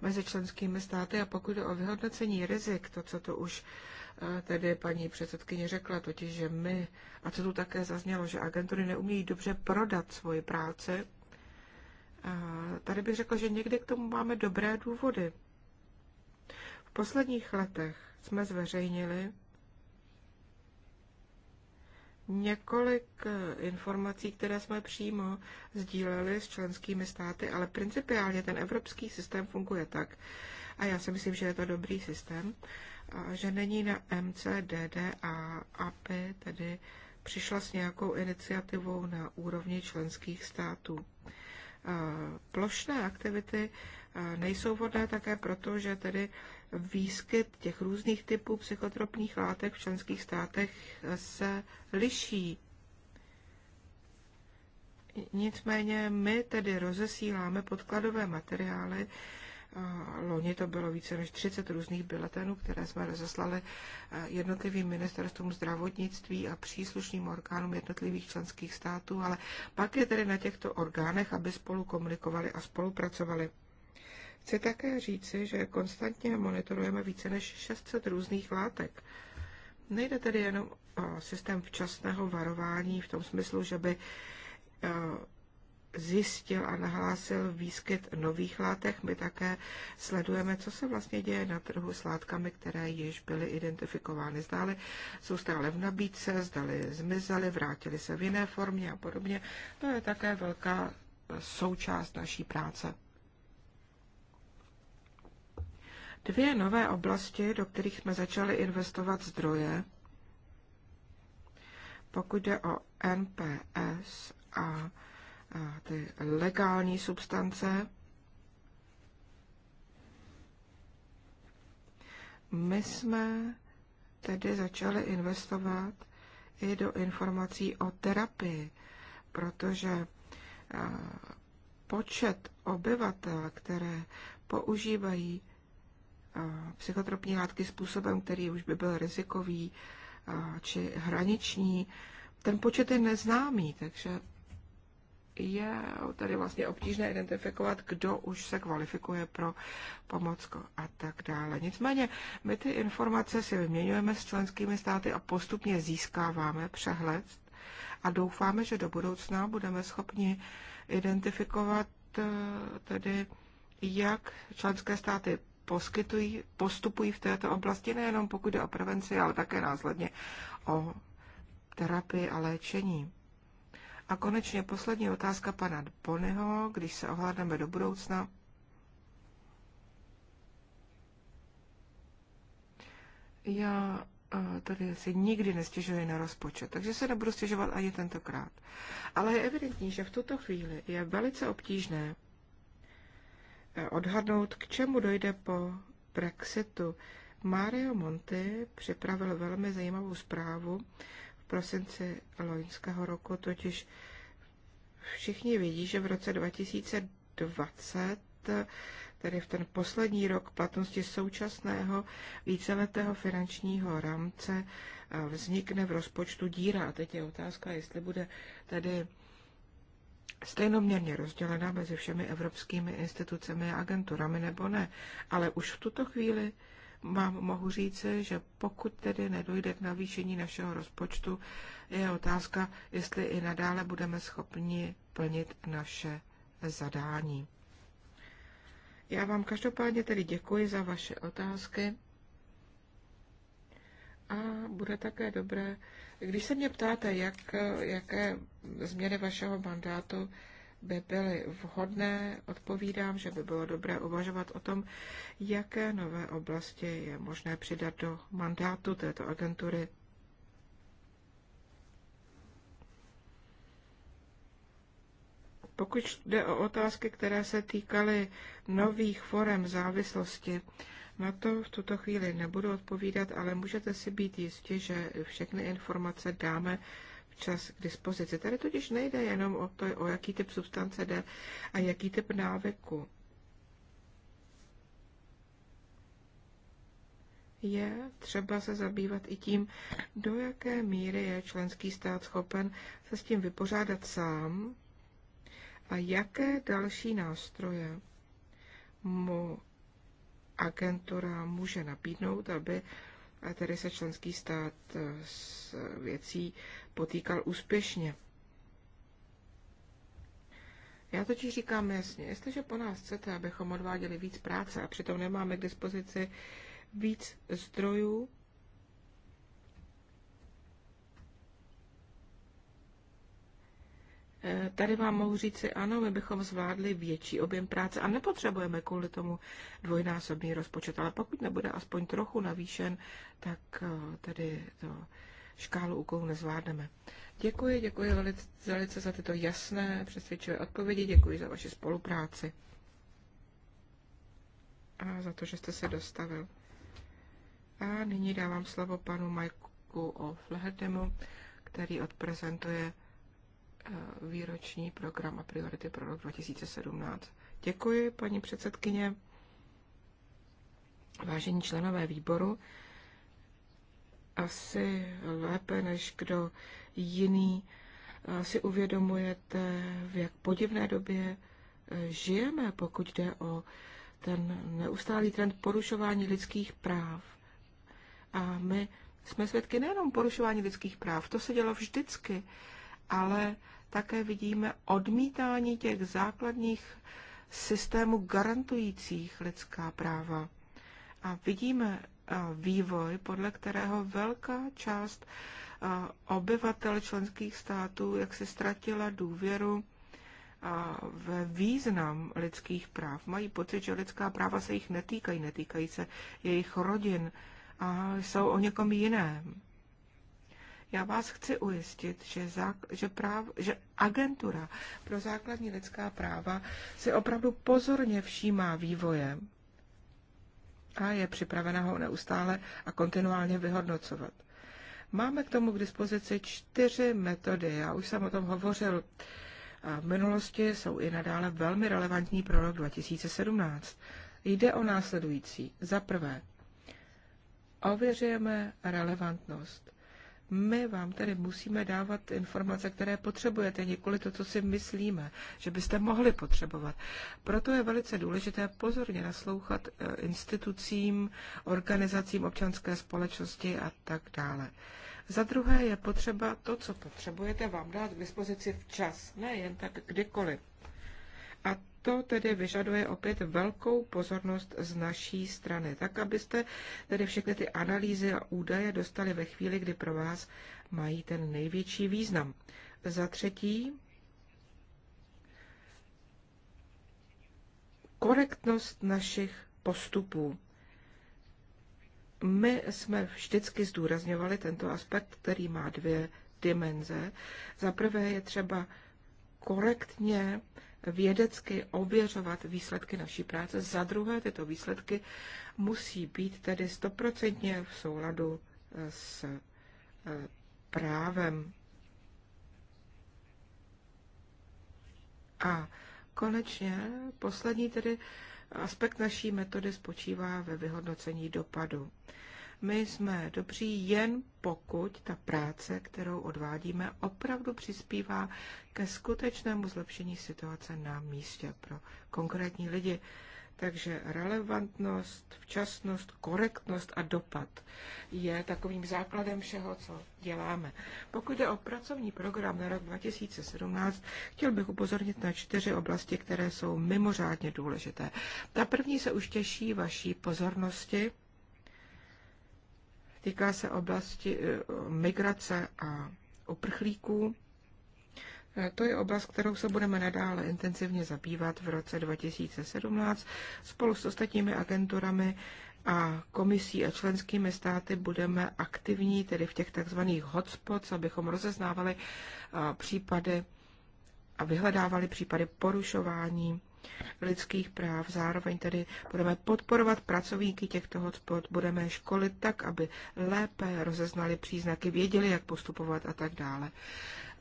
A: mezi členskými státy a pokud jde o vyhodnocení rizik, to, co to už eh, tedy paní předsedkyně řekla, totiž, že my, a co tu také zaznělo, že agentury neumějí dobře prodat svoji práci, Tady bych řekla, že někdy k tomu máme dobré důvody. V posledních letech jsme zveřejnili několik eh, informací, které jsme přímo sdíleli s členskými státy, ale principiálně ten evropský systém funguje tak, a já si myslím, že je to dobrý systém, že není na MCDD a aby tedy přišla s nějakou iniciativou na úrovni členských států plošné aktivity nejsou vhodné také proto, že tedy výskyt těch různých typů psychotropních látek v členských státech se liší. Nicméně my tedy rozesíláme podkladové materiály, loni to bylo více než 30 různých biletenů, které jsme rozeslali eh, jednotlivým ministerstvům zdravotnictví a příslušným orgánům jednotlivých členských států, ale pak je tedy na těchto orgánech, aby spolu komunikovali a spolupracovali. Chci také říci, že konstantně monitorujeme více než 600 různých látek. Nejde tedy jenom o systém včasného varování v tom smyslu, že by eh, zjistil a nahlásil výskyt nových látek. My také sledujeme, co se vlastně děje na trhu s látkami, které již byly identifikovány. Zdále jsou stále v nabídce, zdali zmizely, vrátily se v jiné formě a podobně. To je také velká součást naší práce. Dvě nové oblasti, do kterých jsme začali investovat zdroje, pokud jde o NPS a ty legální substance. My jsme tedy začali investovat i do informací o terapii, protože počet obyvatel, které používají psychotropní látky způsobem, který už by byl rizikový či hraniční, ten počet je neznámý, takže je tady vlastně obtížné identifikovat, kdo už se kvalifikuje pro pomocko a tak dále. Nicméně my ty informace si vyměňujeme s členskými státy a postupně získáváme přehled a doufáme, že do budoucna budeme schopni identifikovat eh, tedy, jak členské státy poskytují, postupují v této oblasti, nejenom pokud jde o prevenci, ale také následně o terapii a léčení. A konečně poslední otázka pana Poneho, když se ohládneme do budoucna. Já eh, tady si nikdy nestěžuji na rozpočet, takže se nebudu stěžovat ani tentokrát. Ale je evidentní, že v tuto chvíli je velice obtížné eh, odhadnout, k čemu dojde po Brexitu. Mario Monti připravil velmi zajímavou zprávu prosinci loňského roku, totiž všichni vidí, že v roce 2020, tedy v ten poslední rok platnosti současného víceletého finančního rámce, eh, vznikne v rozpočtu díra. A teď je otázka, jestli bude tedy stejnoměrně rozdělena mezi všemi evropskými institucemi a agenturami nebo ne. Ale už v tuto chvíli vám mohu říci, že pokud tedy nedojde k navýšení našeho rozpočtu, je otázka, jestli i nadále budeme schopni plnit naše zadání. Já vám každopádně tedy děkuji za vaše otázky a bude také dobré, když se mě ptáte, jak, jaké změny vašeho mandátu by byly vhodné, odpovídám, že by bylo dobré uvažovat o tom, jaké nové oblasti je možné přidat do mandátu této agentury. Pokud jde o otázky, které se týkaly nových forem závislosti, na to v tuto chvíli nebudu odpovídat, ale můžete si být jistí, že všechny informace dáme čas k dispozici. Tady totiž nejde jenom o to, o jaký typ substance jde a jaký typ návyku. Je třeba se zabývat i tím, do jaké míry je členský stát schopen se s tím vypořádat sám a jaké další nástroje mu agentura může nabídnout, aby a tady se členský stát eh, s věcí potýkal úspěšně. Já totiž říkám jasně, jestliže po nás chcete, abychom odváděli víc práce a přitom nemáme k dispozici víc zdrojů, Tady vám mohu říci, ano, my bychom zvládli větší objem práce a nepotřebujeme kvůli tomu dvojnásobný rozpočet, ale pokud nebude aspoň trochu navýšen, tak eh, tedy to škálu úkolů nezvládneme. Děkuji, děkuji velice, za tyto jasné, přesvědčivé odpovědi, děkuji za vaši spolupráci a za to, že jste se dostavil. A nyní dávám slovo panu Majku O'Flahertemu, který odprezentuje Eh, výroční program a priority pro rok 2017. Děkuji, paní předsedkyně. Vážení členové výboru, asi lépe než kdo jiný eh, si uvědomujete, v jak podivné době eh, žijeme, pokud jde o ten neustálý trend porušování lidských práv. A my jsme svědky nejenom porušování lidských práv, to se dělo vždycky, ale také vidíme odmítání těch základních systémů garantujících lidská práva. A vidíme eh, vývoj, podle kterého velká část eh, obyvatel členských států jak se ztratila důvěru eh, ve význam lidských práv. Mají pocit, že lidská práva se jich netýkají, netýkají se jejich rodin a jsou o někom jiném. Já vás chci ujistit, že, zák, že, práv, že agentura pro základní lidská práva si opravdu pozorně všímá vývoje a je připravena ho neustále a kontinuálně vyhodnocovat. Máme k tomu k dispozici čtyři metody. Já už jsem o tom hovořil v minulosti, jsou i nadále velmi relevantní pro rok 2017. Jde o následující. Za prvé, ověřujeme relevantnost. My vám tedy musíme dávat informace, které potřebujete, nikoli to, co si myslíme, že byste mohli potřebovat. Proto je velice důležité pozorně naslouchat eh, institucím, organizacím občanské společnosti a tak dále. Za druhé je potřeba to, co potřebujete, vám dát k dispozici včas, ne jen tak kdykoliv. A to tedy vyžaduje opět velkou pozornost z naší strany, tak abyste tedy všechny ty analýzy a údaje dostali ve chvíli, kdy pro vás mají ten největší význam. Za třetí, korektnost našich postupů. My jsme vždycky zdůrazňovali tento aspekt, který má dvě dimenze. Za prvé je třeba korektně vědecky ověřovat výsledky naší práce. Za druhé, tyto výsledky musí být tedy stoprocentně v souladu eh, s eh, právem. A konečně poslední tedy aspekt naší metody spočívá ve vyhodnocení dopadu. My jsme dobří jen pokud ta práce, kterou odvádíme, opravdu přispívá ke skutečnému zlepšení situace na místě pro konkrétní lidi. Takže relevantnost, včasnost, korektnost a dopad je takovým základem všeho, co děláme. Pokud jde o pracovní program na rok 2017, chtěl bych upozornit na čtyři oblasti, které jsou mimořádně důležité. Ta první se už těší vaší pozornosti. Týká se oblasti eh, migrace a uprchlíků. Eh, to je oblast, kterou se budeme nadále intenzivně zabývat v roce 2017. Spolu s ostatními agenturami a komisí a členskými státy budeme aktivní, tedy v těch takzvaných hotspots, abychom rozeznávali eh, případy a vyhledávali případy porušování lidských práv. Zároveň tedy budeme podporovat pracovníky těchto hotspot, budeme školit tak, aby lépe rozeznali příznaky, věděli, jak postupovat a tak dále.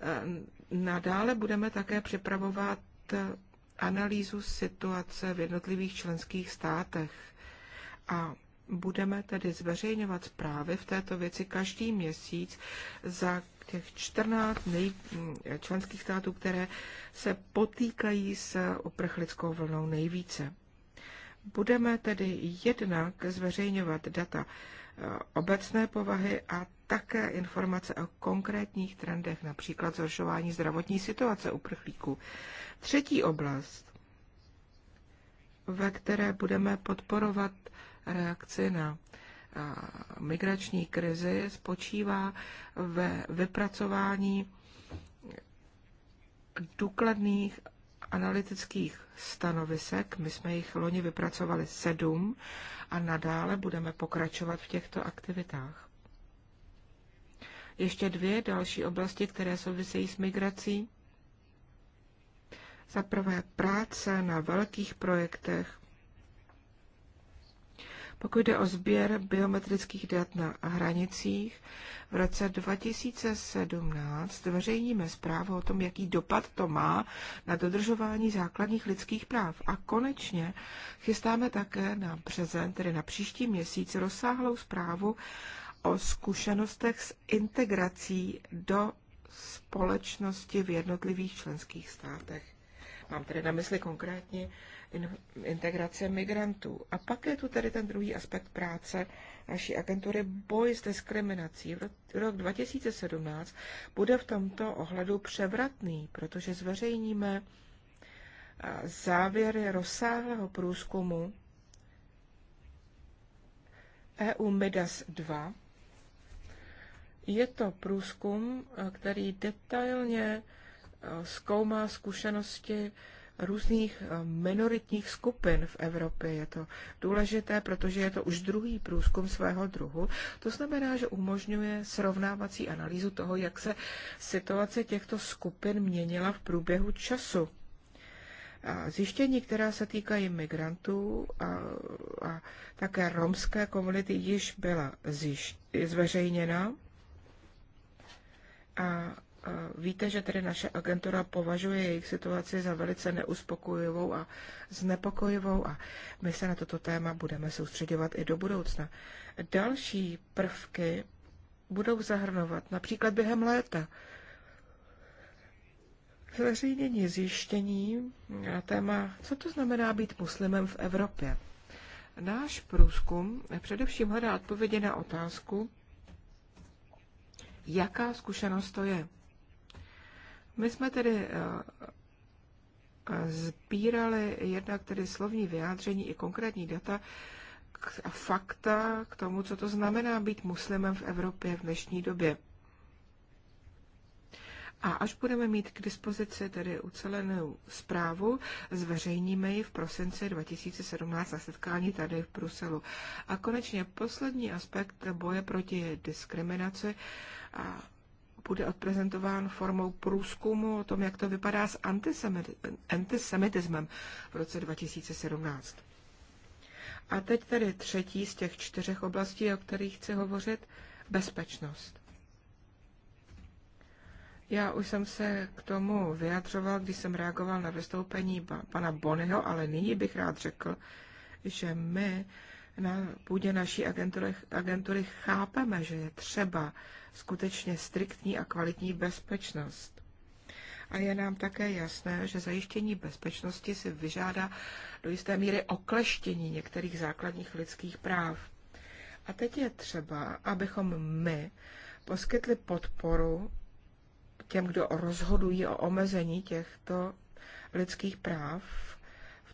A: Eh, nadále budeme také připravovat eh, analýzu situace v jednotlivých členských státech a budeme tedy zveřejňovat zprávy v této věci každý měsíc za těch 14 nej, členských států, které se potýkají s uprchlickou vlnou nejvíce. Budeme tedy jednak zveřejňovat data eh, obecné povahy a také informace o konkrétních trendech, například zhoršování zdravotní situace uprchlíků. Třetí oblast, ve které budeme podporovat reakci na migrační krizi spočívá ve vypracování důkladných analytických stanovisek. My jsme jich loni vypracovali sedm a nadále budeme pokračovat v těchto aktivitách. Ještě dvě další oblasti, které souvisejí s migrací. Za prvé práce na velkých projektech pokud jde o sběr biometrických dat na hranicích, v roce 2017 veřejníme zprávu o tom, jaký dopad to má na dodržování základních lidských práv. A konečně chystáme také na březen, tedy na příští měsíc, rozsáhlou zprávu o zkušenostech s integrací do společnosti v jednotlivých členských státech. Mám tedy na mysli konkrétně integrace migrantů. A pak je tu tedy ten druhý aspekt práce naší agentury Boj s diskriminací. Rok 2017 bude v tomto ohledu převratný, protože zveřejníme závěry rozsáhlého průzkumu EU MIDAS 2. Je to průzkum, který detailně zkoumá zkušenosti různých eh, minoritních skupin v Evropě. Je to důležité, protože je to už druhý průzkum svého druhu. To znamená, že umožňuje srovnávací analýzu toho, jak se situace těchto skupin měnila v průběhu času. A zjištění, která se týkají migrantů a, a také romské komunity, již byla zjiš, zveřejněna. A Víte, že tedy naše agentura považuje jejich situaci za velice neuspokojivou a znepokojivou a my se na toto téma budeme soustředovat i do budoucna. Další prvky budou zahrnovat například během léta zveřejnění zjištění na téma, co to znamená být muslimem v Evropě. Náš průzkum především hledá odpovědi na otázku, jaká zkušenost to je. My jsme tedy eh, eh, sbírali jednak tedy slovní vyjádření i konkrétní data a fakta k tomu, co to znamená být muslimem v Evropě v dnešní době. A až budeme mít k dispozici tedy ucelenou zprávu, zveřejníme ji v prosinci 2017 na setkání tady v Bruselu. A konečně poslední aspekt boje proti diskriminaci a bude odprezentován formou průzkumu o tom, jak to vypadá s antisemitismem v roce 2017. A teď tady třetí z těch čtyřech oblastí, o kterých chci hovořit, bezpečnost. Já už jsem se k tomu vyjadřoval, když jsem reagoval na vystoupení pana Bonyho, ale nyní bych rád řekl, že my na půdě naší agentury, agentury chápeme, že je třeba skutečně striktní a kvalitní bezpečnost. A je nám také jasné, že zajištění bezpečnosti si vyžádá do jisté míry okleštění některých základních lidských práv. A teď je třeba, abychom my poskytli podporu těm, kdo rozhodují o omezení těchto lidských práv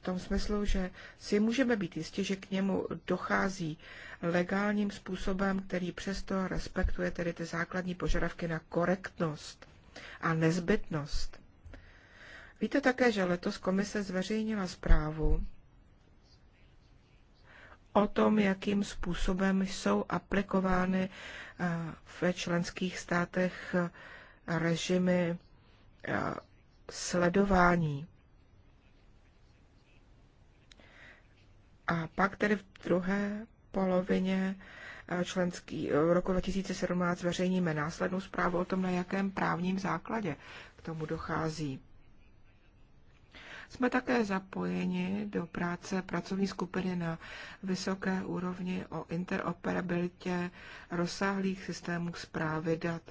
A: tom smyslu, že si můžeme být jistí, že k němu dochází legálním způsobem, který přesto respektuje tedy ty základní požadavky na korektnost a nezbytnost. Víte také, že letos komise zveřejnila zprávu o tom, jakým způsobem jsou aplikovány eh, ve členských státech eh, režimy eh, sledování A pak tedy v druhé polovině eh, členský eh, roku 2017 zveřejníme následnou zprávu o tom, na jakém právním základě k tomu dochází. Jsme také zapojeni do práce pracovní skupiny na vysoké úrovni o interoperabilitě rozsáhlých systémů zprávy dat.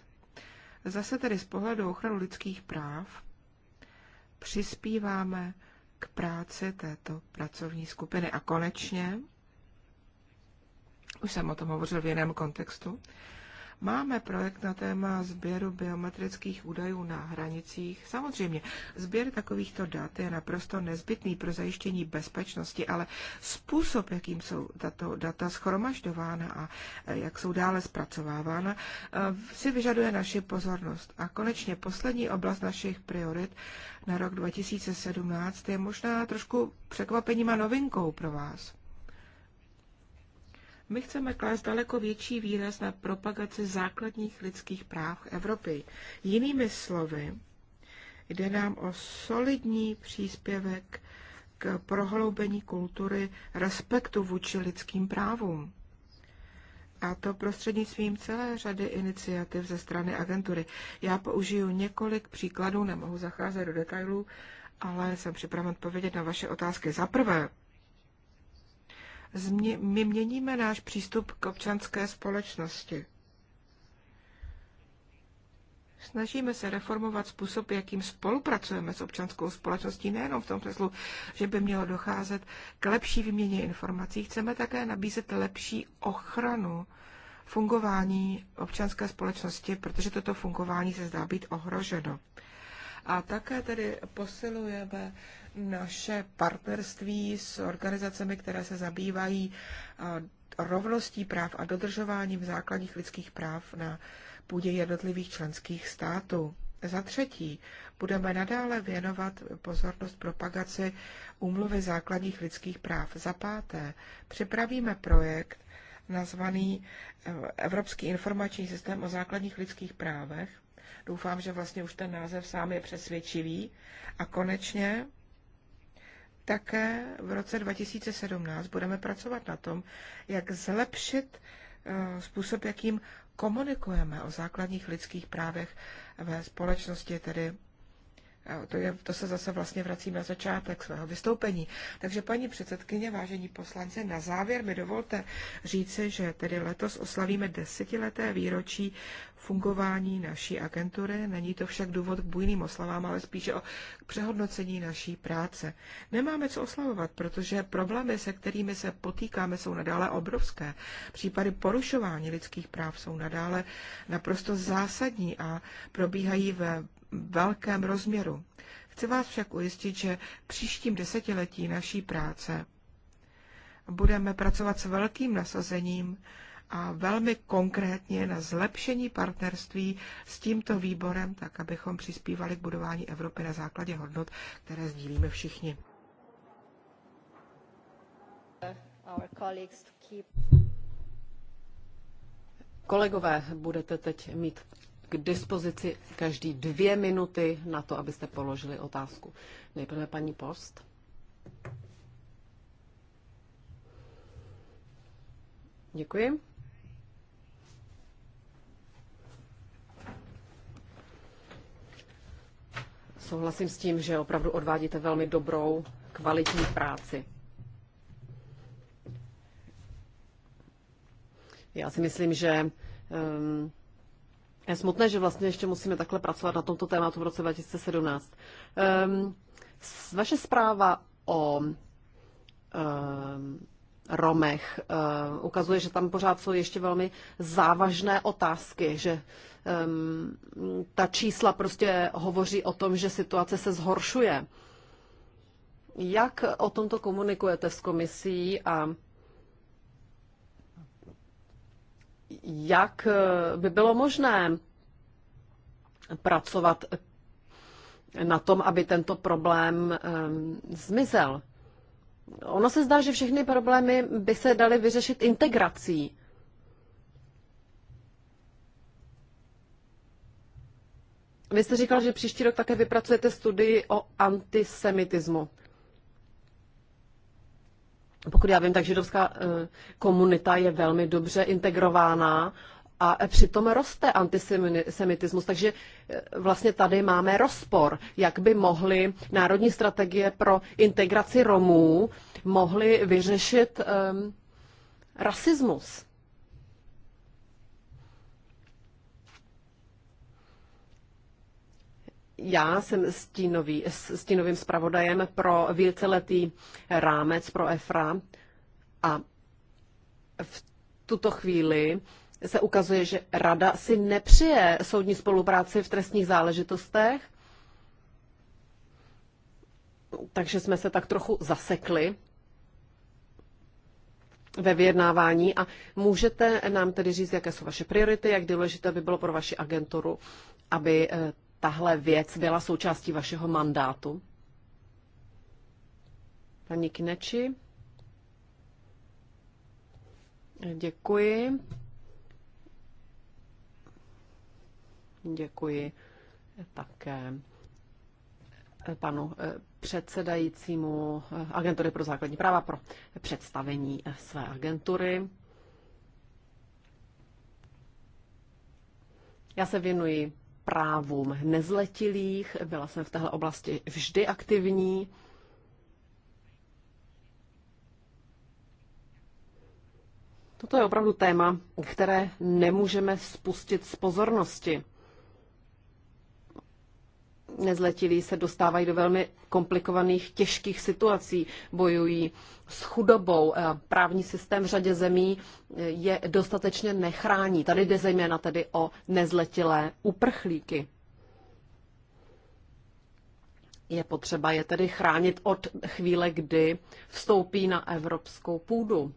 A: Zase tedy z pohledu ochrany lidských práv přispíváme k práci této pracovní skupiny. A konečně, už jsem o tom hovořil v jiném kontextu, Máme projekt na téma sběru biometrických údajů na hranicích. Samozřejmě, sběr takovýchto dat je naprosto nezbytný pro zajištění bezpečnosti, ale způsob, jakým jsou tato data schromažďována a eh, jak jsou dále zpracovávána, eh, si vyžaduje naši pozornost. A konečně poslední oblast našich priorit na rok 2017 je možná trošku překvapením a novinkou pro vás. My chceme klást daleko větší výraz na propagaci základních lidských práv Evropy. Jinými slovy, jde nám o solidní příspěvek k prohloubení kultury respektu vůči lidským právům. A to prostřednictvím celé řady iniciativ ze strany agentury. Já použiju několik příkladů, nemohu zacházet do detailů, ale jsem připraven odpovědět na vaše otázky. Za prvé, my měníme náš přístup k občanské společnosti. Snažíme se reformovat způsob, jakým spolupracujeme s občanskou společností, nejenom v tom smyslu, že by mělo docházet k lepší výměně informací. Chceme také nabízet lepší ochranu fungování občanské společnosti, protože toto fungování se zdá být ohroženo. A také tedy posilujeme naše partnerství s organizacemi, které se zabývají rovností práv a dodržováním základních lidských práv na půdě jednotlivých členských států. Za třetí, budeme nadále věnovat pozornost propagaci úmluvy základních lidských práv. Za páté, připravíme projekt nazvaný e, Evropský informační systém o základních lidských právech, Doufám, že vlastně už ten název sám je přesvědčivý. A konečně také v roce 2017 budeme pracovat na tom, jak zlepšit eh, způsob, jakým komunikujeme o základních lidských právech ve společnosti, tedy to, je, to se zase vlastně vracíme na začátek svého vystoupení. Takže paní předsedkyně, vážení poslanci, na závěr mi dovolte říci, že tedy letos oslavíme desetileté výročí fungování naší agentury. Není to však důvod k bujným oslavám, ale spíše o přehodnocení naší práce. Nemáme co oslavovat, protože problémy, se kterými se potýkáme, jsou nadále obrovské. Případy porušování lidských práv jsou nadále naprosto zásadní a probíhají ve velkém rozměru. Chci vás však ujistit, že příštím desetiletí naší práce budeme pracovat s velkým nasazením a velmi konkrétně na zlepšení partnerství s tímto výborem, tak abychom přispívali k budování Evropy na základě hodnot, které sdílíme
B: všichni. Kolegové, budete teď mít k dispozici každý dvě minuty na to, abyste položili otázku. Nejprve paní Post. Děkuji. Souhlasím s tím, že opravdu odvádíte velmi dobrou, kvalitní práci. Já si myslím, že um, je smutné, že vlastně ještě musíme takhle pracovat na tomto tématu v roce 2017. Um, ehm, vaše zpráva o um, Romech um, ukazuje, že tam pořád jsou ještě velmi závažné otázky, že um, ta čísla prostě hovoří o tom, že situace se zhoršuje. Jak o tomto komunikujete s komisí a jak eh, by bylo možné pracovat na tom, aby tento problém eh, zmizel. Ono se zdá, že všechny problémy by se daly vyřešit integrací. Vy jste říkal, že příští rok také vypracujete studii o antisemitismu. Pokud já vím, tak židovská eh, komunita je velmi dobře integrována a přitom roste antisemitismus, takže eh, vlastně tady máme rozpor, jak by mohly národní strategie pro integraci Romů mohly vyřešit um, rasismus. Já jsem stínový, stínovým zpravodajem pro víceletý rámec pro EFRA a v tuto chvíli se ukazuje, že rada si nepřije soudní spolupráci v trestních záležitostech, takže jsme se tak trochu zasekli ve vyjednávání a můžete nám tedy říct, jaké jsou vaše priority, jak důležité by bylo pro vaši agenturu, aby eh, tahle věc byla součástí vašeho mandátu? Paní Kineči? Děkuji. Děkuji také panu eh, předsedajícímu eh, agentury pro základní práva pro představení eh, své agentury. Já se věnuji právům nezletilých. Byla jsem v téhle oblasti vždy aktivní. Toto je opravdu téma, které nemůžeme spustit z pozornosti nezletilí se dostávají do velmi komplikovaných, těžkých situací, bojují s chudobou. Právní systém v řadě zemí e, je dostatečně nechrání. Tady jde zejména tedy o nezletilé uprchlíky. Je potřeba je tedy chránit od chvíle, kdy vstoupí na evropskou půdu.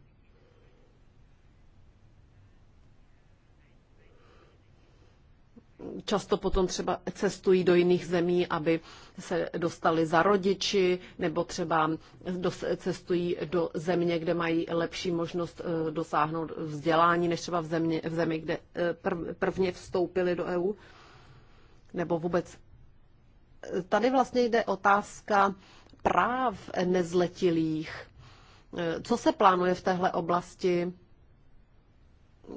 B: často potom třeba cestují do jiných zemí, aby se dostali za rodiči, nebo třeba cestují do země, kde mají lepší možnost e, dosáhnout vzdělání, než třeba v, země, v zemi, kde e, prvně vstoupili do EU, nebo vůbec. Tady vlastně jde otázka práv nezletilých. E, co se plánuje v téhle oblasti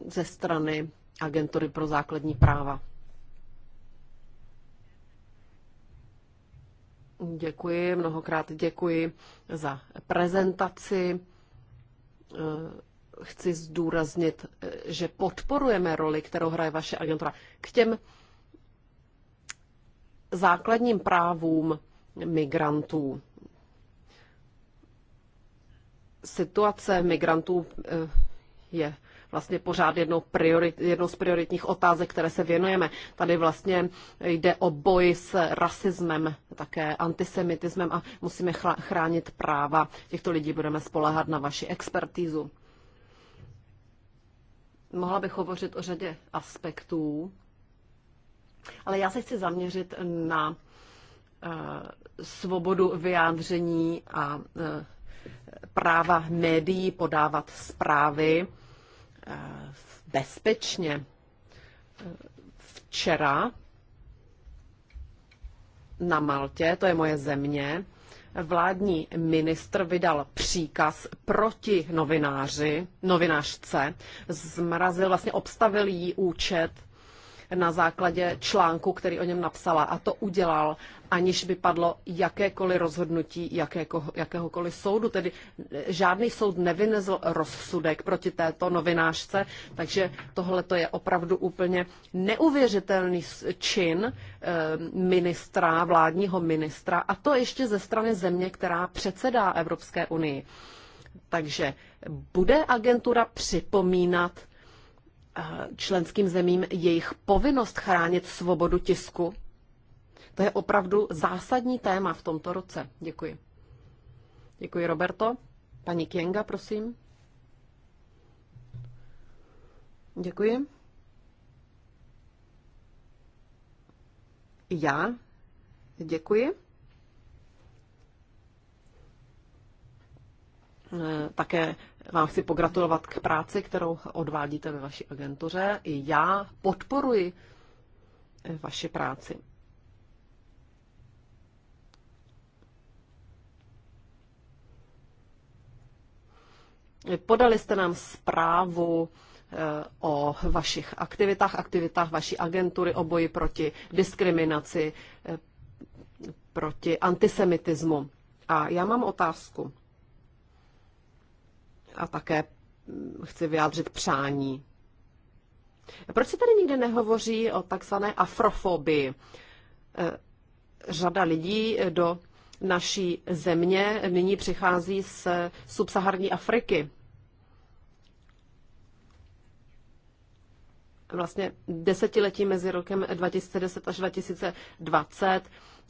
B: ze strany Agentury pro základní práva? Děkuji, mnohokrát děkuji za prezentaci. Eh, chci zdůraznit, eh, že podporujeme roli, kterou hraje vaše agentura. K těm základním právům migrantů. Situace migrantů eh, je vlastně pořád jednou, priorit, jednou z prioritních otázek, které se věnujeme. Tady vlastně jde o boj s rasismem, také antisemitismem a musíme chránit práva těchto lidí. Budeme spolehat na vaši expertízu. Mohla bych hovořit o řadě aspektů, ale já se chci zaměřit na eh, svobodu vyjádření a eh, práva médií podávat zprávy. Eh, bezpečně. Včera na Maltě, to je moje země, vládní ministr vydal příkaz proti novináři, novinářce, zmrazil, vlastně obstavil jí účet na základě článku, který o něm napsala a to udělal, aniž by padlo jakékoliv rozhodnutí jakéko, jakéhokoliv soudu. Tedy eh, žádný soud nevynezl rozsudek proti této novinářce, takže tohle to je opravdu úplně neuvěřitelný čin eh, ministra, vládního ministra a to ještě ze strany země, která předsedá Evropské unii. Takže bude agentura připomínat členským zemím jejich povinnost chránit svobodu tisku? To je opravdu zásadní téma v tomto roce. Děkuji. Děkuji, Roberto. Paní Kienga, prosím. Děkuji. Já děkuji. Eh, také vám chci pogratulovat k práci, kterou odvádíte ve vaší agentuře. I já podporuji vaši práci. Podali jste nám zprávu eh, o vašich aktivitách, aktivitách vaší agentury o boji proti diskriminaci, eh, proti antisemitismu. A já mám otázku a také chci vyjádřit přání. Proč se tady nikde nehovoří o takzvané afrofobii? Eh, řada lidí do naší země nyní přichází z subsaharní Afriky. Vlastně desetiletí mezi rokem 2010 až 2020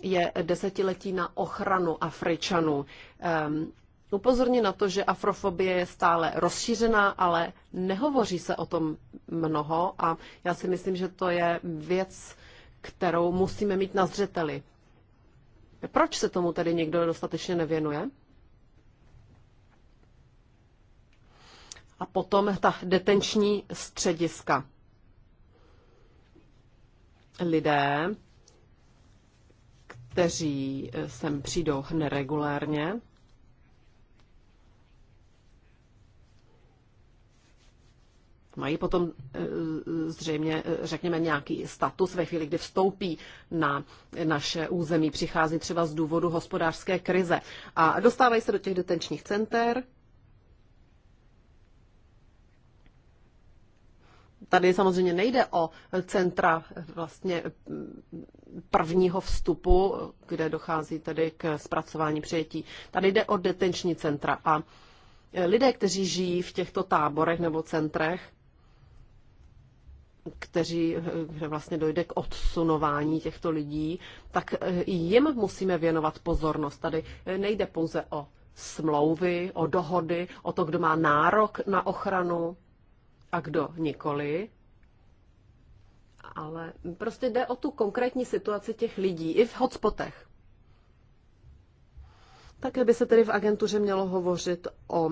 B: je desetiletí na ochranu Afričanů. Ehm, upozornit na to, že afrofobie je stále rozšířená, ale nehovoří se o tom mnoho a já si myslím, že to je věc, kterou musíme mít na zřeteli. Proč se tomu tedy někdo dostatečně nevěnuje? A potom ta detenční střediska. Lidé, kteří sem přijdou neregulérně, mají potom e, zřejmě, e, řekněme, nějaký status ve chvíli, kdy vstoupí na naše území, přichází třeba z důvodu hospodářské krize a dostávají se do těch detenčních center. Tady samozřejmě nejde o centra e, vlastně prvního vstupu, kde dochází tedy k zpracování přijetí. Tady jde o detenční centra a lidé, kteří žijí v těchto táborech nebo centrech, kteří, kde eh, vlastně dojde k odsunování těchto lidí, tak eh, jim musíme věnovat pozornost. Tady eh, nejde pouze o smlouvy, o dohody, o to, kdo má nárok na ochranu a kdo nikoli. Ale prostě jde o tu konkrétní situaci těch lidí i v hotspotech. Také by se tedy v agentuře mělo hovořit o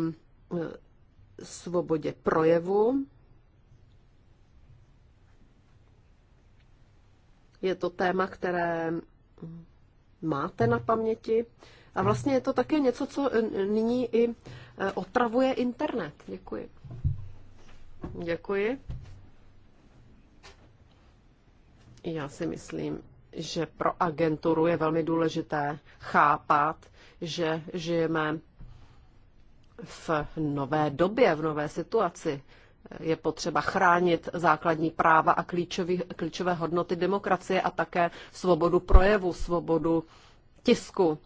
B: svobodě projevu, Je to téma, které máte na paměti. A vlastně je to také něco, co eh, nyní i eh, otravuje internet. Děkuji. Děkuji. Já si myslím, že pro agenturu je velmi důležité chápat, že žijeme v nové době, v nové situaci je potřeba chránit základní práva a klíčový, klíčové hodnoty demokracie a také svobodu projevu, svobodu tisku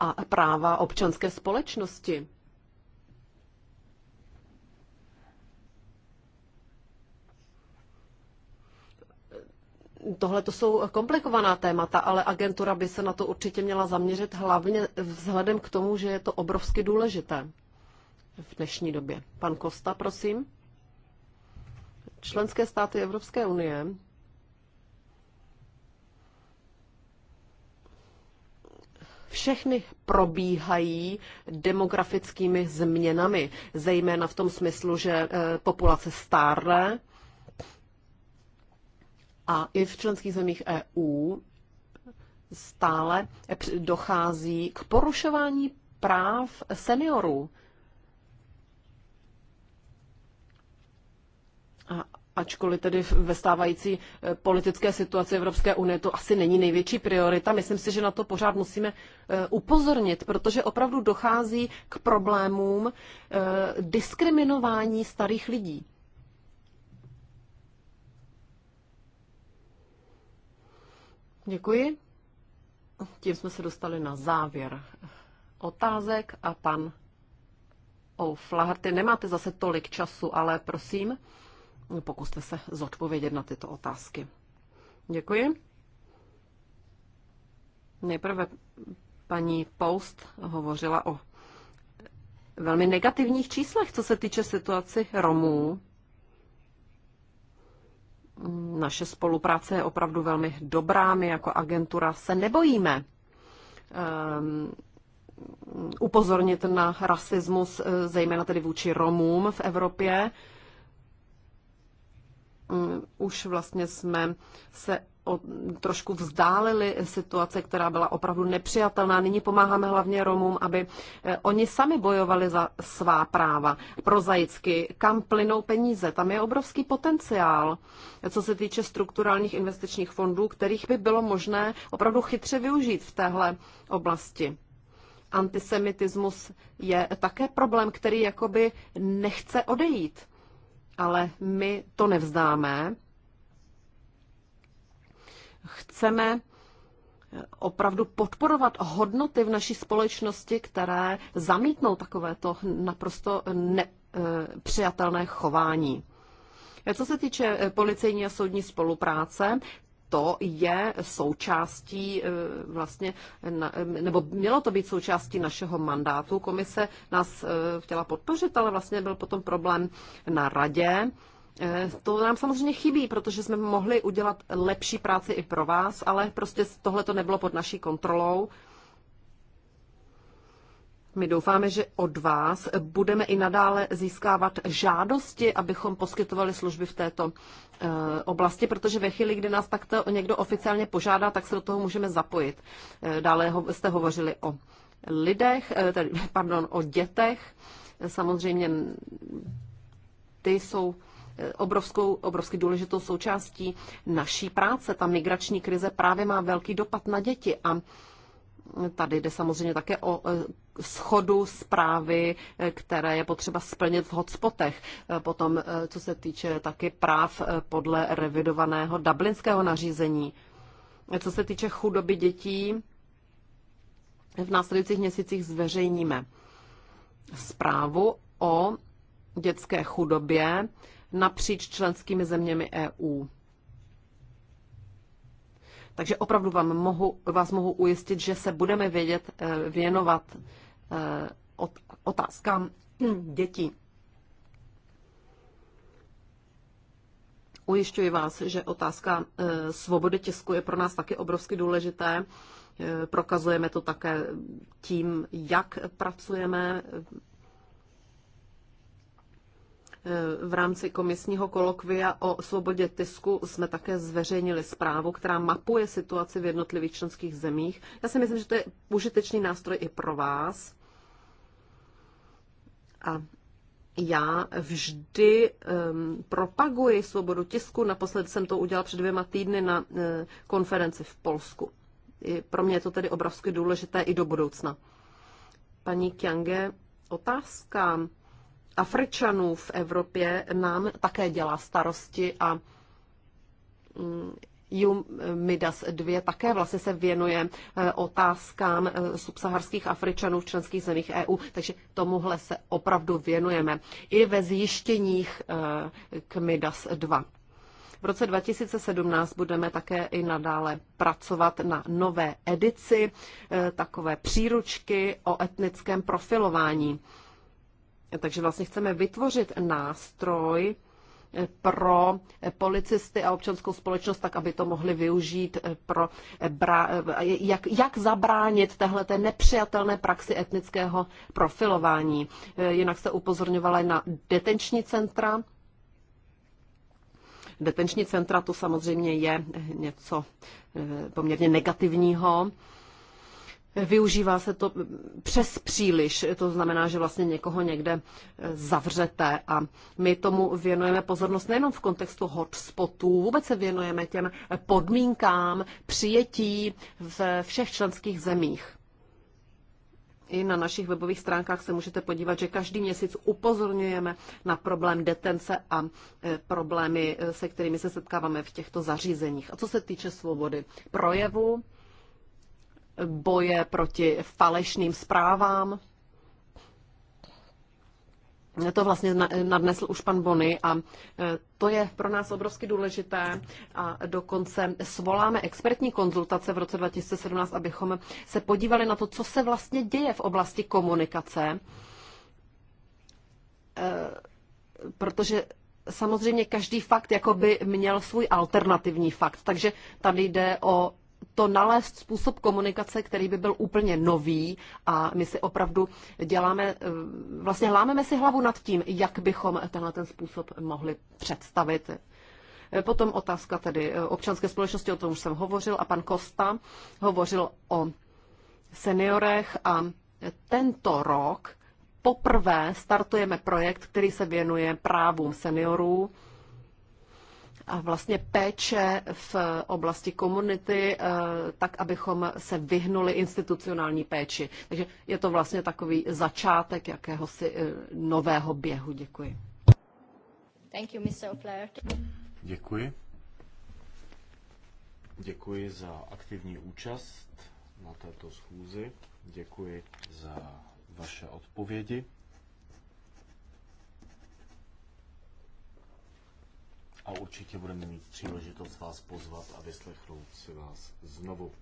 B: a práva občanské společnosti. Tohle to jsou komplikovaná témata, ale agentura by se na to určitě měla zaměřit hlavně vzhledem k tomu, že je to obrovsky důležité v dnešní době. Pan Kosta, prosím. Členské státy Evropské unie všechny probíhají demografickými změnami, zejména v tom smyslu, že eh, populace stárne a i v členských zemích EU stále dochází k porušování práv seniorů. ačkoliv tedy ve stávající eh, politické situaci Evropské unie to asi není největší priorita. Myslím si, že na to pořád musíme eh, upozornit, protože opravdu dochází k problémům eh, diskriminování starých lidí. Děkuji. Tím jsme se dostali na závěr otázek a pan O'Flaherty, nemáte zase tolik času, ale prosím pokuste se zodpovědět na tyto otázky. Děkuji. Nejprve paní Post hovořila o velmi negativních číslech, co se týče situaci Romů. Naše spolupráce je opravdu velmi dobrá, my jako agentura se nebojíme um, upozornit na rasismus, eh, zejména tedy vůči Romům v Evropě. Mm, už vlastně jsme se o, trošku vzdálili situace, která byla opravdu nepřijatelná. Nyní pomáháme hlavně Romům, aby eh, oni sami bojovali za svá práva. Prozaicky, kam plynou peníze, tam je obrovský potenciál, co se týče strukturálních investičních fondů, kterých by bylo možné opravdu chytře využít v téhle oblasti. Antisemitismus je také problém, který jakoby nechce odejít ale my to nevzdáme. Chceme opravdu podporovat hodnoty v naší společnosti, které zamítnou takovéto naprosto nepřijatelné eh, chování. Co se týče eh, policejní a soudní spolupráce, to je součástí eh, vlastně, eh, nebo mělo to být součástí našeho mandátu. Komise nás eh, chtěla podpořit, ale vlastně byl potom problém na radě. To nám samozřejmě chybí, protože jsme mohli udělat lepší práci i pro vás, ale prostě tohle to nebylo pod naší kontrolou. My doufáme, že od vás budeme i nadále získávat žádosti, abychom poskytovali služby v této eh, oblasti, protože ve chvíli, kdy nás takto někdo oficiálně požádá, tak se do toho můžeme zapojit. Eh, dále jste hovořili o lidech, eh, tedy, pardon, o dětech. Samozřejmě ty jsou obrovskou, obrovsky důležitou součástí naší práce. Ta migrační krize právě má velký dopad na děti a tady jde samozřejmě také o schodu zprávy, eh, které je potřeba splnit v hotspotech. Eh, potom, eh, co se týče taky práv podle revidovaného dublinského nařízení. Co se týče chudoby dětí, v následujících měsících zveřejníme zprávu o dětské chudobě napříč členskými zeměmi EU. Takže opravdu vám mohu, vás mohu ujistit, že se budeme vědět, věnovat Eh, otázkám dětí. Ujišťuji vás, že otázka eh, svobody tisku je pro nás taky obrovsky důležité. Eh, prokazujeme to také tím, jak pracujeme v rámci komisního kolokvia o svobodě tisku jsme také zveřejnili zprávu, která mapuje situaci v jednotlivých členských zemích. Já si myslím, že to je užitečný nástroj i pro vás. A já vždy um, propaguji svobodu tisku. Naposled jsem to udělal před dvěma týdny na uh, konferenci v Polsku. I pro mě je to tedy obrovsky důležité i do budoucna. Paní Kiange, otázka Afričanů v Evropě nám také dělá starosti a mm, Jumidas 2 také vlastně se věnuje eh, otázkám eh, subsaharských Afričanů v členských zemích EU, takže tomuhle se opravdu věnujeme i ve zjištěních eh, k Midas 2. V roce 2017 budeme také i nadále pracovat na nové edici, takové příručky o etnickém profilování. Takže vlastně chceme vytvořit nástroj, pro policisty a občanskou společnost, tak aby to mohli využít pro jak, jak zabránit téhle té nepřijatelné praxi etnického profilování. Jinak se upozorňovala na detenční centra, detenční centra to samozřejmě je něco eh, poměrně negativního. Využívá se to přes příliš, to znamená, že vlastně někoho někde e, zavřete a my tomu věnujeme pozornost nejenom v kontextu hotspotů, vůbec se věnujeme těm podmínkám přijetí ve všech členských zemích. I na našich webových stránkách se můžete podívat, že každý měsíc upozorňujeme na problém detence a e, problémy, e, se kterými se setkáváme v těchto zařízeních. A co se týče svobody projevu, boje proti falešným zprávám. To vlastně nadnesl už pan Bony a e, to je pro nás obrovsky důležité a dokonce svoláme expertní konzultace v roce 2017, abychom se podívali na to, co se vlastně děje v oblasti komunikace, e, protože samozřejmě každý fakt jako by měl svůj alternativní fakt, takže tady jde o to nalézt způsob komunikace, který by byl úplně nový a my si opravdu děláme, eh, vlastně lámeme si hlavu nad tím, jak bychom tenhle ten způsob mohli představit. Eh, potom otázka tedy eh, občanské společnosti, o tom už jsem hovořil, a pan Kosta hovořil o seniorech a tento rok poprvé startujeme projekt, který se věnuje právům seniorů a vlastně péče v oblasti komunity, eh, tak abychom se vyhnuli institucionální péči. Takže je to vlastně takový začátek jakéhosi eh, nového běhu. Děkuji.
A: Thank you, Mr.
C: Děkuji. Děkuji za aktivní účast na této schůzi. Děkuji za vaše odpovědi. a určitě budeme mít příležitost vás pozvat a vyslechnout si vás znovu.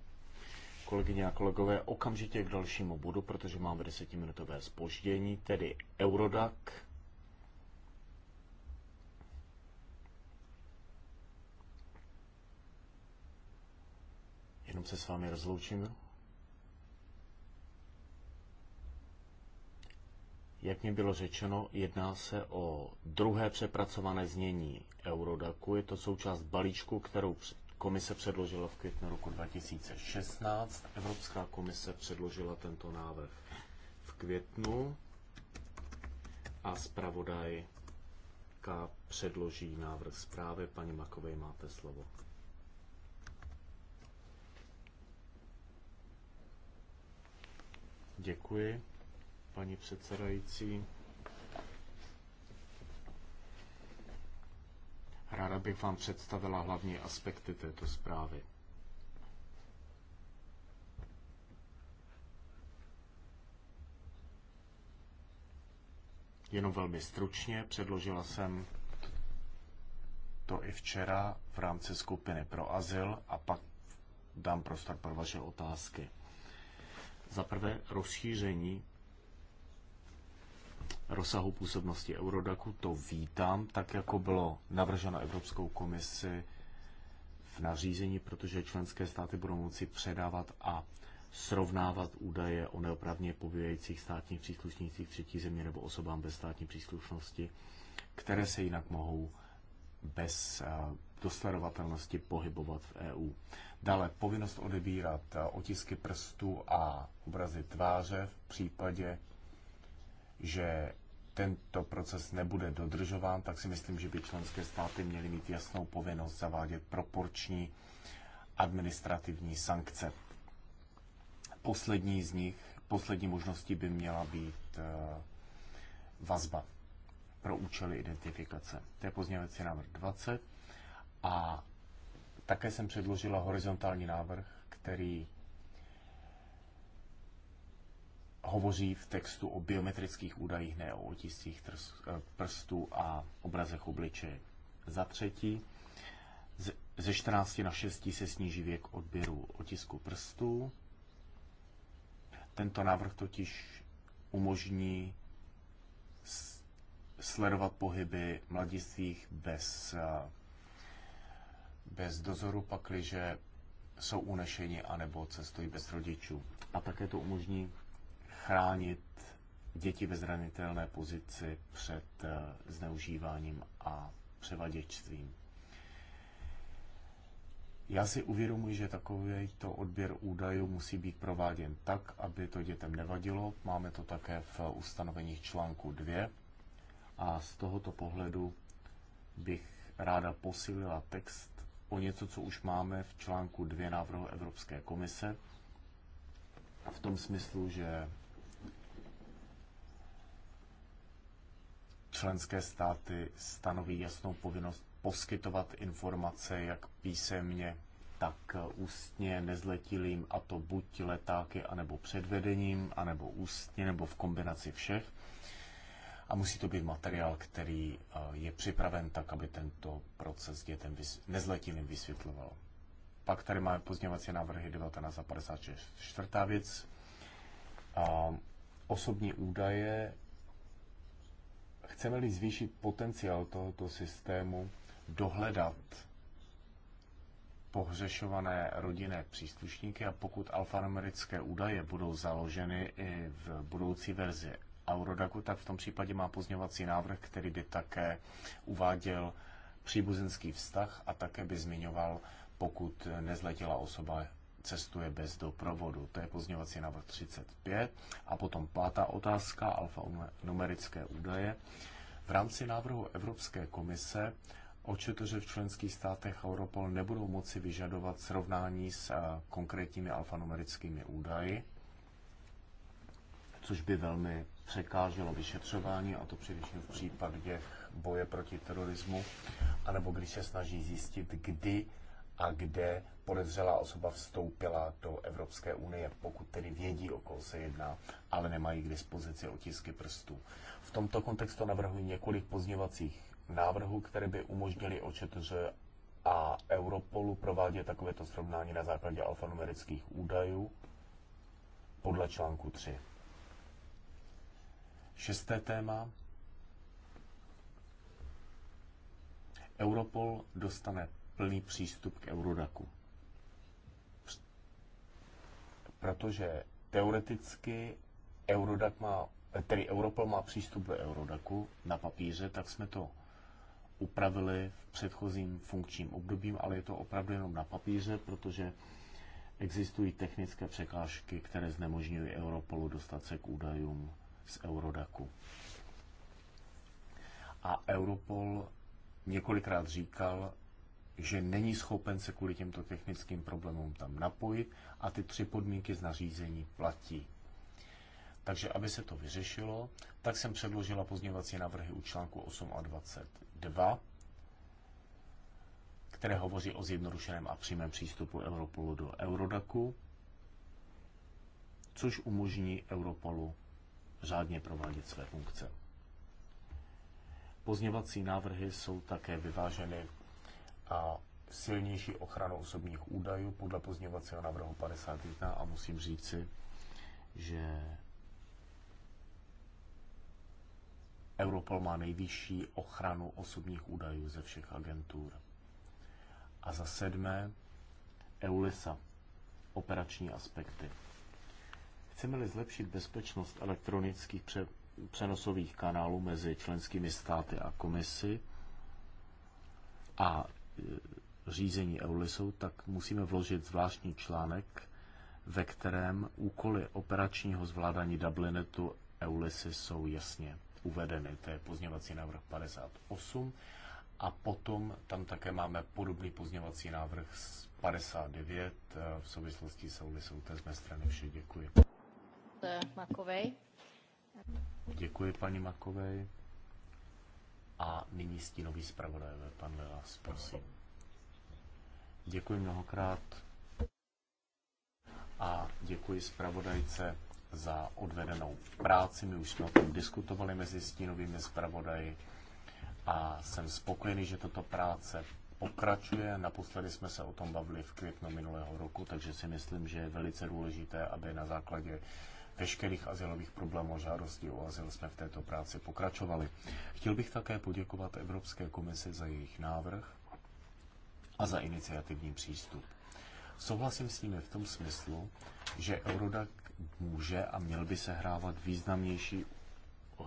C: Kolegyně a kolegové, okamžitě k dalšímu bodu, protože máme desetiminutové spoždění, tedy Eurodac. Jenom se s vámi rozloučím. Jak mi bylo řečeno, jedná se o druhé přepracované znění Eurodaku. Je to součást balíčku, kterou komise předložila v květnu roku 2016. Evropská komise předložila tento návrh v květnu a zpravodajka předloží návrh zprávy. Paní Makovej, máte slovo. Děkuji paní předsedající. Ráda bych vám představila hlavní aspekty této zprávy. Jenom velmi stručně předložila jsem to i včera v rámci skupiny pro azyl a pak dám prostor pro vaše otázky. Za prvé rozšíření rozsahu působnosti Eurodaku. To vítám, tak jako bylo navrženo Evropskou komisi v nařízení, protože členské státy budou moci předávat a srovnávat údaje o neopravně pobývajících státních příslušnících třetí země nebo osobám bez státní příslušnosti, které se jinak mohou bez eh, dosledovatelnosti pohybovat v EU. Dále povinnost odebírat eh, otisky prstů a obrazy tváře v případě že tento proces nebude dodržován, tak si myslím, že by členské státy měly mít jasnou povinnost zavádět proporční administrativní sankce. Poslední z nich, poslední možností by měla být eh, vazba pro účely identifikace. To je pozměňovací návrh 20. A také jsem předložila horizontální návrh, který hovoří v textu o biometrických údajích, ne o otiscích eh, prstů a obrazech obličeje. Za třetí, ze 14 na 6 se sníží věk odběru otisku prstů. Tento návrh totiž umožní sledovat pohyby mladistvých bez, eh, bez dozoru, pakliže jsou unešeni anebo cestují bez rodičů. A také to umožní chránit děti ve zranitelné pozici před eh, zneužíváním a převaděčstvím. Já si uvědomuji, že takovýto odběr údajů musí být prováděn tak, aby to dětem nevadilo. Máme to také v ustanoveních článku 2. A z tohoto pohledu bych ráda posílila text o něco, co už máme v článku 2 návrhu Evropské komise. V tom smyslu, že členské státy stanoví jasnou povinnost poskytovat informace jak písemně, tak ústně nezletilým, a to buď letáky, anebo předvedením, anebo ústně, nebo v kombinaci všech. A musí to být materiál, který eh, je připraven tak, aby tento proces dětem nezletilým vysvětloval. Pak tady máme pozměňovací návrhy 1956. Čtvrtá věc. osobní údaje Chceme-li zvýšit potenciál tohoto systému, dohledat pohřešované rodinné příslušníky a pokud alfanumerické údaje budou založeny i v budoucí verzi Aurodaku, tak v tom případě má pozměňovací návrh, který by také uváděl příbuzenský vztah a také by zmiňoval, pokud nezletila osoba cestuje bez doprovodu. To je pozněvací návrh 35. A potom pátá otázka, alfanumerické údaje. V rámci návrhu Evropské komise že v členských státech Europol nebudou moci vyžadovat srovnání s eh, konkrétními alfanumerickými údaji, což by velmi překáželo vyšetřování, a to především v případě boje proti terorismu, anebo když se snaží zjistit, kdy a kde podezřelá osoba vstoupila do Evropské unie, pokud tedy vědí, o koho se jedná, ale nemají k dispozici otisky prstů. V tomto kontextu navrhuji několik pozněvacích návrhů, které by umožnili očetře a Europolu provádět takovéto srovnání na základě alfanumerických údajů podle článku 3. Šesté téma. Europol dostane plný přístup k Eurodaku. Protože teoreticky Eurodac má, tedy Europol má přístup do Eurodaku na papíře, tak jsme to upravili v předchozím funkčním obdobím, ale je to opravdu jenom na papíře, protože existují technické překážky, které znemožňují Europolu dostat se k údajům z Eurodaku. A Europol několikrát říkal, že není schopen se kvůli těmto technickým problémům tam napojit a ty tři podmínky z nařízení platí. Takže aby se to vyřešilo, tak jsem předložila pozměňovací návrhy u článku 8 a 22, které hovoří o zjednodušeném a přímém přístupu Europolu do Eurodaku, což umožní Europolu řádně provádět své funkce. Pozněvací návrhy jsou také vyváženy a silnější ochranu osobních údajů podle pozněvacího návrhu 51 a musím říci, že Europol má nejvyšší ochranu osobních údajů ze všech agentur. A za sedmé, EULISA, operační aspekty. Chceme-li zlepšit bezpečnost elektronických přenosových kanálů mezi členskými státy a komisy a E, řízení EULISu, tak musíme vložit zvláštní článek, ve kterém úkoly operačního zvládání Dublinetu EULISy jsou jasně uvedeny. To je pozněvací návrh 58. A potom tam také máme podobný pozněvací návrh z 59 e, v souvislosti s EULISou. To je z mé strany vše. Děkuji. Makovej. Děkuji paní Makovej. A nyní stínový zpravodaj pan Lelas, prosím. Děkuji mnohokrát a děkuji zpravodajce za odvedenou práci. My už jsme o tom diskutovali mezi stínovými zpravodaji a jsem spokojený, že tato práce pokračuje. Naposledy jsme se o tom bavili v květnu minulého roku, takže si myslím, že je velice důležité, aby na základě veškerých azylových problémů a žádostí o azyl jsme v této práci pokračovali. Chtěl bych také poděkovat Evropské komisi za jejich návrh a za iniciativní přístup. Souhlasím s nimi v tom smyslu, že Eurodac může a měl by se hrávat významnější eh,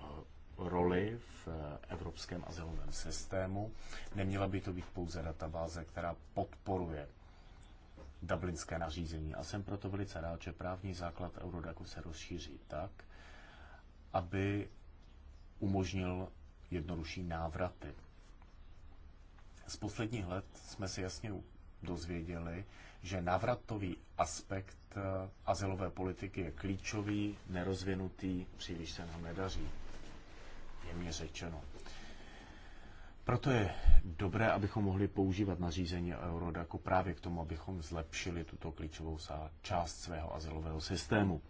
C: roli v eh, evropském azylovém systému. Neměla by to být pouze databáze, která podporuje dublinské nařízení. A jsem proto velice rád, že právní základ Eurodacu se rozšíří tak, aby umožnil jednodušší návraty. Z posledních let jsme si jasně dozvěděli, že návratový aspekt eh, asilové politiky je klíčový, nerozvinutý, příliš se nám nedaří. Je mě řečeno. Proto je dobré, abychom mohli používat nařízení Eurodaku právě k tomu, abychom zlepšili tuto klíčovou část svého azylového systému.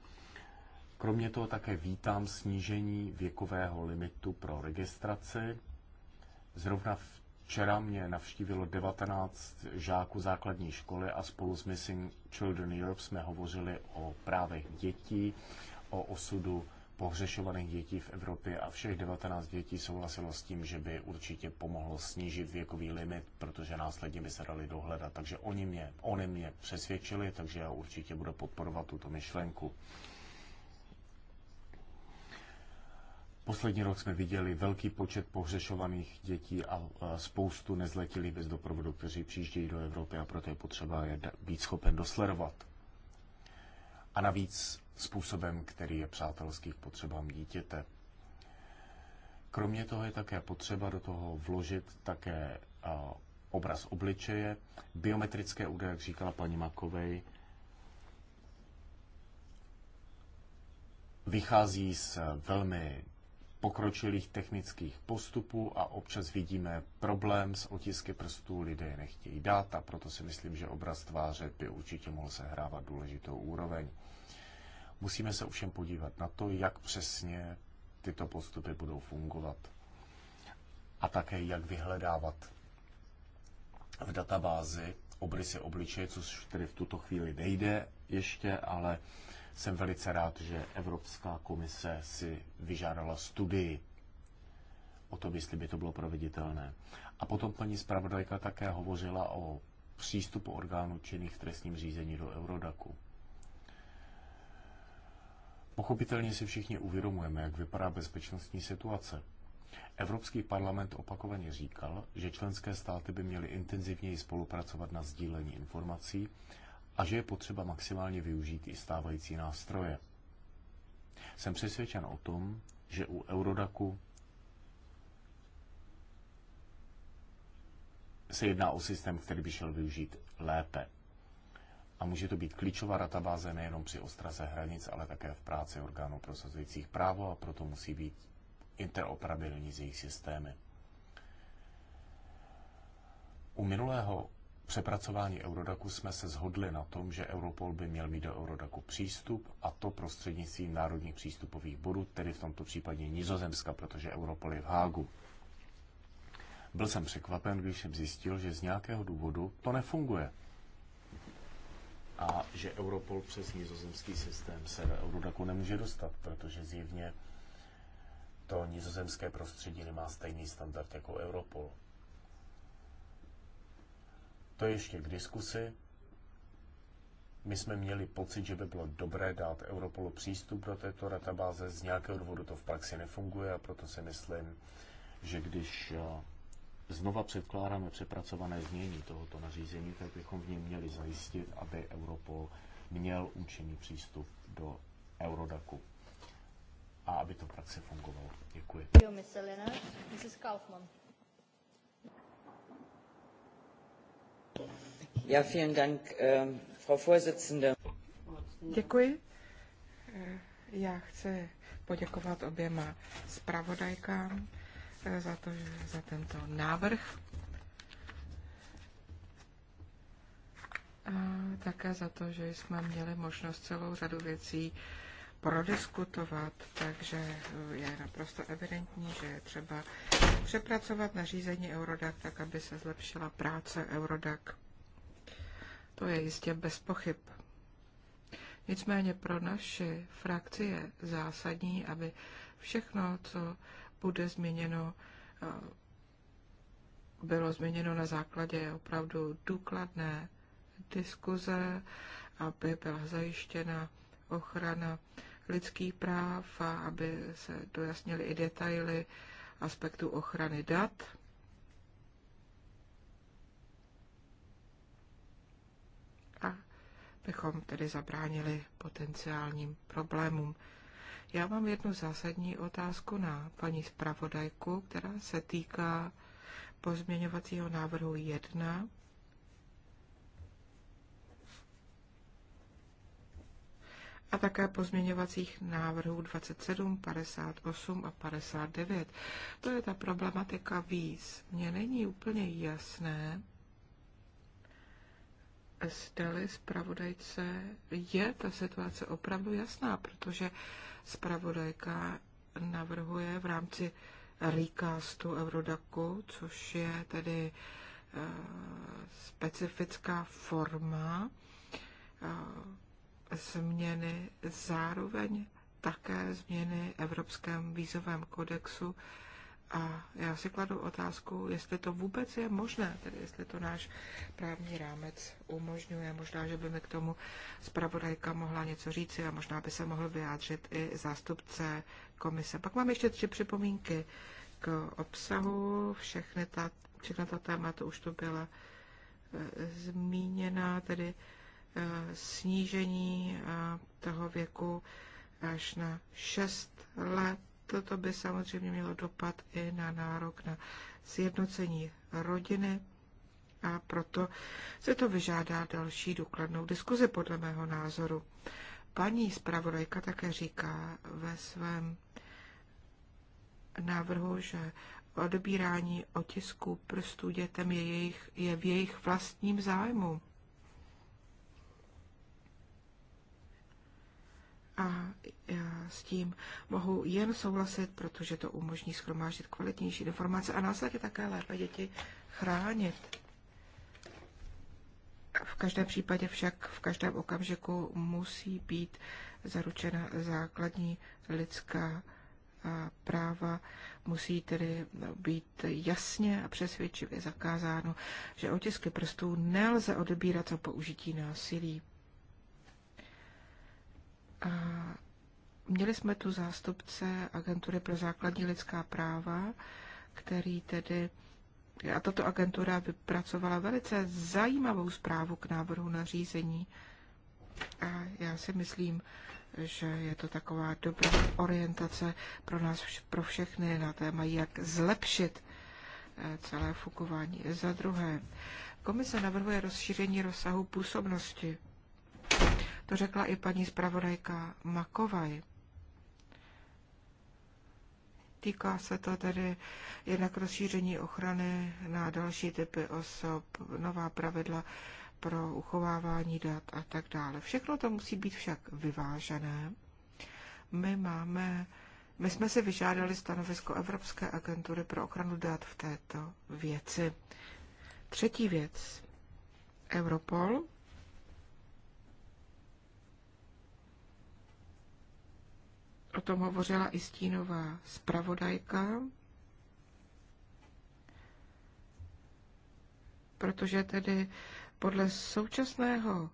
C: Kromě toho také vítám snížení věkového limitu pro registraci. Zrovna včera mě navštívilo 19 žáků základní školy a spolu s Missing Children Europe jsme hovořili o právech dětí, o osudu pohřešovaných dětí v Evropě a všech 19 dětí souhlasilo s tím, že by určitě pomohlo snížit věkový limit, protože následně by se dali dohledat. Takže oni mě, oni mě přesvědčili, takže já určitě budu podporovat tuto myšlenku. Poslední rok jsme viděli velký počet pohřešovaných dětí a spoustu nezletilých bez doprovodu, kteří přijíždějí do Evropy a proto je potřeba je být schopen dosledovat. A navíc způsobem, který je přátelský k potřebám dítěte. Kromě toho je také potřeba do toho vložit také obraz obličeje, biometrické údaje, jak říkala paní Makovej, vychází z velmi pokročilých technických postupů a občas vidíme problém s otisky prstů, lidé nechtějí dát a proto si myslím, že obraz tváře by určitě mohl sehrávat důležitou úroveň. Musíme se ovšem podívat na to, jak přesně tyto postupy budou fungovat a také jak vyhledávat v databázi obrysy obličeje, což tedy v tuto chvíli nejde ještě, ale jsem velice rád, že Evropská komise si vyžádala studii o tom, jestli by to bylo proveditelné. A potom paní zpravodajka také hovořila o přístupu orgánů činných v trestním řízení do Eurodaku. Pochopitelně si všichni uvědomujeme, jak vypadá bezpečnostní situace. Evropský parlament opakovaně říkal, že členské státy by měly intenzivněji spolupracovat na sdílení informací a že je potřeba maximálně využít i stávající nástroje. Jsem přesvědčen o tom, že u Eurodaku se jedná o systém, který by šel využít lépe a může to být klíčová databáze nejenom při ostraze hranic, ale také v práci orgánů prosazujících právo a proto musí být interoperabilní z jejich systémy. U minulého přepracování Eurodaku jsme se zhodli na tom, že Europol by měl mít do Eurodaku přístup a to prostřednictvím národních přístupových bodů, tedy v tomto případě Nizozemska, protože Europol je v Hágu. Byl jsem překvapen, když jsem zjistil, že z nějakého důvodu to nefunguje a že Europol přes nizozemský systém se do Eurodaku nemůže dostat, protože zjevně to nizozemské prostředí nemá stejný standard jako Europol. To je ještě k diskusi. My jsme měli pocit, že by bylo dobré dát Europolu přístup do této databáze. Z nějakého důvodu to v praxi nefunguje a proto si myslím, že když eh, znova předkládáme přepracované znění tohoto nařízení, tak bychom v něm měli zajistit, aby Europol měl účinný přístup do Eurodaku a aby to v praxi fungovalo. Děkuji. Ja, vielen Dank, äh,
A: Frau Vorsitzende. Děkuji. Äh, já chci poděkovat oběma zpravodajkám za, to, za tento návrh. A také za to, že jsme měli možnost celou řadu věcí prodiskutovat, takže je naprosto evidentní, že je třeba přepracovat nařízení Eurodac tak, aby se zlepšila práce Eurodac. To je jistě bez pochyb. Nicméně pro naši frakci je zásadní, aby všechno, co bude změněno, eh, bylo změněno na základě opravdu důkladné diskuze, aby byla zajištěna ochrana lidských práv a aby se dojasnily i detaily aspektu ochrany dat. A bychom tedy zabránili potenciálním problémům. Já mám jednu zásadní otázku na paní zpravodajku, která se týká pozměňovacího návrhu 1. a také pozměňovacích návrhů 27, 58 a 59. To je ta problematika víc. Mně není úplně jasné, zdali zpravodajce je ta situace opravdu jasná, protože Spravodajka navrhuje v rámci recastu Eurodaku, což je tedy eh, specifická forma eh, změny, zároveň také změny Evropském vízovém kodexu, a já si kladu otázku, jestli to vůbec je možné, tedy jestli to náš právní rámec umožňuje. Možná, že by mi k tomu zpravodajka mohla něco říci a možná by se mohl vyjádřit i zástupce komise. Pak mám ještě tři připomínky k obsahu. Všechny ta, všechna ta témata už tu byla eh, zmíněna, tedy eh, snížení eh, toho věku až na 6 let Toto by samozřejmě mělo dopad i na nárok na sjednocení rodiny a proto se to vyžádá další důkladnou diskuzi podle mého názoru. Paní zpravodajka také říká ve svém návrhu, že odbírání otisků prstů dětem je, jejich, je v jejich vlastním zájmu. a já s tím mohu jen souhlasit, protože to umožní schromáždit kvalitnější informace a následně také lépe děti chránit. V každém případě však v každém okamžiku musí být zaručena základní lidská práva musí tedy být jasně a přesvědčivě zakázáno, že otisky prstů nelze odebírat za použití násilí měli jsme tu zástupce Agentury pro základní lidská práva, který tedy a tato agentura vypracovala velice zajímavou zprávu k návrhu na řízení. A já si myslím, že je to taková dobrá orientace pro nás, pro všechny na téma, jak zlepšit eh, celé fukování. Za druhé, komise navrhuje rozšíření rozsahu působnosti to řekla i paní zpravodajka Makovaj. Týká se to tedy jednak rozšíření ochrany na další typy osob, nová pravidla pro uchovávání dat a tak dále. Všechno to musí být však vyvážené. My máme, my jsme si vyžádali stanovisko Evropské agentury pro ochranu dat v této věci. Třetí věc. Europol o tom hovořila i stínová zpravodajka, protože tedy podle současného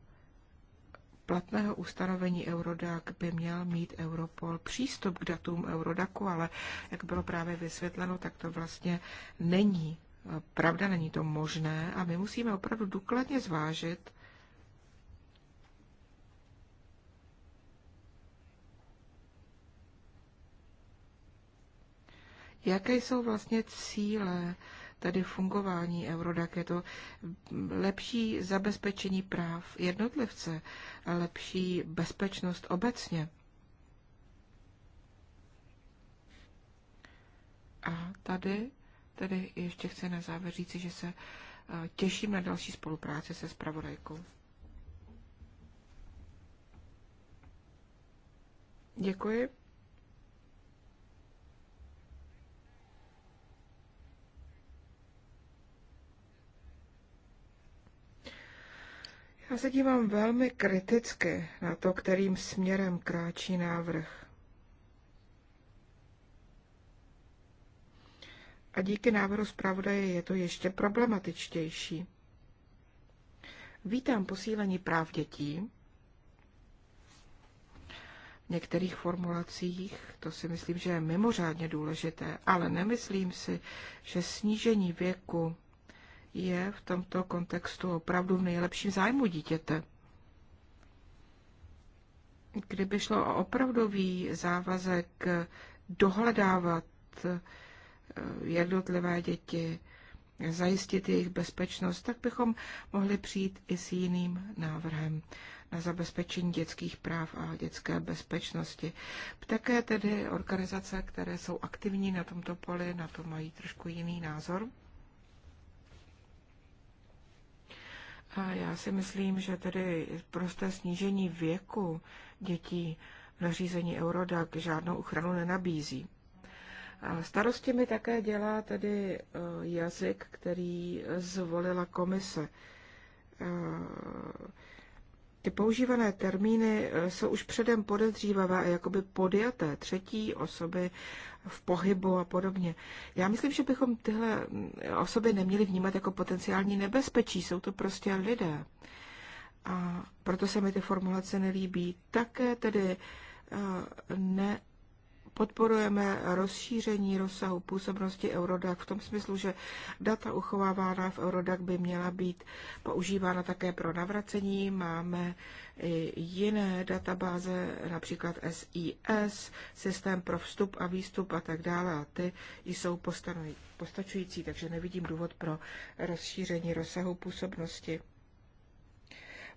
A: platného ustanovení Eurodac by měl mít Europol přístup k datům Eurodacu, ale jak bylo právě vysvětleno, tak to vlastně není eh, pravda, není to možné a my musíme opravdu důkladně zvážit, Jaké jsou vlastně cíle tady fungování Eurodac? Je to lepší zabezpečení práv jednotlivce, lepší bezpečnost obecně? A tady tedy ještě chci na závěr říci, že se eh, těším na další spolupráci se spravodajkou. Děkuji. Já se dívám velmi kriticky na to, kterým směrem kráčí návrh. A díky návrhu zpravodaje je to ještě problematičtější. Vítám posílení práv dětí. V některých formulacích to si myslím, že je mimořádně důležité, ale nemyslím si, že snížení věku je v tomto kontextu opravdu v nejlepším zájmu dítěte. Kdyby šlo o opravdový závazek dohledávat eh, jednotlivé děti, zajistit jejich bezpečnost, tak bychom mohli přijít i s jiným návrhem na zabezpečení dětských práv a dětské bezpečnosti. Také tedy organizace, které jsou aktivní na tomto poli, na to mají trošku jiný názor. A já si myslím, že tedy prosté snížení věku dětí nařízení Eurodac žádnou ochranu nenabízí. starosti mi také dělá tedy e, jazyk, který zvolila komise. E, ty používané termíny eh, jsou už předem podezřívavé a jakoby podjaté třetí osoby v pohybu a podobně. Já myslím, že bychom tyhle mm, osoby neměli vnímat jako potenciální nebezpečí, jsou to prostě lidé. A proto se mi ty formulace nelíbí. Také tedy eh, ne Podporujeme rozšíření rozsahu působnosti Eurodac v tom smyslu, že data uchovávána v Eurodac by měla být používána také pro navracení. Máme i jiné databáze, například SIS, systém pro vstup a výstup a tak dále. A ty jsou postačující, takže nevidím důvod pro rozšíření rozsahu působnosti.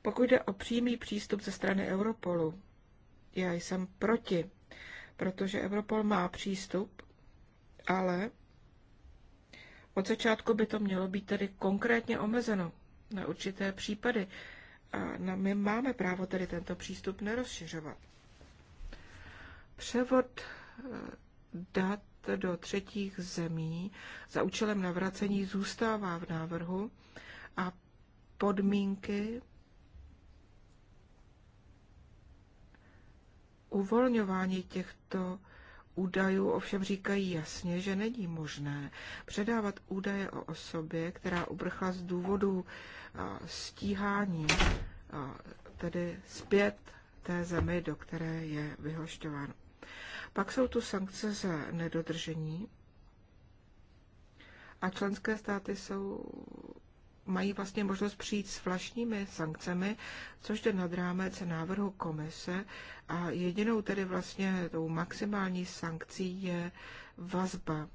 A: Pokud jde o přímý přístup ze strany Europolu, já jsem proti protože Europol má přístup, ale od začátku by to mělo být tedy konkrétně omezeno na určité případy. A na, my máme právo tedy tento přístup nerozšiřovat. Převod eh, dat do třetích zemí za účelem navracení zůstává v návrhu a podmínky uvolňování těchto údajů ovšem říkají jasně, že není možné předávat údaje o osobě, která uprchla z důvodu stíhání, tedy zpět té zemi, do které je vyhošťován. Pak jsou tu sankce za nedodržení a členské státy jsou mají vlastně možnost přijít s vlastními sankcemi, což jde nad rámec návrhu komise a jedinou tedy vlastně tou maximální sankcí je vazba.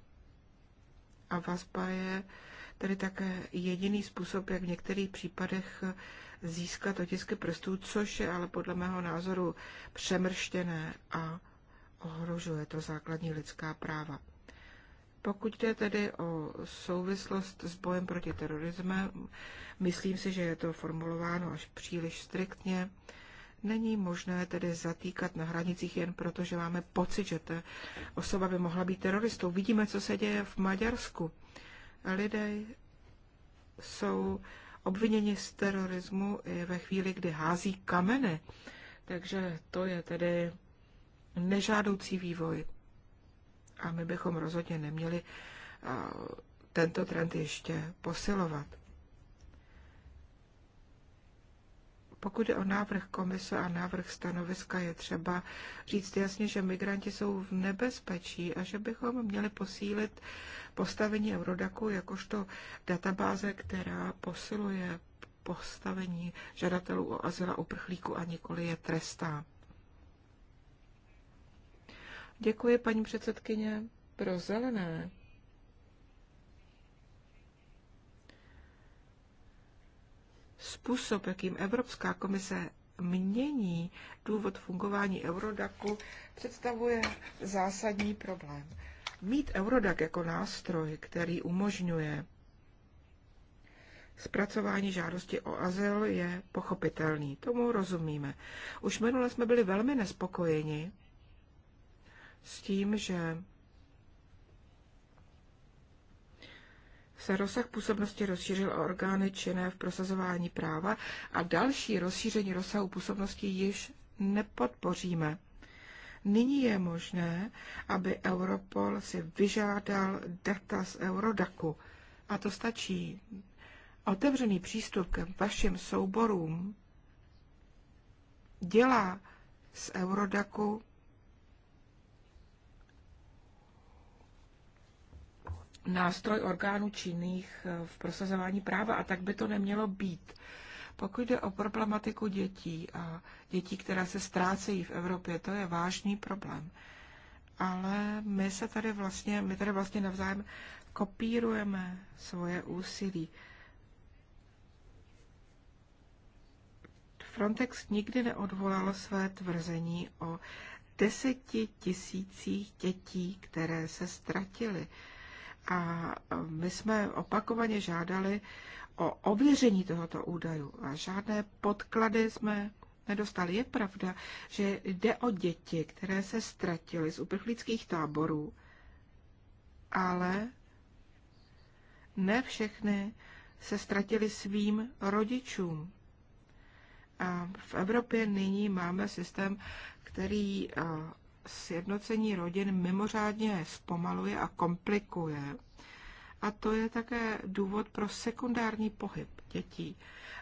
A: A vazba je tedy také jediný způsob, jak v některých případech získat otisky prstů, což je ale podle mého názoru přemrštěné a ohrožuje to základní lidská práva. Pokud jde tedy o souvislost s bojem proti terorismu, myslím si, že je to formulováno až příliš striktně. Není možné tedy zatýkat na hranicích jen proto, že máme pocit, že ta osoba by mohla být teroristou. Vidíme, co se děje v Maďarsku. Lidé jsou obviněni z terorismu i ve chvíli, kdy hází kameny. Takže to je tedy nežádoucí vývoj a my bychom rozhodně neměli tento trend ještě posilovat. Pokud je o návrh komise a návrh stanoviska, je třeba říct jasně, že migranti jsou v nebezpečí a že bychom měli posílit postavení Eurodaku jakožto databáze, která posiluje postavení žadatelů o azyl a uprchlíku a nikoli je trestá. Děkuji, paní předsedkyně, pro zelené. Způsob, jakým Evropská komise mění důvod fungování Eurodaku, představuje zásadní problém. Mít eurodak jako nástroj, který umožňuje zpracování žádosti o azyl, je pochopitelný. Tomu rozumíme. Už minule jsme byli velmi nespokojeni s tím, že se rozsah působnosti rozšířil o orgány činné v prosazování práva a další rozšíření rozsahu působnosti již nepodpoříme. Nyní je možné, aby Europol si vyžádal data z Eurodaku. A to stačí. Otevřený přístup k vašim souborům dělá z Eurodaku nástroj orgánů činných eh, v prosazování práva a tak by to nemělo být. Pokud jde o problematiku dětí a dětí, které se ztrácejí v Evropě, to je vážný problém. Ale my se tady vlastně, my tady vlastně navzájem kopírujeme svoje úsilí. Frontex nikdy neodvolal své tvrzení o deseti tisících dětí, které se ztratily. A e, my jsme opakovaně žádali o ověření tohoto údaju a žádné podklady jsme nedostali. Je pravda, že jde o děti, které se ztratily z uprchlických táborů, ale ne všechny se ztratili svým rodičům. A v Evropě nyní máme systém, který e, sjednocení rodin mimořádně zpomaluje a komplikuje. A to je také důvod pro sekundární pohyb dětí.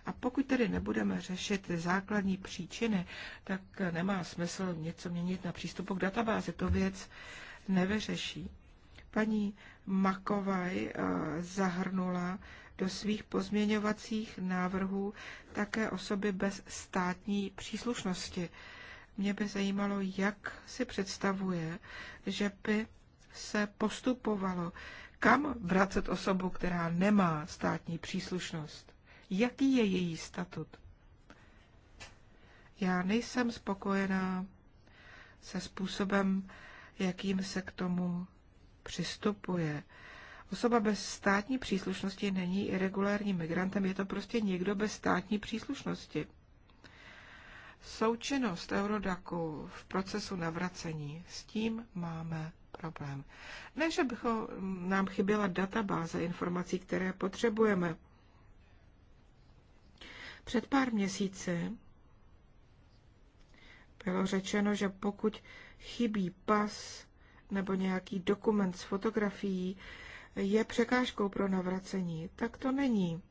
A: A pokud tedy nebudeme řešit základní příčiny, tak nemá smysl něco měnit na přístupu k databázi. To věc nevyřeší. Paní Makovaj eh, zahrnula do svých pozměňovacích návrhů také osoby bez státní příslušnosti. Mě by zajímalo, jak si představuje, že by se postupovalo, kam vracet osobu, která nemá státní příslušnost. Jaký je její statut? Já nejsem spokojená se způsobem, jakým se k tomu přistupuje. Osoba bez státní příslušnosti není irregulárním migrantem, je to prostě někdo bez státní příslušnosti. Součinnost Eurodaku v procesu navracení, s tím máme problém. Ne, že bychom, nám chyběla databáze informací, které potřebujeme. Před pár měsíci bylo řečeno, že pokud chybí pas nebo nějaký dokument s fotografií, je překážkou pro navracení. Tak to není.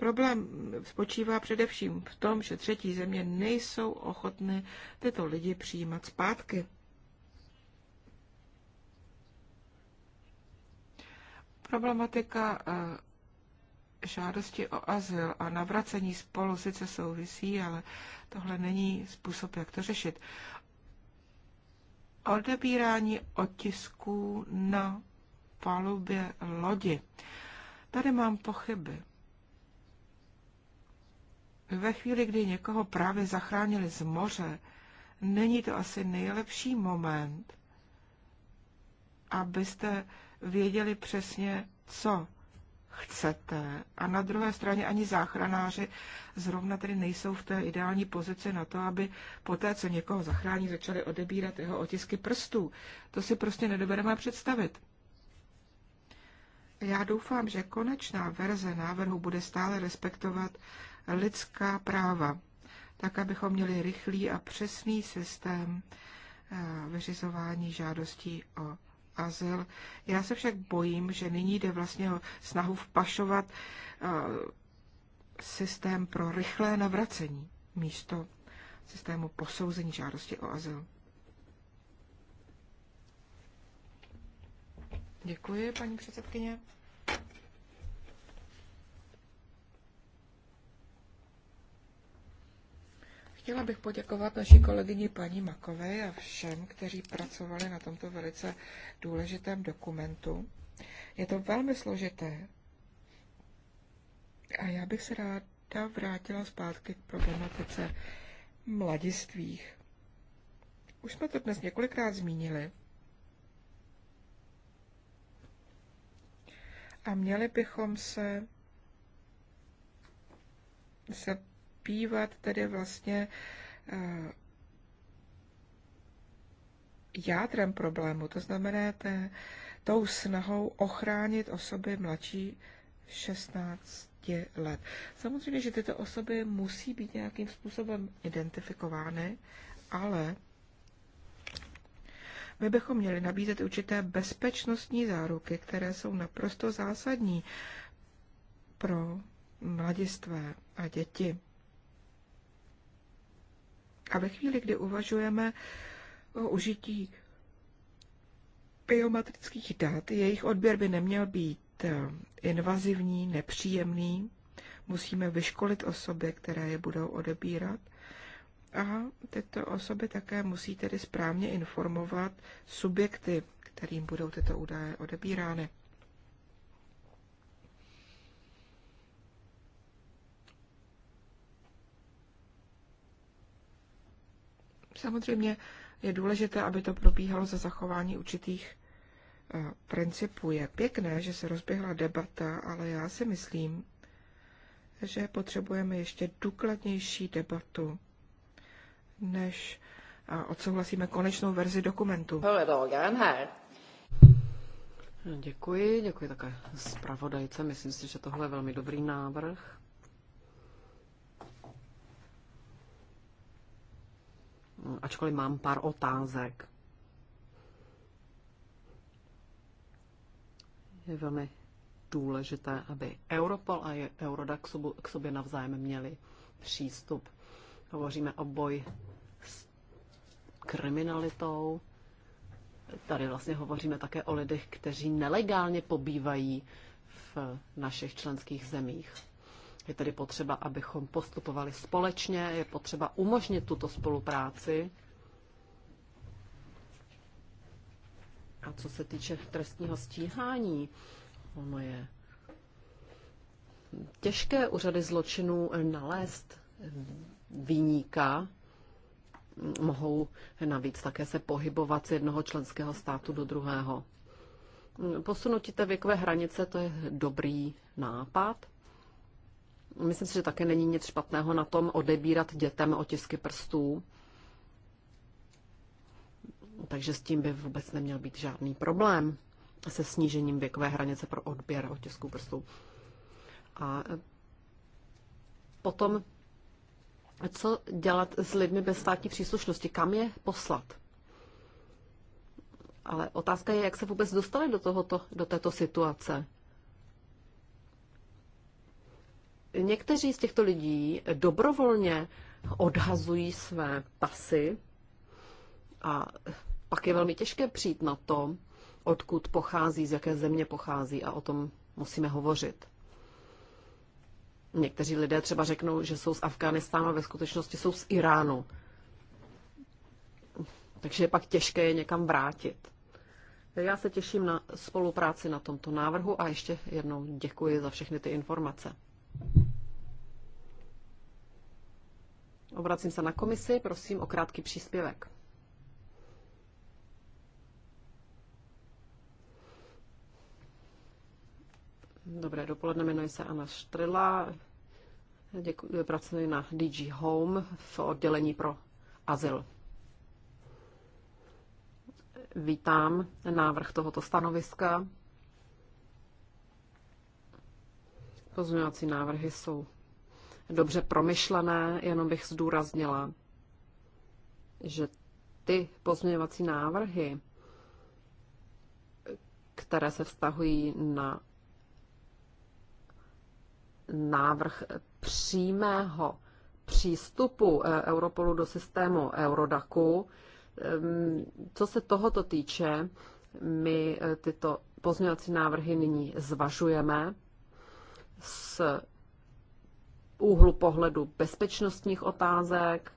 A: Problém spočívá především v tom, že třetí země nejsou ochotné tyto lidi přijímat zpátky. Problematika eh, žádosti o azyl a navracení spolu sice souvisí, ale tohle není způsob, jak to řešit. Odebírání otisků na palubě lodi. Tady mám pochyby. Ve chvíli, kdy někoho právě zachránili z moře, není to asi nejlepší moment, abyste věděli přesně, co chcete. A na druhé straně ani záchranáři zrovna tedy nejsou v té ideální pozici na to, aby po té, co někoho zachrání, začali odebírat jeho otisky prstů. To si prostě nedobereme představit. Já doufám, že konečná verze návrhu bude stále respektovat lidská práva, tak abychom měli rychlý a přesný systém eh, vyřizování žádostí o azyl. Já se však bojím, že nyní jde vlastně o snahu vpašovat eh, systém pro rychlé navracení místo systému posouzení žádosti o azyl. Děkuji, paní předsedkyně. Chtěla bych poděkovat naší kolegyni paní Makové a všem, kteří pracovali na tomto velice důležitém dokumentu. Je to velmi složité a já bych se ráda vrátila zpátky k problematice mladistvých. Už jsme to dnes několikrát zmínili. A měli bychom se se zpívat tedy vlastně eh, jádrem problému, to znamená té, tou snahou ochránit osoby mladší 16 let. Samozřejmě, že tyto osoby musí být nějakým způsobem identifikovány, ale my bychom měli nabízet určité bezpečnostní záruky, které jsou naprosto zásadní pro mladistvé a děti. A ve chvíli, kdy uvažujeme o užití biometrických dat, jejich odběr by neměl být eh, invazivní, nepříjemný. Musíme vyškolit osoby, které je budou odebírat. A tyto osoby také musí tedy správně informovat subjekty, kterým budou tyto údaje odebírány. Samozřejmě je důležité, aby to probíhalo za zachování určitých eh, principů. Je pěkné, že se rozběhla debata, ale já si myslím, že potřebujeme ještě důkladnější debatu, než eh, odsouhlasíme konečnou verzi dokumentu.
B: Děkuji, děkuji také zpravodajce. Myslím si, že tohle je velmi dobrý návrh. ačkoliv mám pár otázek. Je velmi důležité, aby Europol a Eurodax k sobě navzájem měli přístup. Hovoříme o boji s kriminalitou. Tady vlastně hovoříme také o lidech, kteří nelegálně pobývají v našich členských zemích. Je tedy potřeba, abychom postupovali společně, je potřeba umožnit tuto spolupráci. A co se týče trestního stíhání, ono je těžké úřady zločinů nalézt výníka, mohou navíc také se pohybovat z jednoho členského státu do druhého. Posunutí té věkové hranice, to je dobrý nápad. Myslím si, že také není nic špatného na tom odebírat dětem otisky prstů. Takže s tím by vůbec neměl být žádný problém se snížením věkové hranice pro odběr otisků prstů. A e, potom, co dělat s lidmi bez státní příslušnosti? Kam je poslat? Ale otázka je, jak se vůbec dostali do, tohoto, do této situace. Někteří z těchto lidí dobrovolně odhazují své pasy a pak je velmi těžké přijít na to, odkud pochází, z jaké země pochází a o tom musíme hovořit. Někteří lidé třeba řeknou, že jsou z Afghánistánu a ve skutečnosti jsou z Iránu. Takže je pak těžké je někam vrátit. Já se těším na spolupráci na tomto návrhu a ještě jednou děkuji za všechny ty informace. Obracím se na komisi, prosím o krátký příspěvek. Dobré dopoledne, jmenuji se Anna Štrila, Děkuji, pracuji na DG Home v oddělení pro azyl. Vítám návrh tohoto stanoviska. Pozměňovací návrhy jsou dobře promyšlené, jenom bych zdůraznila, že ty pozměňovací návrhy, které se vztahují na návrh přímého přístupu eh, Europolu do systému Eurodaku. Ehm, co se tohoto týče, my eh, tyto pozměňovací návrhy nyní zvažujeme z úhlu pohledu bezpečnostních otázek,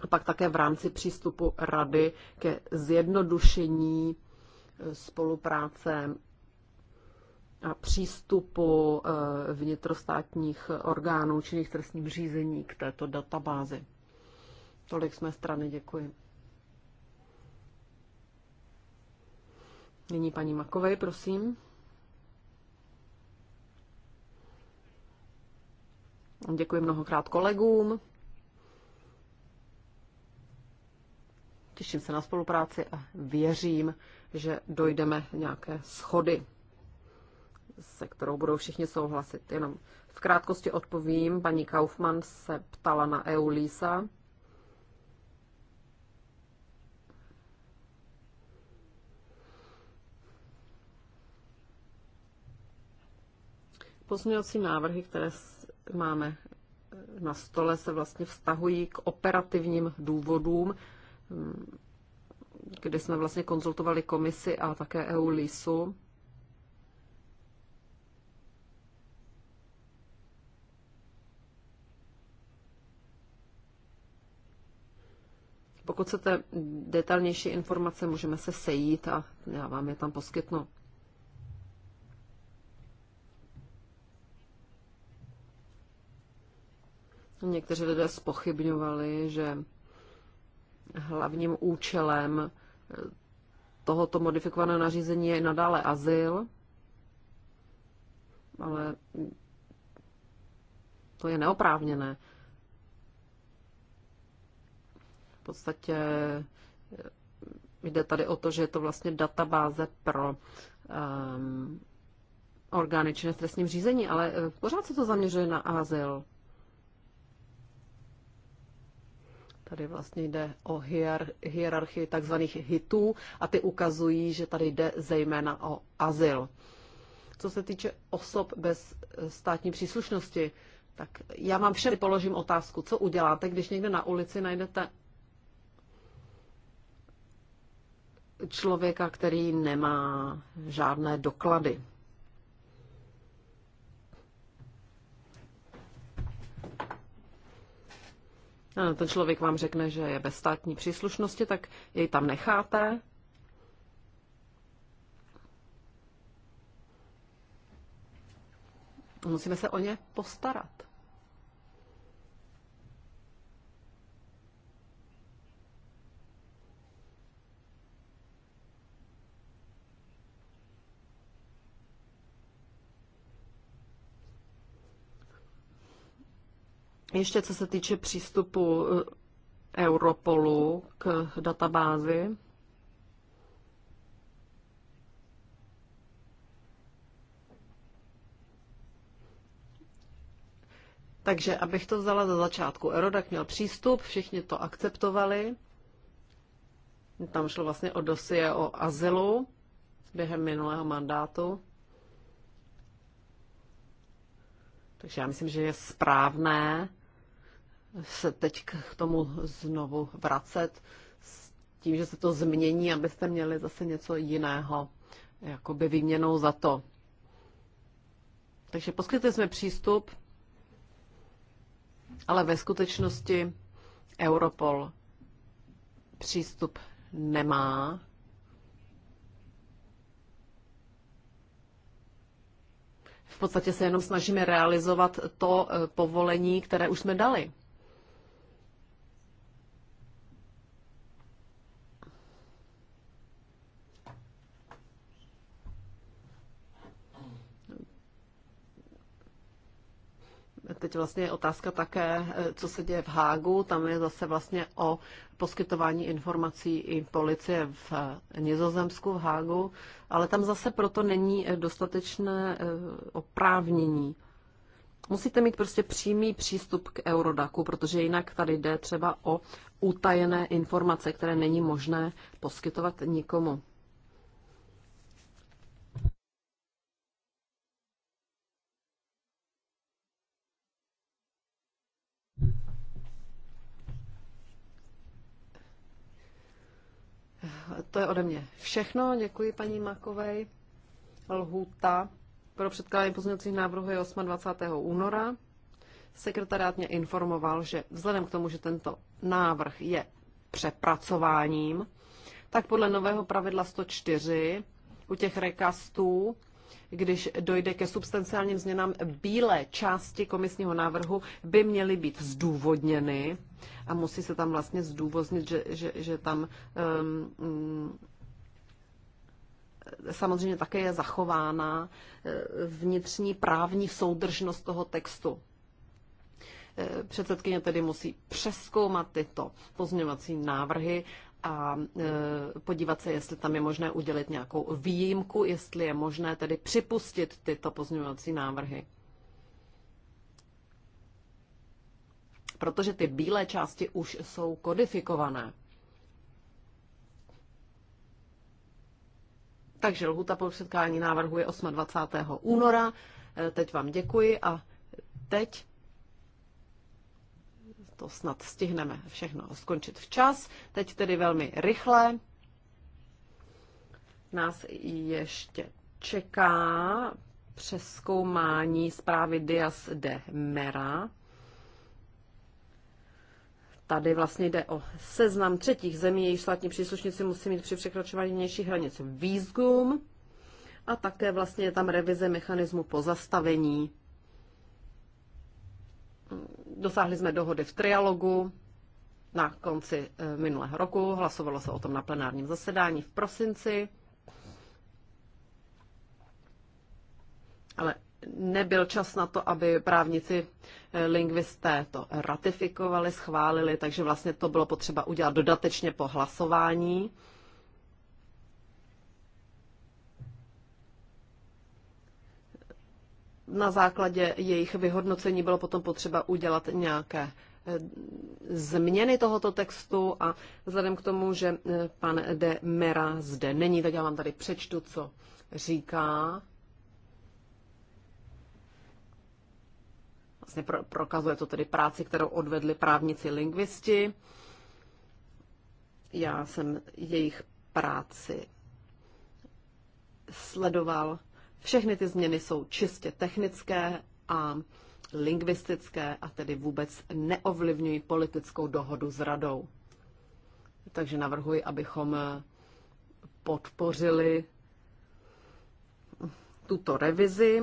B: a pak také v rámci přístupu rady ke zjednodušení eh, spolupráce a přístupu eh, vnitrostátních orgánů činných trestním řízení k této databázi. Tolik z mé strany, děkuji. Nyní paní Makovej, prosím. Děkuji mnohokrát kolegům. Těším se na spolupráci a věřím, že dojdeme nějaké schody, se kterou budou všichni souhlasit. Jenom v krátkosti odpovím. Paní Kaufmann se ptala na EU Lisa. Pozměňovací návrhy, které máme na stole, se vlastně vztahují k operativním důvodům, mm, kde jsme vlastně konzultovali komisi a také EU LISu. Pokud chcete detailnější informace, můžeme se sejít a já vám je tam poskytnu. Někteří lidé spochybňovali, že hlavním účelem eh, tohoto modifikovaného nařízení je nadále azyl, ale to je neoprávněné. V podstatě eh, jde tady o to, že je to vlastně databáze pro um, orgány činné v trestním řízení, ale eh, pořád se to zaměřuje na azyl. Tady vlastně jde o hier, hierarchii takzvaných hitů a ty ukazují, že tady jde zejména o azyl. Co se týče osob bez eh, státní příslušnosti, tak já vám všem položím otázku, co uděláte, když někde na ulici najdete člověka, který nemá žádné doklady. ten člověk vám řekne, že je bez státní příslušnosti, tak jej tam necháte. Musíme se o ně postarat. Ještě co se týče přístupu eh, Europolu k databázi, Takže abych to vzala za začátku, Erodak měl přístup, všichni to akceptovali. Tam šlo vlastně o dosie o azylu během minulého mandátu. Takže já myslím, že je správné se teď k tomu znovu vracet s tím, že se to změní, abyste měli zase něco jiného, jakoby výměnou za to. Takže poskytli jsme přístup, ale ve skutečnosti Europol přístup nemá. V podstatě se jenom snažíme realizovat to eh, povolení, které už jsme dali. Teď vlastně je otázka také, eh, co se děje v Hágu. Tam je zase vlastně o poskytování informací i policie v eh, Nizozemsku, v Hágu, ale tam zase proto není eh, dostatečné oprávnění. Musíte mít prostě přímý přístup k Eurodaku, protože jinak tady jde třeba o utajené informace, které není možné poskytovat nikomu. to je ode mě všechno. Děkuji paní Makovej. Lhuta, pro předkládání pozměňovacích návrhů je 28. února. Sekretariát mě informoval, že vzhledem k tomu, že tento návrh je přepracováním, tak podle nového pravidla 104 u těch rekastů když dojde ke substanciálním změnám, bílé části komisního návrhu by měly být zdůvodněny a musí se tam vlastně zdůvodnit, že, že, že tam um, samozřejmě také je zachována eh, vnitřní právní soudržnost toho textu. Eh, předsedkyně tedy musí přeskoumat tyto pozměňovací návrhy a e, podívat se, jestli tam je možné udělit nějakou výjimku, jestli je možné tedy připustit tyto pozměňovací návrhy. Protože ty bílé části už jsou kodifikované. Takže lhuta po předkání návrhu je 28. února. E, teď vám děkuji a teď to snad stihneme všechno skončit včas. Teď tedy velmi rychle. Nás ještě čeká přeskoumání zprávy Dias de Mera. Tady vlastně jde o seznam třetích zemí, jejich státní příslušníci musí mít při překračování vnějších hranic výzkum a také vlastně je tam revize mechanismu pozastavení Dosáhli jsme dohody v trialogu na konci eh, minulého roku, hlasovalo se o tom na plenárním zasedání v prosinci, ale nebyl čas na to, aby právníci eh, lingvisté to ratifikovali, schválili, takže vlastně to bylo potřeba udělat dodatečně po hlasování. na základě jejich vyhodnocení bylo potom potřeba udělat nějaké eh, změny tohoto textu a vzhledem k tomu, že eh, pan de Mera zde není, tak já vám tady přečtu, co říká. Vlastně pro, prokazuje to tedy práci, kterou odvedli právníci lingvisti. Já jsem jejich práci sledoval všechny ty změny jsou čistě technické a lingvistické a tedy vůbec neovlivňují politickou dohodu s radou. Takže navrhuji, abychom eh, podpořili tuto revizi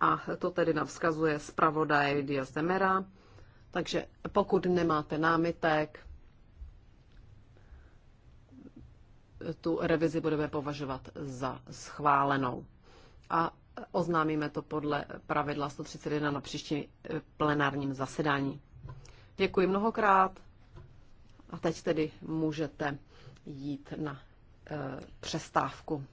B: a to tedy navzkazuje zpravodaj Diaz Demera. Takže pokud nemáte námitek, tu revizi budeme považovat za schválenou. A oznámíme to podle pravidla 131 na příštím eh, plenárním zasedání. Děkuji mnohokrát a teď tedy můžete jít na e, přestávku.